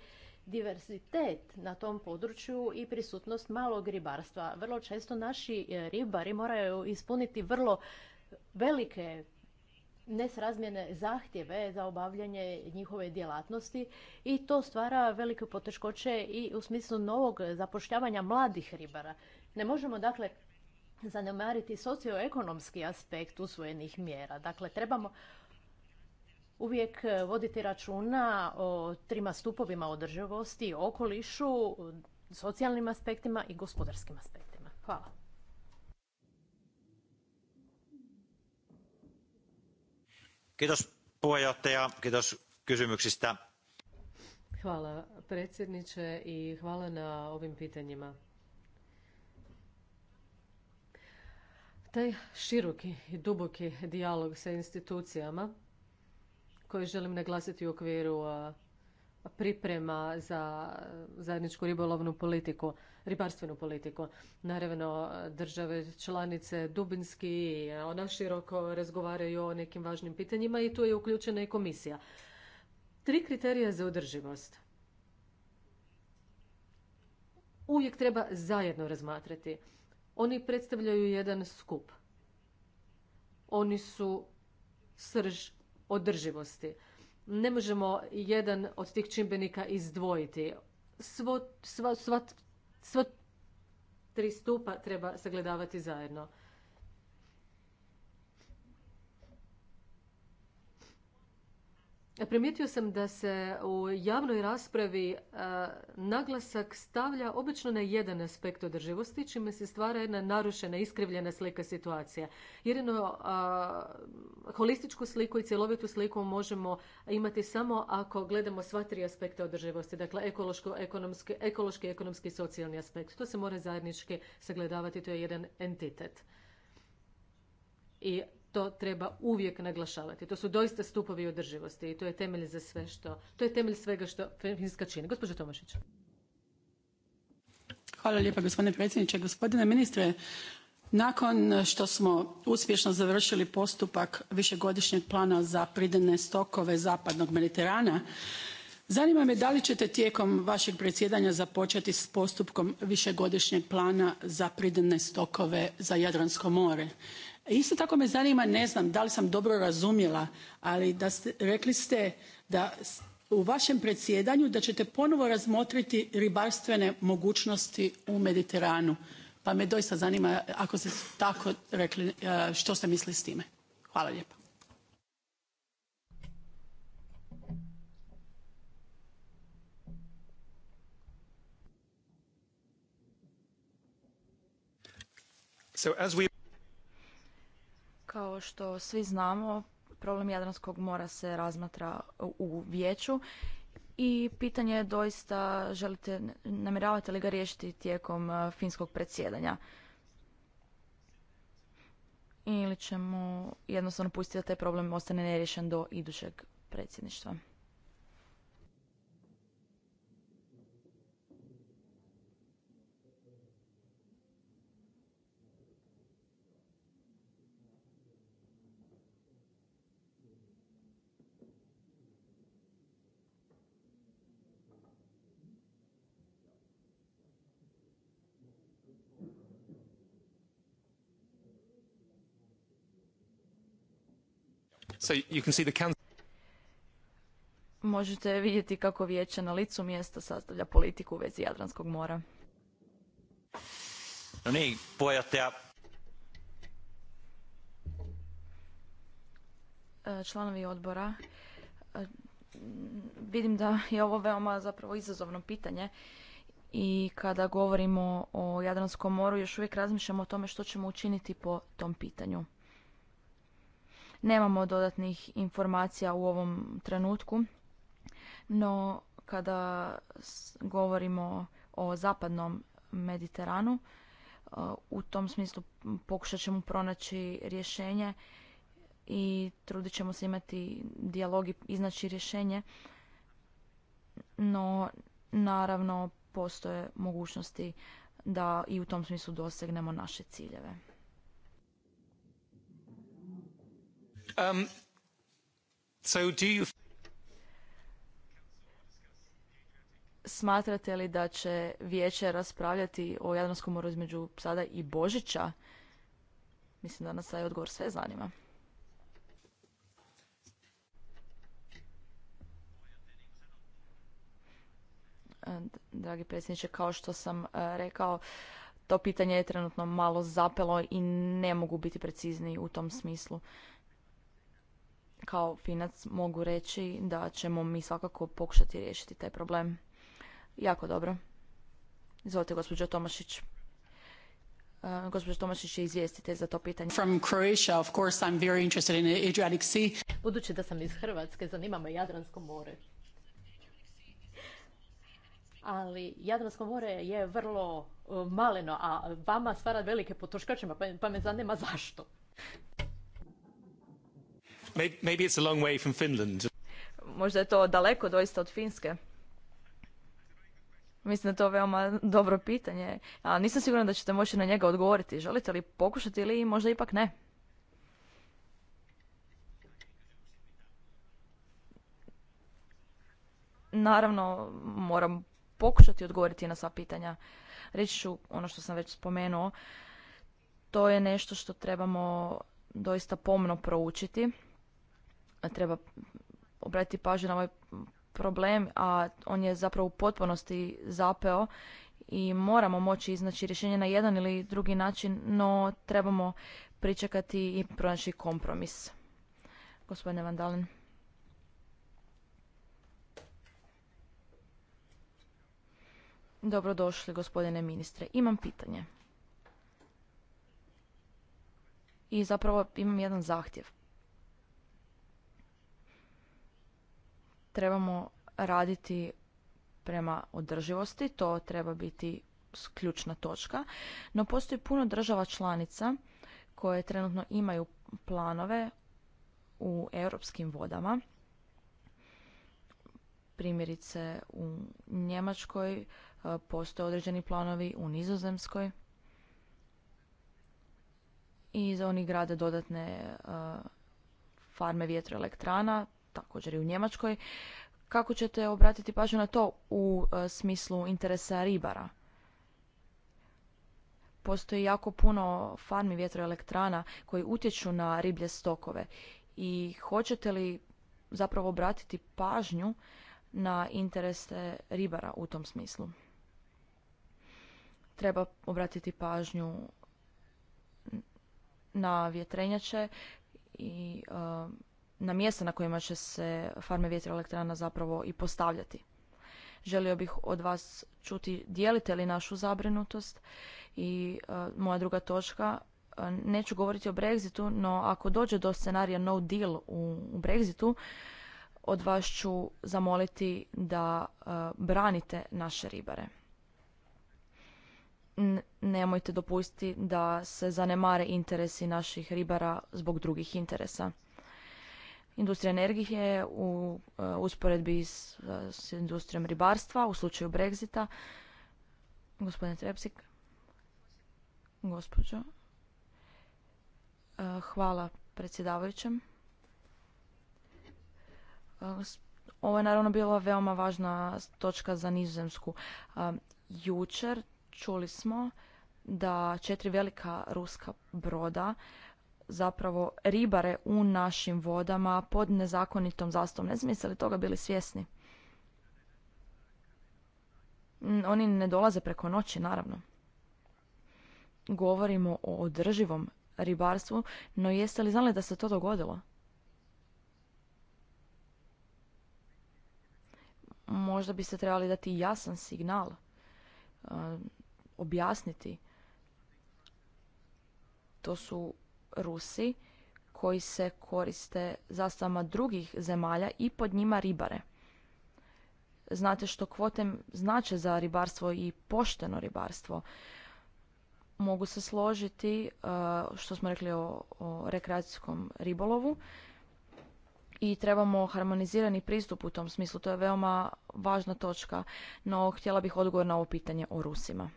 diversitet na tom području i prisutnost malog ribarstva. Vrlo često naši e, ribari moraju ispuniti vrlo velike nesrazmjene zahtjeve za obavljanje njihove djelatnosti i to stvara velike poteškoće i u smislu novog zapošljavanja mladih ribara. Ne možemo dakle zanemariti socioekonomski aspekt usvojenih mjera. Dakle, trebamo uvijek e, voditi računa o trima stupovima održivosti, okolišu, socijalnim aspektima i gospodarskim aspektima. Hvala. kysymyksistä. Hvala predsjedniče i hvala na ovim pitanjima. taj široki i duboki dijalog sa institucijama koji želim naglasiti u okviru priprema za zajedničku ribolovnu politiku, ribarstvenu politiku. Naravno, države članice dubinski ona široko razgovaraju o nekim važnim pitanjima i tu je uključena i komisija. Tri kriterija za održivost. Uvijek treba zajedno razmatrati. Oni predstavljaju jedan skup. Oni su srž održivosti. Ne možemo jedan od tih čimbenika izdvojiti. Svo, sva tri stupa treba sagledavati zajedno. Primijetio sam da se u javnoj raspravi e, naglasak stavlja obično na jedan aspekt održivosti, čime se stvara jedna narušena, iskrivljena slika situacija. Jedino e, holističku sliku i cjelovitu sliku možemo imati samo ako gledamo sva tri aspekta održivosti, dakle ekološki, ekonomski i socijalni aspekt. To se mora zajednički sagledavati, to je jedan entitet. I to treba uvijek naglašavati. To su doista stupovi održivosti i to je temelj za sve što, to je temelj svega što Finska čini. Gospođo Tomašić. Hvala lijepa gospodine predsjedniče. Gospodine ministre, nakon što smo uspješno završili postupak višegodišnjeg plana za pridenne stokove zapadnog mediterana, zanima me da li ćete tijekom vašeg predsjedanja započeti s postupkom višegodišnjeg plana za pridne stokove za Jadransko more E, isto tako me zanima, ne znam da li sam dobro razumjela, ali da rekli ste da u vašem predsjedanju da ćete ponovo razmotriti ribarstvene mogućnosti u Mediteranu. Pa me doista zanima ako ste tako rekli e, što ste mislili s time. Hvala lijepo. So kao što svi znamo, problem Jadranskog mora se razmatra u vijeću i pitanje je doista želite, namjeravate li ga riješiti tijekom e, finskog predsjedanja? Ili ćemo jednostavno pustiti da taj problem ostane neriješen do idućeg predsjedništva? Možete vidjeti kako vijeće na licu mjesta sastavlja politiku u vezi Jadranskog mora. E, članovi odbora, e, vidim da je ovo veoma zapravo izazovno pitanje i kada govorimo o Jadranskom moru još uvijek razmišljamo o tome što ćemo učiniti po tom pitanju. Nemamo dodatnih informacija u ovom trenutku, no kada govorimo o zapadnom Mediteranu, uh, u tom smislu pokušat ćemo pronaći rješenje i trudit ćemo se imati dijalog i iznaći rješenje, no naravno postoje mogućnosti da i u tom smislu dosegnemo naše ciljeve. Um, Smatrate li da će vijeće raspravljati o Jadranskom moru između sada i Božića? Mislim da nas taj odgovor sve zanima. E, dragi predsjedniče, kao što sam e, rekao, to pitanje je trenutno malo zapelo i ne mogu biti precizniji u tom smislu kao finac mogu reći da ćemo mi svakako pokušati riješiti taj problem. Jako dobro. Izvolite, gospođo Tomašić. E, gospođo Tomašić je izvijestite za to pitanje. From Croatia, of course, I'm very interested in Adriatic Sea. Budući da sam iz Hrvatske, zanima me Jadransko more. Ali Jadransko more je vrlo e, maleno, a vama stvara velike potroškačima, pa me zanima zašto. Maybe it's a long way from Finland. Možda je to daleko doista od Finske. Mislim da je to veoma dobro pitanje, a nisam sigurna da ćete moći na njega odgovoriti. Želite li pokušati ili možda ipak ne? Naravno, moram pokušati odgovoriti na sva pitanja. Reći ću ono što sam već spomenuo. To je nešto što trebamo doista pomno proučiti treba obratiti pažnju na ovaj problem, a on je zapravo u potpunosti zapeo i moramo moći iznaći rješenje na jedan ili drugi način, no trebamo pričekati i pronaći kompromis. Gospodine Vandalin. Dobrodošli, gospodine ministre. Imam pitanje. I zapravo imam jedan zahtjev. trebamo raditi prema održivosti, to treba biti ključna točka, no postoji puno država članica koje trenutno imaju planove u europskim vodama. Primjerice u Njemačkoj e, postoje određeni planovi, u Nizozemskoj i za oni grade dodatne e, farme vjetroelektrana također i u Njemačkoj. Kako ćete obratiti pažnju na to u e, smislu interesa ribara? Postoji jako puno farmi vjetroelektrana koji utječu na riblje stokove i hoćete li zapravo obratiti pažnju na interese ribara u tom smislu? Treba obratiti pažnju na vjetrenjače i e, na mjesta na kojima će se farme vjetroelektrana zapravo i postavljati. Želio bih od vas čuti dijelite li našu zabrinutost i e, moja druga točka, e, neću govoriti o Brexitu, no ako dođe do scenarija no deal u, u Brexitu, od vas ću zamoliti da e, branite naše ribare. nemojte dopustiti da se zanemare interesi naših ribara zbog drugih interesa. Industrija energije u e, usporedbi s, industrijom ribarstva u slučaju Brexita. Gospodine Trepsik. Gospođo. E, hvala predsjedavajućem. E, ovo je naravno bila veoma važna točka za nizozemsku. Jučer čuli smo da četiri velika ruska broda zapravo ribare u našim vodama pod nezakonitom zastavom. Ne znam jeste li toga bili svjesni. Mm, oni ne dolaze preko noći, naravno. Govorimo o održivom ribarstvu, no jeste li znali da se to dogodilo? Možda se trebali dati jasan signal, eh, objasniti. To su Rusi koji se koriste zastavama drugih zemalja i pod njima ribare. Znate što kvote znače za ribarstvo i pošteno ribarstvo. Mogu se složiti e, što smo rekli o, o rekreacijskom ribolovu i trebamo harmonizirani pristup u tom smislu. To je veoma važna točka, no htjela bih odgovor na ovo pitanje o Rusima.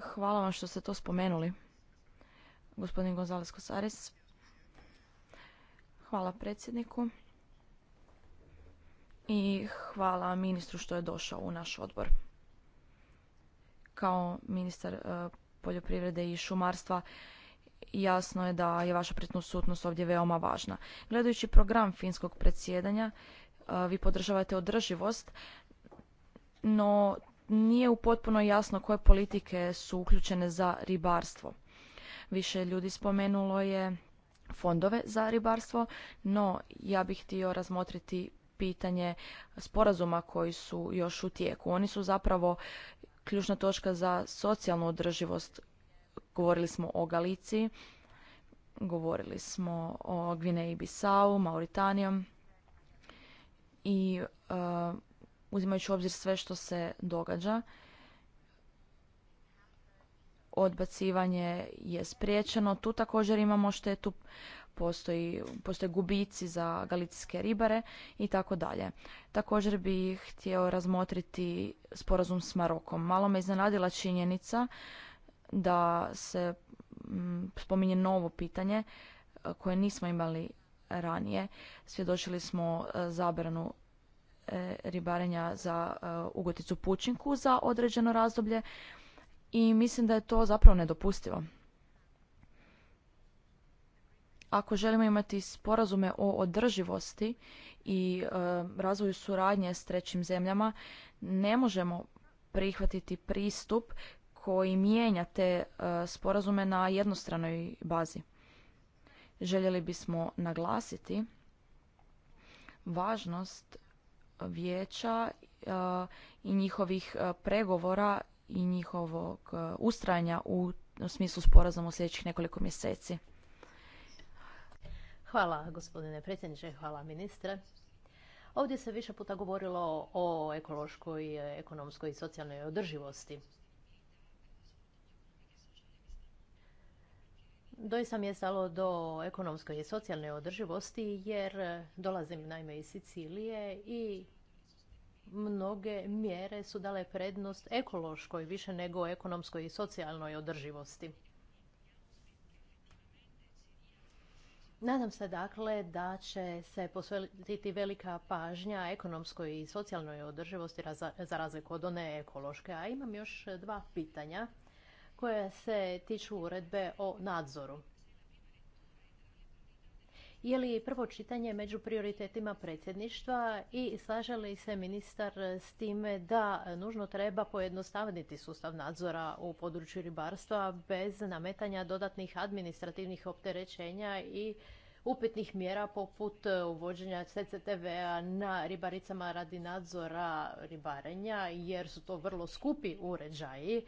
Hvala vam što ste to spomenuli gospodin Gonzales Kosares. Hvala predsjedniku i hvala ministru što je došao u naš odbor. Kao ministar e, poljoprivrede i šumarstva jasno je da je vaša prisutnost ovdje veoma važna. Gledajući program finskog predsjedanja, e, vi podržavate održivost, no nije u potpuno jasno koje politike su uključene za ribarstvo. Više ljudi spomenulo je fondove za ribarstvo, no ja bih htio razmotriti pitanje sporazuma koji su još u tijeku. Oni su zapravo ključna točka za socijalnu održivost. Govorili smo o Galiciji, govorili smo o Gvineji Bisau, Mauritanijom i uh, uzimajući u obzir sve što se događa, odbacivanje je spriječeno. Tu također imamo štetu, postoji, postoje gubici za galicijske ribare i tako dalje. Također bih htio razmotriti sporazum s Marokom. Malo me iznenadila činjenica da se mm, spominje novo pitanje e, koje nismo imali ranije. Svjedočili smo e, zabranu e, ribarenja za ugoticu pučinku za određeno razdoblje i mislim da je to zapravo nedopustivo. Ako želimo imati sporazume o održivosti i e, razvoju suradnje s trećim zemljama, ne možemo prihvatiti pristup koji mijenja te e, sporazume na jednostranoj bazi. Željeli bismo naglasiti važnost vijeća e, i njihovih pregovora i njihovog e, ustrajanja u smislu sporazuma u sljedećih nekoliko mjeseci. Hvala gospodine predsjedniče, hvala ministre. Ovdje se više puta govorilo o ekološkoj, ekonomskoj i socijalnoj održivosti. Doista mi je stalo do ekonomskoj i socijalne održivosti jer dolazim naime iz Sicilije i mnoge mjere su dale prednost ekološkoj više nego ekonomskoj i socijalnoj održivosti. Nadam se dakle da će se posvetiti velika pažnja ekonomskoj i socijalnoj održivosti za razliku od one ekološke. A imam još dva pitanja koja se tiču uredbe o nadzoru. Je li prvo čitanje među prioritetima predsjedništva i slaže li se ministar s time da nužno treba pojednostavniti sustav nadzora u području ribarstva bez nametanja dodatnih administrativnih opterećenja i upitnih mjera poput uvođenja CCTV-a na ribaricama radi nadzora ribarenja jer su to vrlo skupi uređaji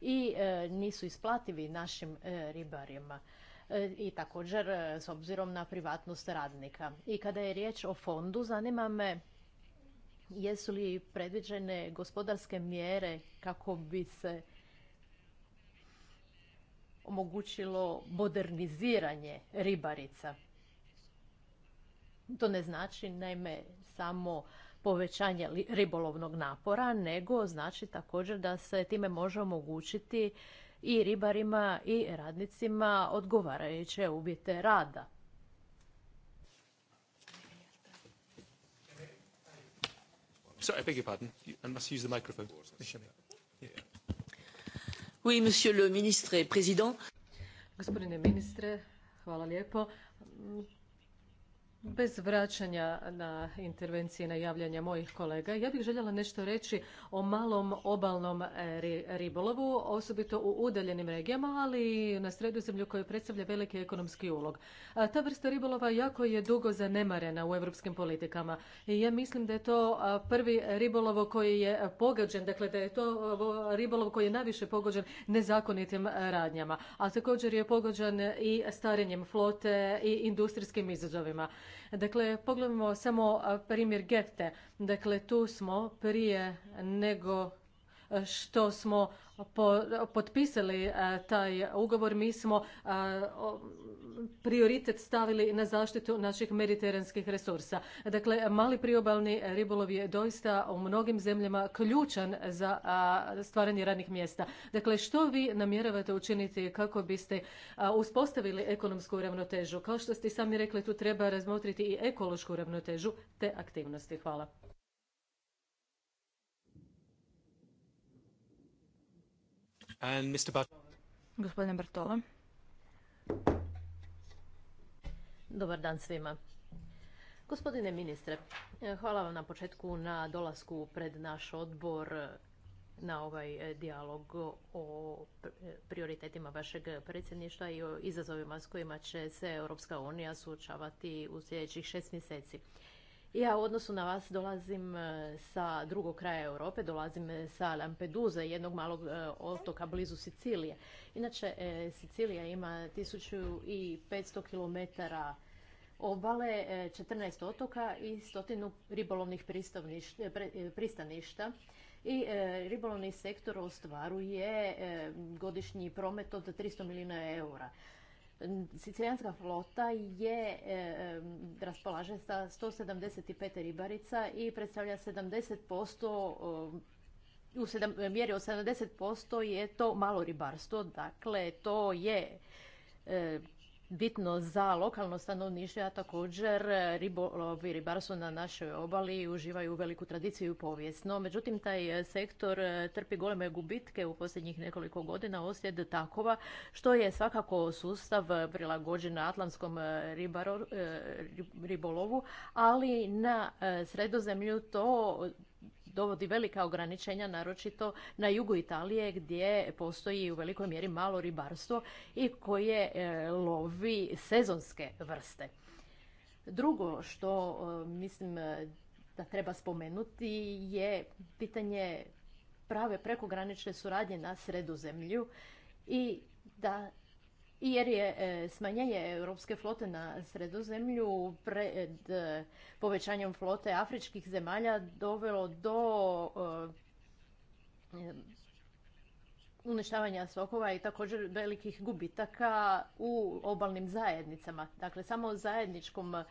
i e, nisu isplativi našim e, ribarima. E, i također e, s obzirom na privatnost radnika. I kada je riječ o fondu, zanima me jesu li predviđene gospodarske mjere kako bi se omogućilo moderniziranje ribarica. To ne znači naime samo povećanje ribolovnog napora, nego znači također da se time može omogućiti i ribarima i radnicima odgovarajuće uvjete rada. Sorry, I beg your pardon. I must use the microphone. Oui, monsieur le ministre et président. Gospodine ministre, hvala lijepo. Bez vraćanja na intervencije na javljanja mojih kolega, ja bih željela nešto reći o malom obalnom e, ribolovu, osobito u udaljenim regijama, ali i na sredozemlju koje predstavlja veliki ekonomski ulog. Ta vrsta ribolova jako je dugo zanemarena u europskim politikama i ja mislim da je to prvi ribolovo koji je pogađen, dakle da je to ribolov koji je najviše pogođen nezakonitim e, radnjama, a također je pogođen i starenjem flote i industrijskim izazovima. Dakle, pogledajmo samo primjer gette. Dakle, tu smo prije nego što smo potpisali e, taj ugovor, mi smo e, prioritet stavili na zaštitu naših mediteranskih resursa. Dakle, mali priobalni ribolov je doista u mnogim zemljama ključan za stvaranje radnih mjesta. Dakle, što vi namjeravate učiniti kako biste uspostavili ekonomsku ravnotežu? Kao što ste sami rekli, tu treba razmotriti i ekološku ravnotežu te aktivnosti. Hvala. Gospodine Bartola. Dobar dan svima. Gospodine ministre, hvala vam na početku na dolasku pred naš odbor na ovaj e, dijalog o e, prioritetima vašeg predsjedništva i o izazovima s kojima će se Europska unija suočavati u sljedećih šest mjeseci. Ja u odnosu na vas dolazim e, sa drugog kraja Europe, dolazim e, sa Lampedusa, jednog malog e, otoka blizu Sicilije. Inače, Sicilija ima 1500 km obale, 14 otoka i stotinu ribolovnih pristaništa. I ribolovni sektor ostvaruje godišnji promet od 300 milijuna eura. Sicilijanska flota je, e, e, raspolaže sa 175 ribarica i predstavlja 70% e, u mjeri od 70% je to malo ribarstvo, dakle to je bitno za lokalno stanovništvo, a također e, ribolov i ribarstvo na našoj obali uživaju veliku tradiciju i povijesno. Međutim, taj e, sektor e, trpi goleme gubitke u posljednjih nekoliko godina oslijed takova, što je svakako sustav prilagođen atlantskom ribolovu, ali na sredozemlju to dovodi velika ograničenja, naročito na jugu Italije gdje postoji u velikoj mjeri malo ribarstvo i koje e, lovi sezonske vrste. Drugo što e, mislim e, da treba spomenuti je pitanje prave prekogranične suradnje na sredozemlju i da jer je e, smanjenje europske flote na sredozemlju pred e, povećanjem flote afričkih zemalja dovelo do e, uništavanja sokova i također velikih gubitaka u obalnim zajednicama. Dakle, samo zajedničkom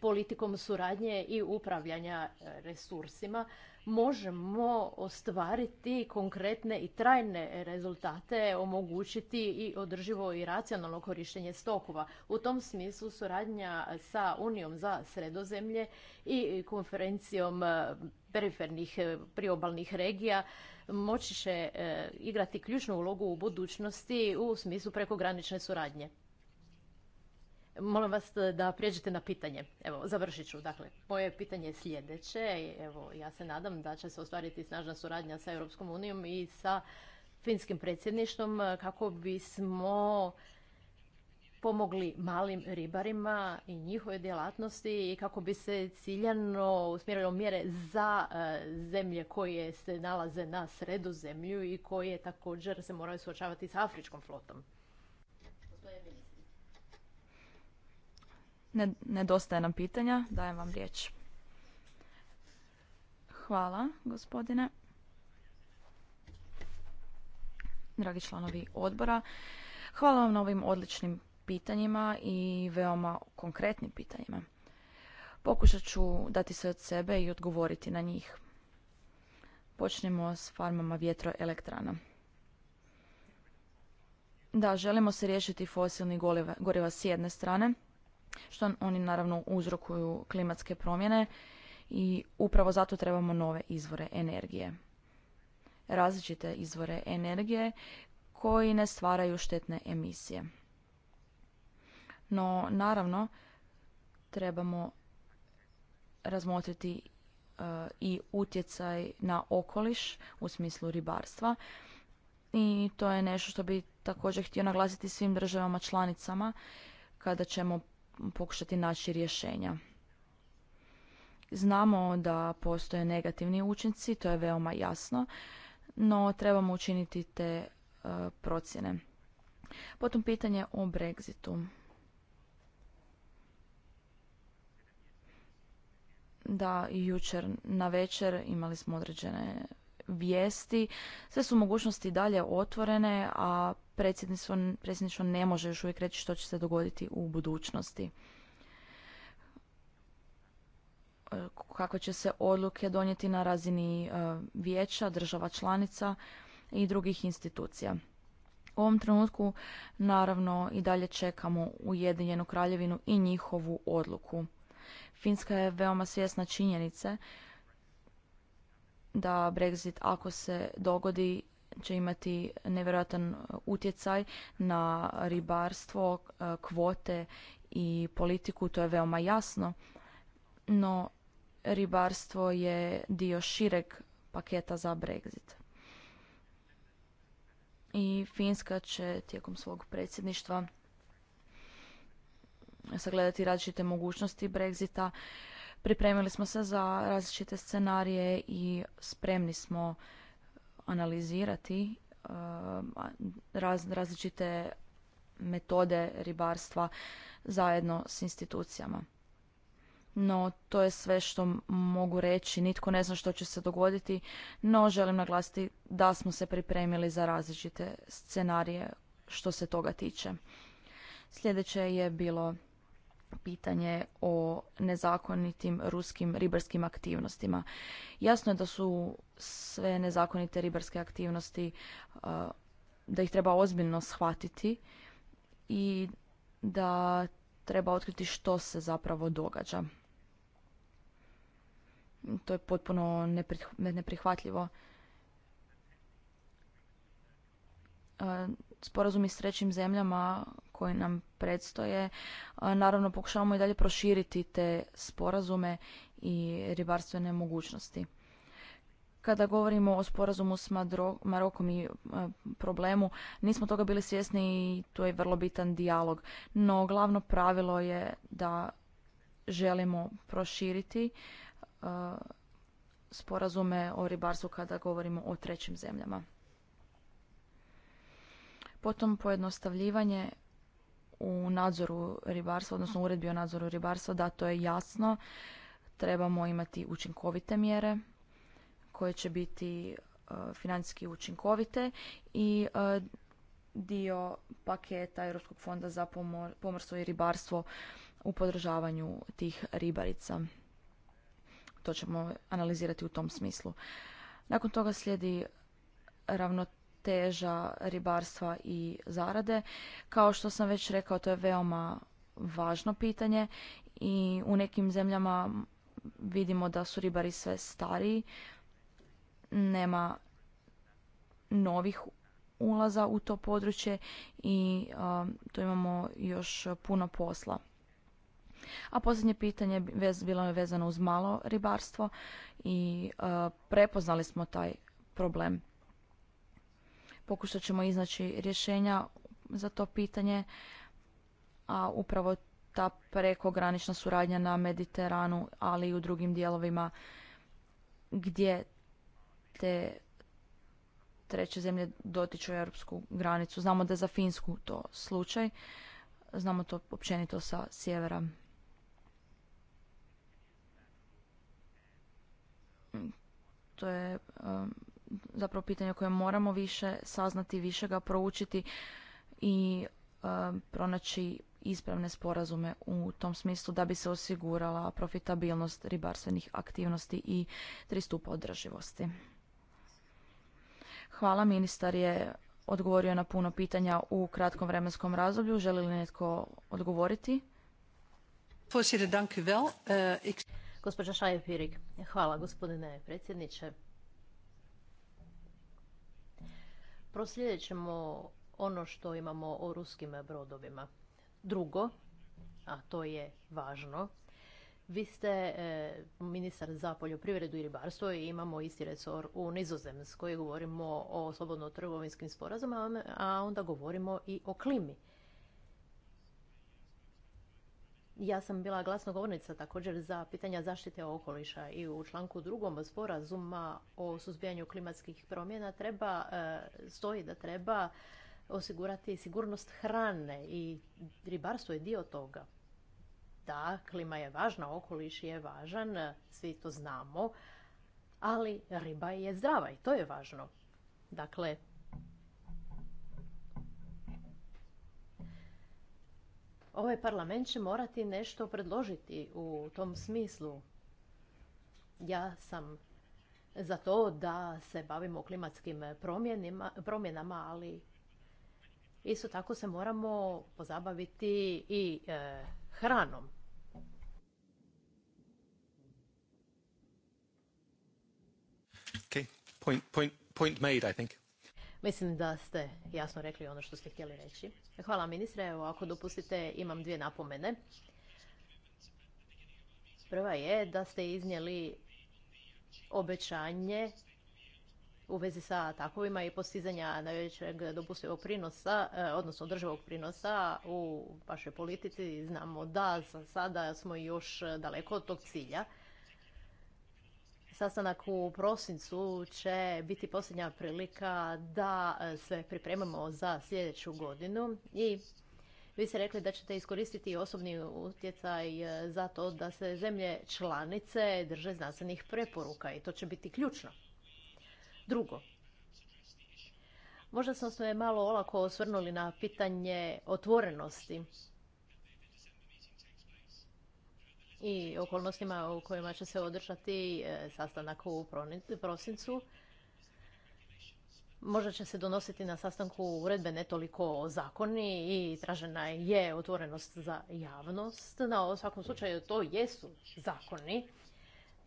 politikom suradnje i upravljanja e, resursima možemo ostvariti konkretne i trajne rezultate, omogućiti i održivo i racionalno korištenje stokova. U tom smislu suradnja sa Unijom za sredozemlje i konferencijom e, perifernih e, priobalnih regija moći će igrati ključnu ulogu u budućnosti u smislu prekogranične suradnje. Molim vas da prijeđete na pitanje. Evo, završit ću. Dakle, moje pitanje je sljedeće. Evo, ja se nadam da će se ostvariti snažna suradnja sa Europskom unijom i sa finskim predsjedništvom kako bismo pomogli malim ribarima i njihove djelatnosti i kako bi se ciljano usmjerilo mjere za e, zemlje koje se nalaze na sredu zemlju i koje također se moraju suočavati sa afričkom flotom. Nedostaje nam pitanja. Dajem vam riječ. Hvala, gospodine. Dragi članovi odbora, hvala vam na ovim odličnim pitanjima i veoma konkretnim pitanjima. Pokušat ću dati se od sebe i odgovoriti na njih. Počnemo s farmama vjetroelektrana. Da, želimo se riješiti fosilnih goriva s jedne strane, što oni naravno uzrokuju klimatske promjene i upravo zato trebamo nove izvore energije. Različite izvore energije koji ne stvaraju štetne emisije. No, naravno, trebamo razmotriti eh, i utjecaj na okoliš u smislu ribarstva. I to je nešto što bi također htio naglasiti svim državama članicama kada ćemo pokušati naći rješenja. Znamo da postoje negativni učinci, to je veoma jasno, no trebamo učiniti te e, procjene. Potom pitanje o Brexitu. Da, jučer na večer imali smo određene vijesti. Sve su mogućnosti dalje otvorene, a predsjedništvo, predsjedništvo ne može još uvijek reći što će se dogoditi u budućnosti e, kako će se odluke donijeti na razini e, vijeća, država članica i drugih institucija. U ovom trenutku naravno i dalje čekamo Ujedinjenu kraljevinu i njihovu odluku. Finska je veoma svjesna činjenice da Brexit ako se dogodi će imati nevjerojatan utjecaj na ribarstvo, e, kvote i politiku, to je veoma jasno. No ribarstvo je dio šireg paketa za Brexit. I Finska će tijekom svog predsjedništva sagledati različite mogućnosti Brexita Pripremili smo se za različite scenarije i spremni smo analizirati eh, različite metode ribarstva zajedno s institucijama. No, to je sve što mogu reći. Nitko ne zna što će se dogoditi, no želim naglasiti da smo se pripremili za različite scenarije što se toga tiče. Sljedeće je bilo pitanje o nezakonitim ruskim ribarskim aktivnostima. Jasno je da su sve nezakonite ribarske aktivnosti, uh, da ih treba ozbiljno shvatiti i da treba otkriti što se zapravo događa. To je potpuno neprihvatljivo. Uh, sporazumi s trećim zemljama koji nam predstoje, e, naravno pokušavamo i dalje proširiti te sporazume i ribarstvene mogućnosti. Kada govorimo o sporazumu s Marokom i e, problemu, nismo toga bili svjesni i to je vrlo bitan dijalog. No glavno pravilo je da želimo proširiti e, sporazume o ribarstvu kada govorimo o trećim zemljama. Potom pojednostavljivanje u nadzoru ribarstva, odnosno uredbi o nadzoru ribarstva, da to je jasno. Trebamo imati učinkovite mjere koje će biti e, financijski učinkovite i e, dio paketa Europskog fonda za pomorstvo i ribarstvo u podržavanju tih ribarica. To ćemo analizirati u tom smislu. Nakon toga slijedi ravno teža ribarstva i zarade. Kao što sam već rekao, to je veoma važno pitanje i u nekim zemljama vidimo da su ribari sve stariji, nema novih ulaza u to područje i to tu imamo još puno posla. A posljednje pitanje vez, bilo je vezano uz malo ribarstvo i prepoznali smo taj problem. Pokušat ćemo iznaći rješenja za to pitanje, a upravo ta prekogranična suradnja na Mediteranu, ali i u drugim dijelovima gdje te treće zemlje dotiču europsku granicu. Znamo da je za Finsku to slučaj, znamo to općenito sa sjevera. To je um, zapravo pitanje koje moramo više saznati, više ga proučiti i e, pronaći ispravne sporazume u tom smislu da bi se osigurala profitabilnost ribarstvenih aktivnosti i tri stupa održivosti. Hvala, ministar je odgovorio na puno pitanja u kratkom vremenskom razdoblju. Želi li netko odgovoriti? Eh, Gospođa Šajepirik, hvala gospodine predsjedniče. proslijedit ćemo ono što imamo o ruskim brodovima. Drugo, a to je važno, vi ste e, ministar za poljoprivredu i ribarstvo i imamo isti resor u Nizozemskoj. Govorimo o slobodno trgovinskim sporazumima, a onda govorimo i o klimi. Ja sam bila glasnogovornica također za pitanja zaštite okoliša i u članku drugom sporazuma o suzbijanju klimatskih promjena treba, e, stoji da treba osigurati sigurnost hrane i ribarstvo je dio toga. Da, klima je važna, okoliš je važan, svi to znamo, ali riba je zdrava i to je važno. Dakle, ovaj parlament će morati nešto predložiti u tom smislu. Ja sam za to da se bavimo klimatskim promjenama, ali isto tako se moramo pozabaviti i e, hranom. Okay. Point, point, point made, I think. Mislim da ste jasno rekli ono što ste htjeli reći. Hvala ministre. Evo, ako dopustite, imam dvije napomene. Prva je da ste iznijeli obećanje u vezi sa takovima i postizanja najvećeg dopustivog prinosa, e, odnosno državog prinosa u vašoj politici. Znamo da za sada smo još daleko od tog cilja. Sastanak u prosincu će biti posljednja prilika da e, se pripremamo za sljedeću godinu i vi ste rekli da ćete iskoristiti osobni utjecaj e, za to da se zemlje članice drže znanstvenih preporuka i to će biti ključno. Drugo, možda smo se malo olako osvrnuli na pitanje otvorenosti i okolnostima u kojima će se održati e, sastanak u prosincu. Možda će se donositi na sastanku uredbe ne toliko o zakoni i tražena je otvorenost za javnost. Na svakom mm. slučaju to jesu zakoni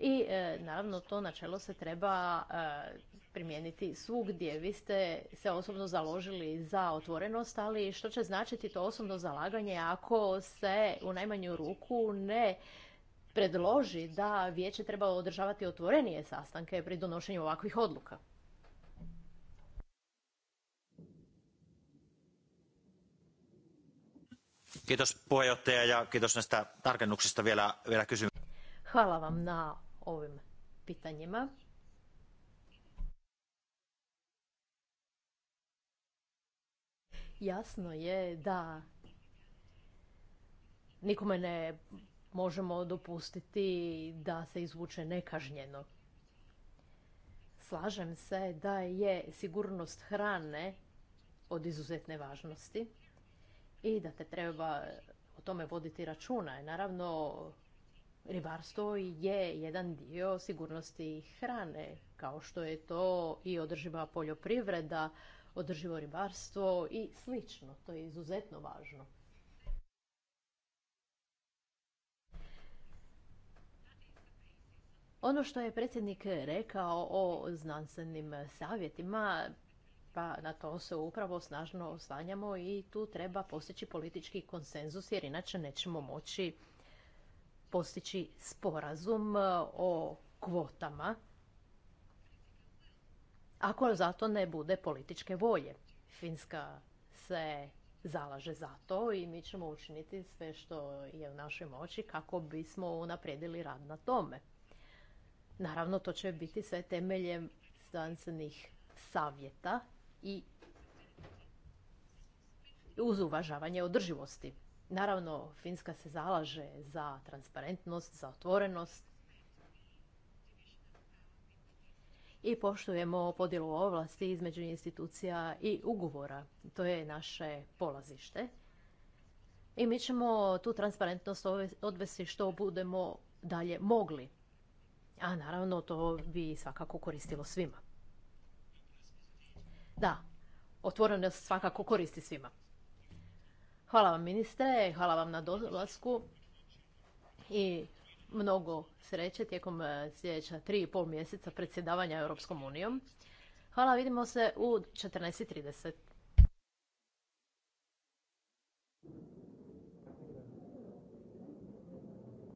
i e, naravno to načelo se treba e, primijeniti svugdje. Vi ste se osobno založili za otvorenost, ali što će značiti to osobno zalaganje ako se u najmanju ruku ne predloži da vijeće treba održavati otvorenije sastanke pri donošenju ovakvih odluka? Kiitos puheenjohtaja ja kiitos näistä tarkennuksista vielä, vielä Hvala vam na ovim pitanjima. Jasno je da nikome ne možemo dopustiti da se izvuče nekažnjeno. Slažem se da je sigurnost hrane od izuzetne važnosti i da te treba o tome voditi računa. Naravno, ribarstvo je jedan dio sigurnosti hrane, kao što je to i održiva poljoprivreda, održivo ribarstvo i slično. To je izuzetno važno. Ono što je predsjednik rekao o znanstvenim savjetima, pa na to se upravo snažno oslanjamo i tu treba postići politički konsenzus jer inače nećemo moći postići sporazum e, o kvotama, ako zato ne bude političke volje. Finska se zalaže za to i mi ćemo učiniti sve što je u našoj moći kako bismo unaprijedili rad na tome. Naravno, to će biti sve temeljem znanstvenih savjeta i uz uvažavanje održivosti. Naravno, Finska se zalaže za transparentnost, za otvorenost i poštujemo podjelu ovlasti između institucija i ugovora. To je naše polazište. I mi ćemo tu transparentnost odvesti što budemo dalje mogli. A naravno to bi svakako koristilo svima. Da, otvorenost svakako koristi svima. Hvala vam ministre, hvala vam na dolasku i mnogo sreće tijekom e, sljedeća tri i pol mjeseca predsjedavanja Europskom unijom. Hvala, vidimo se u 14.30.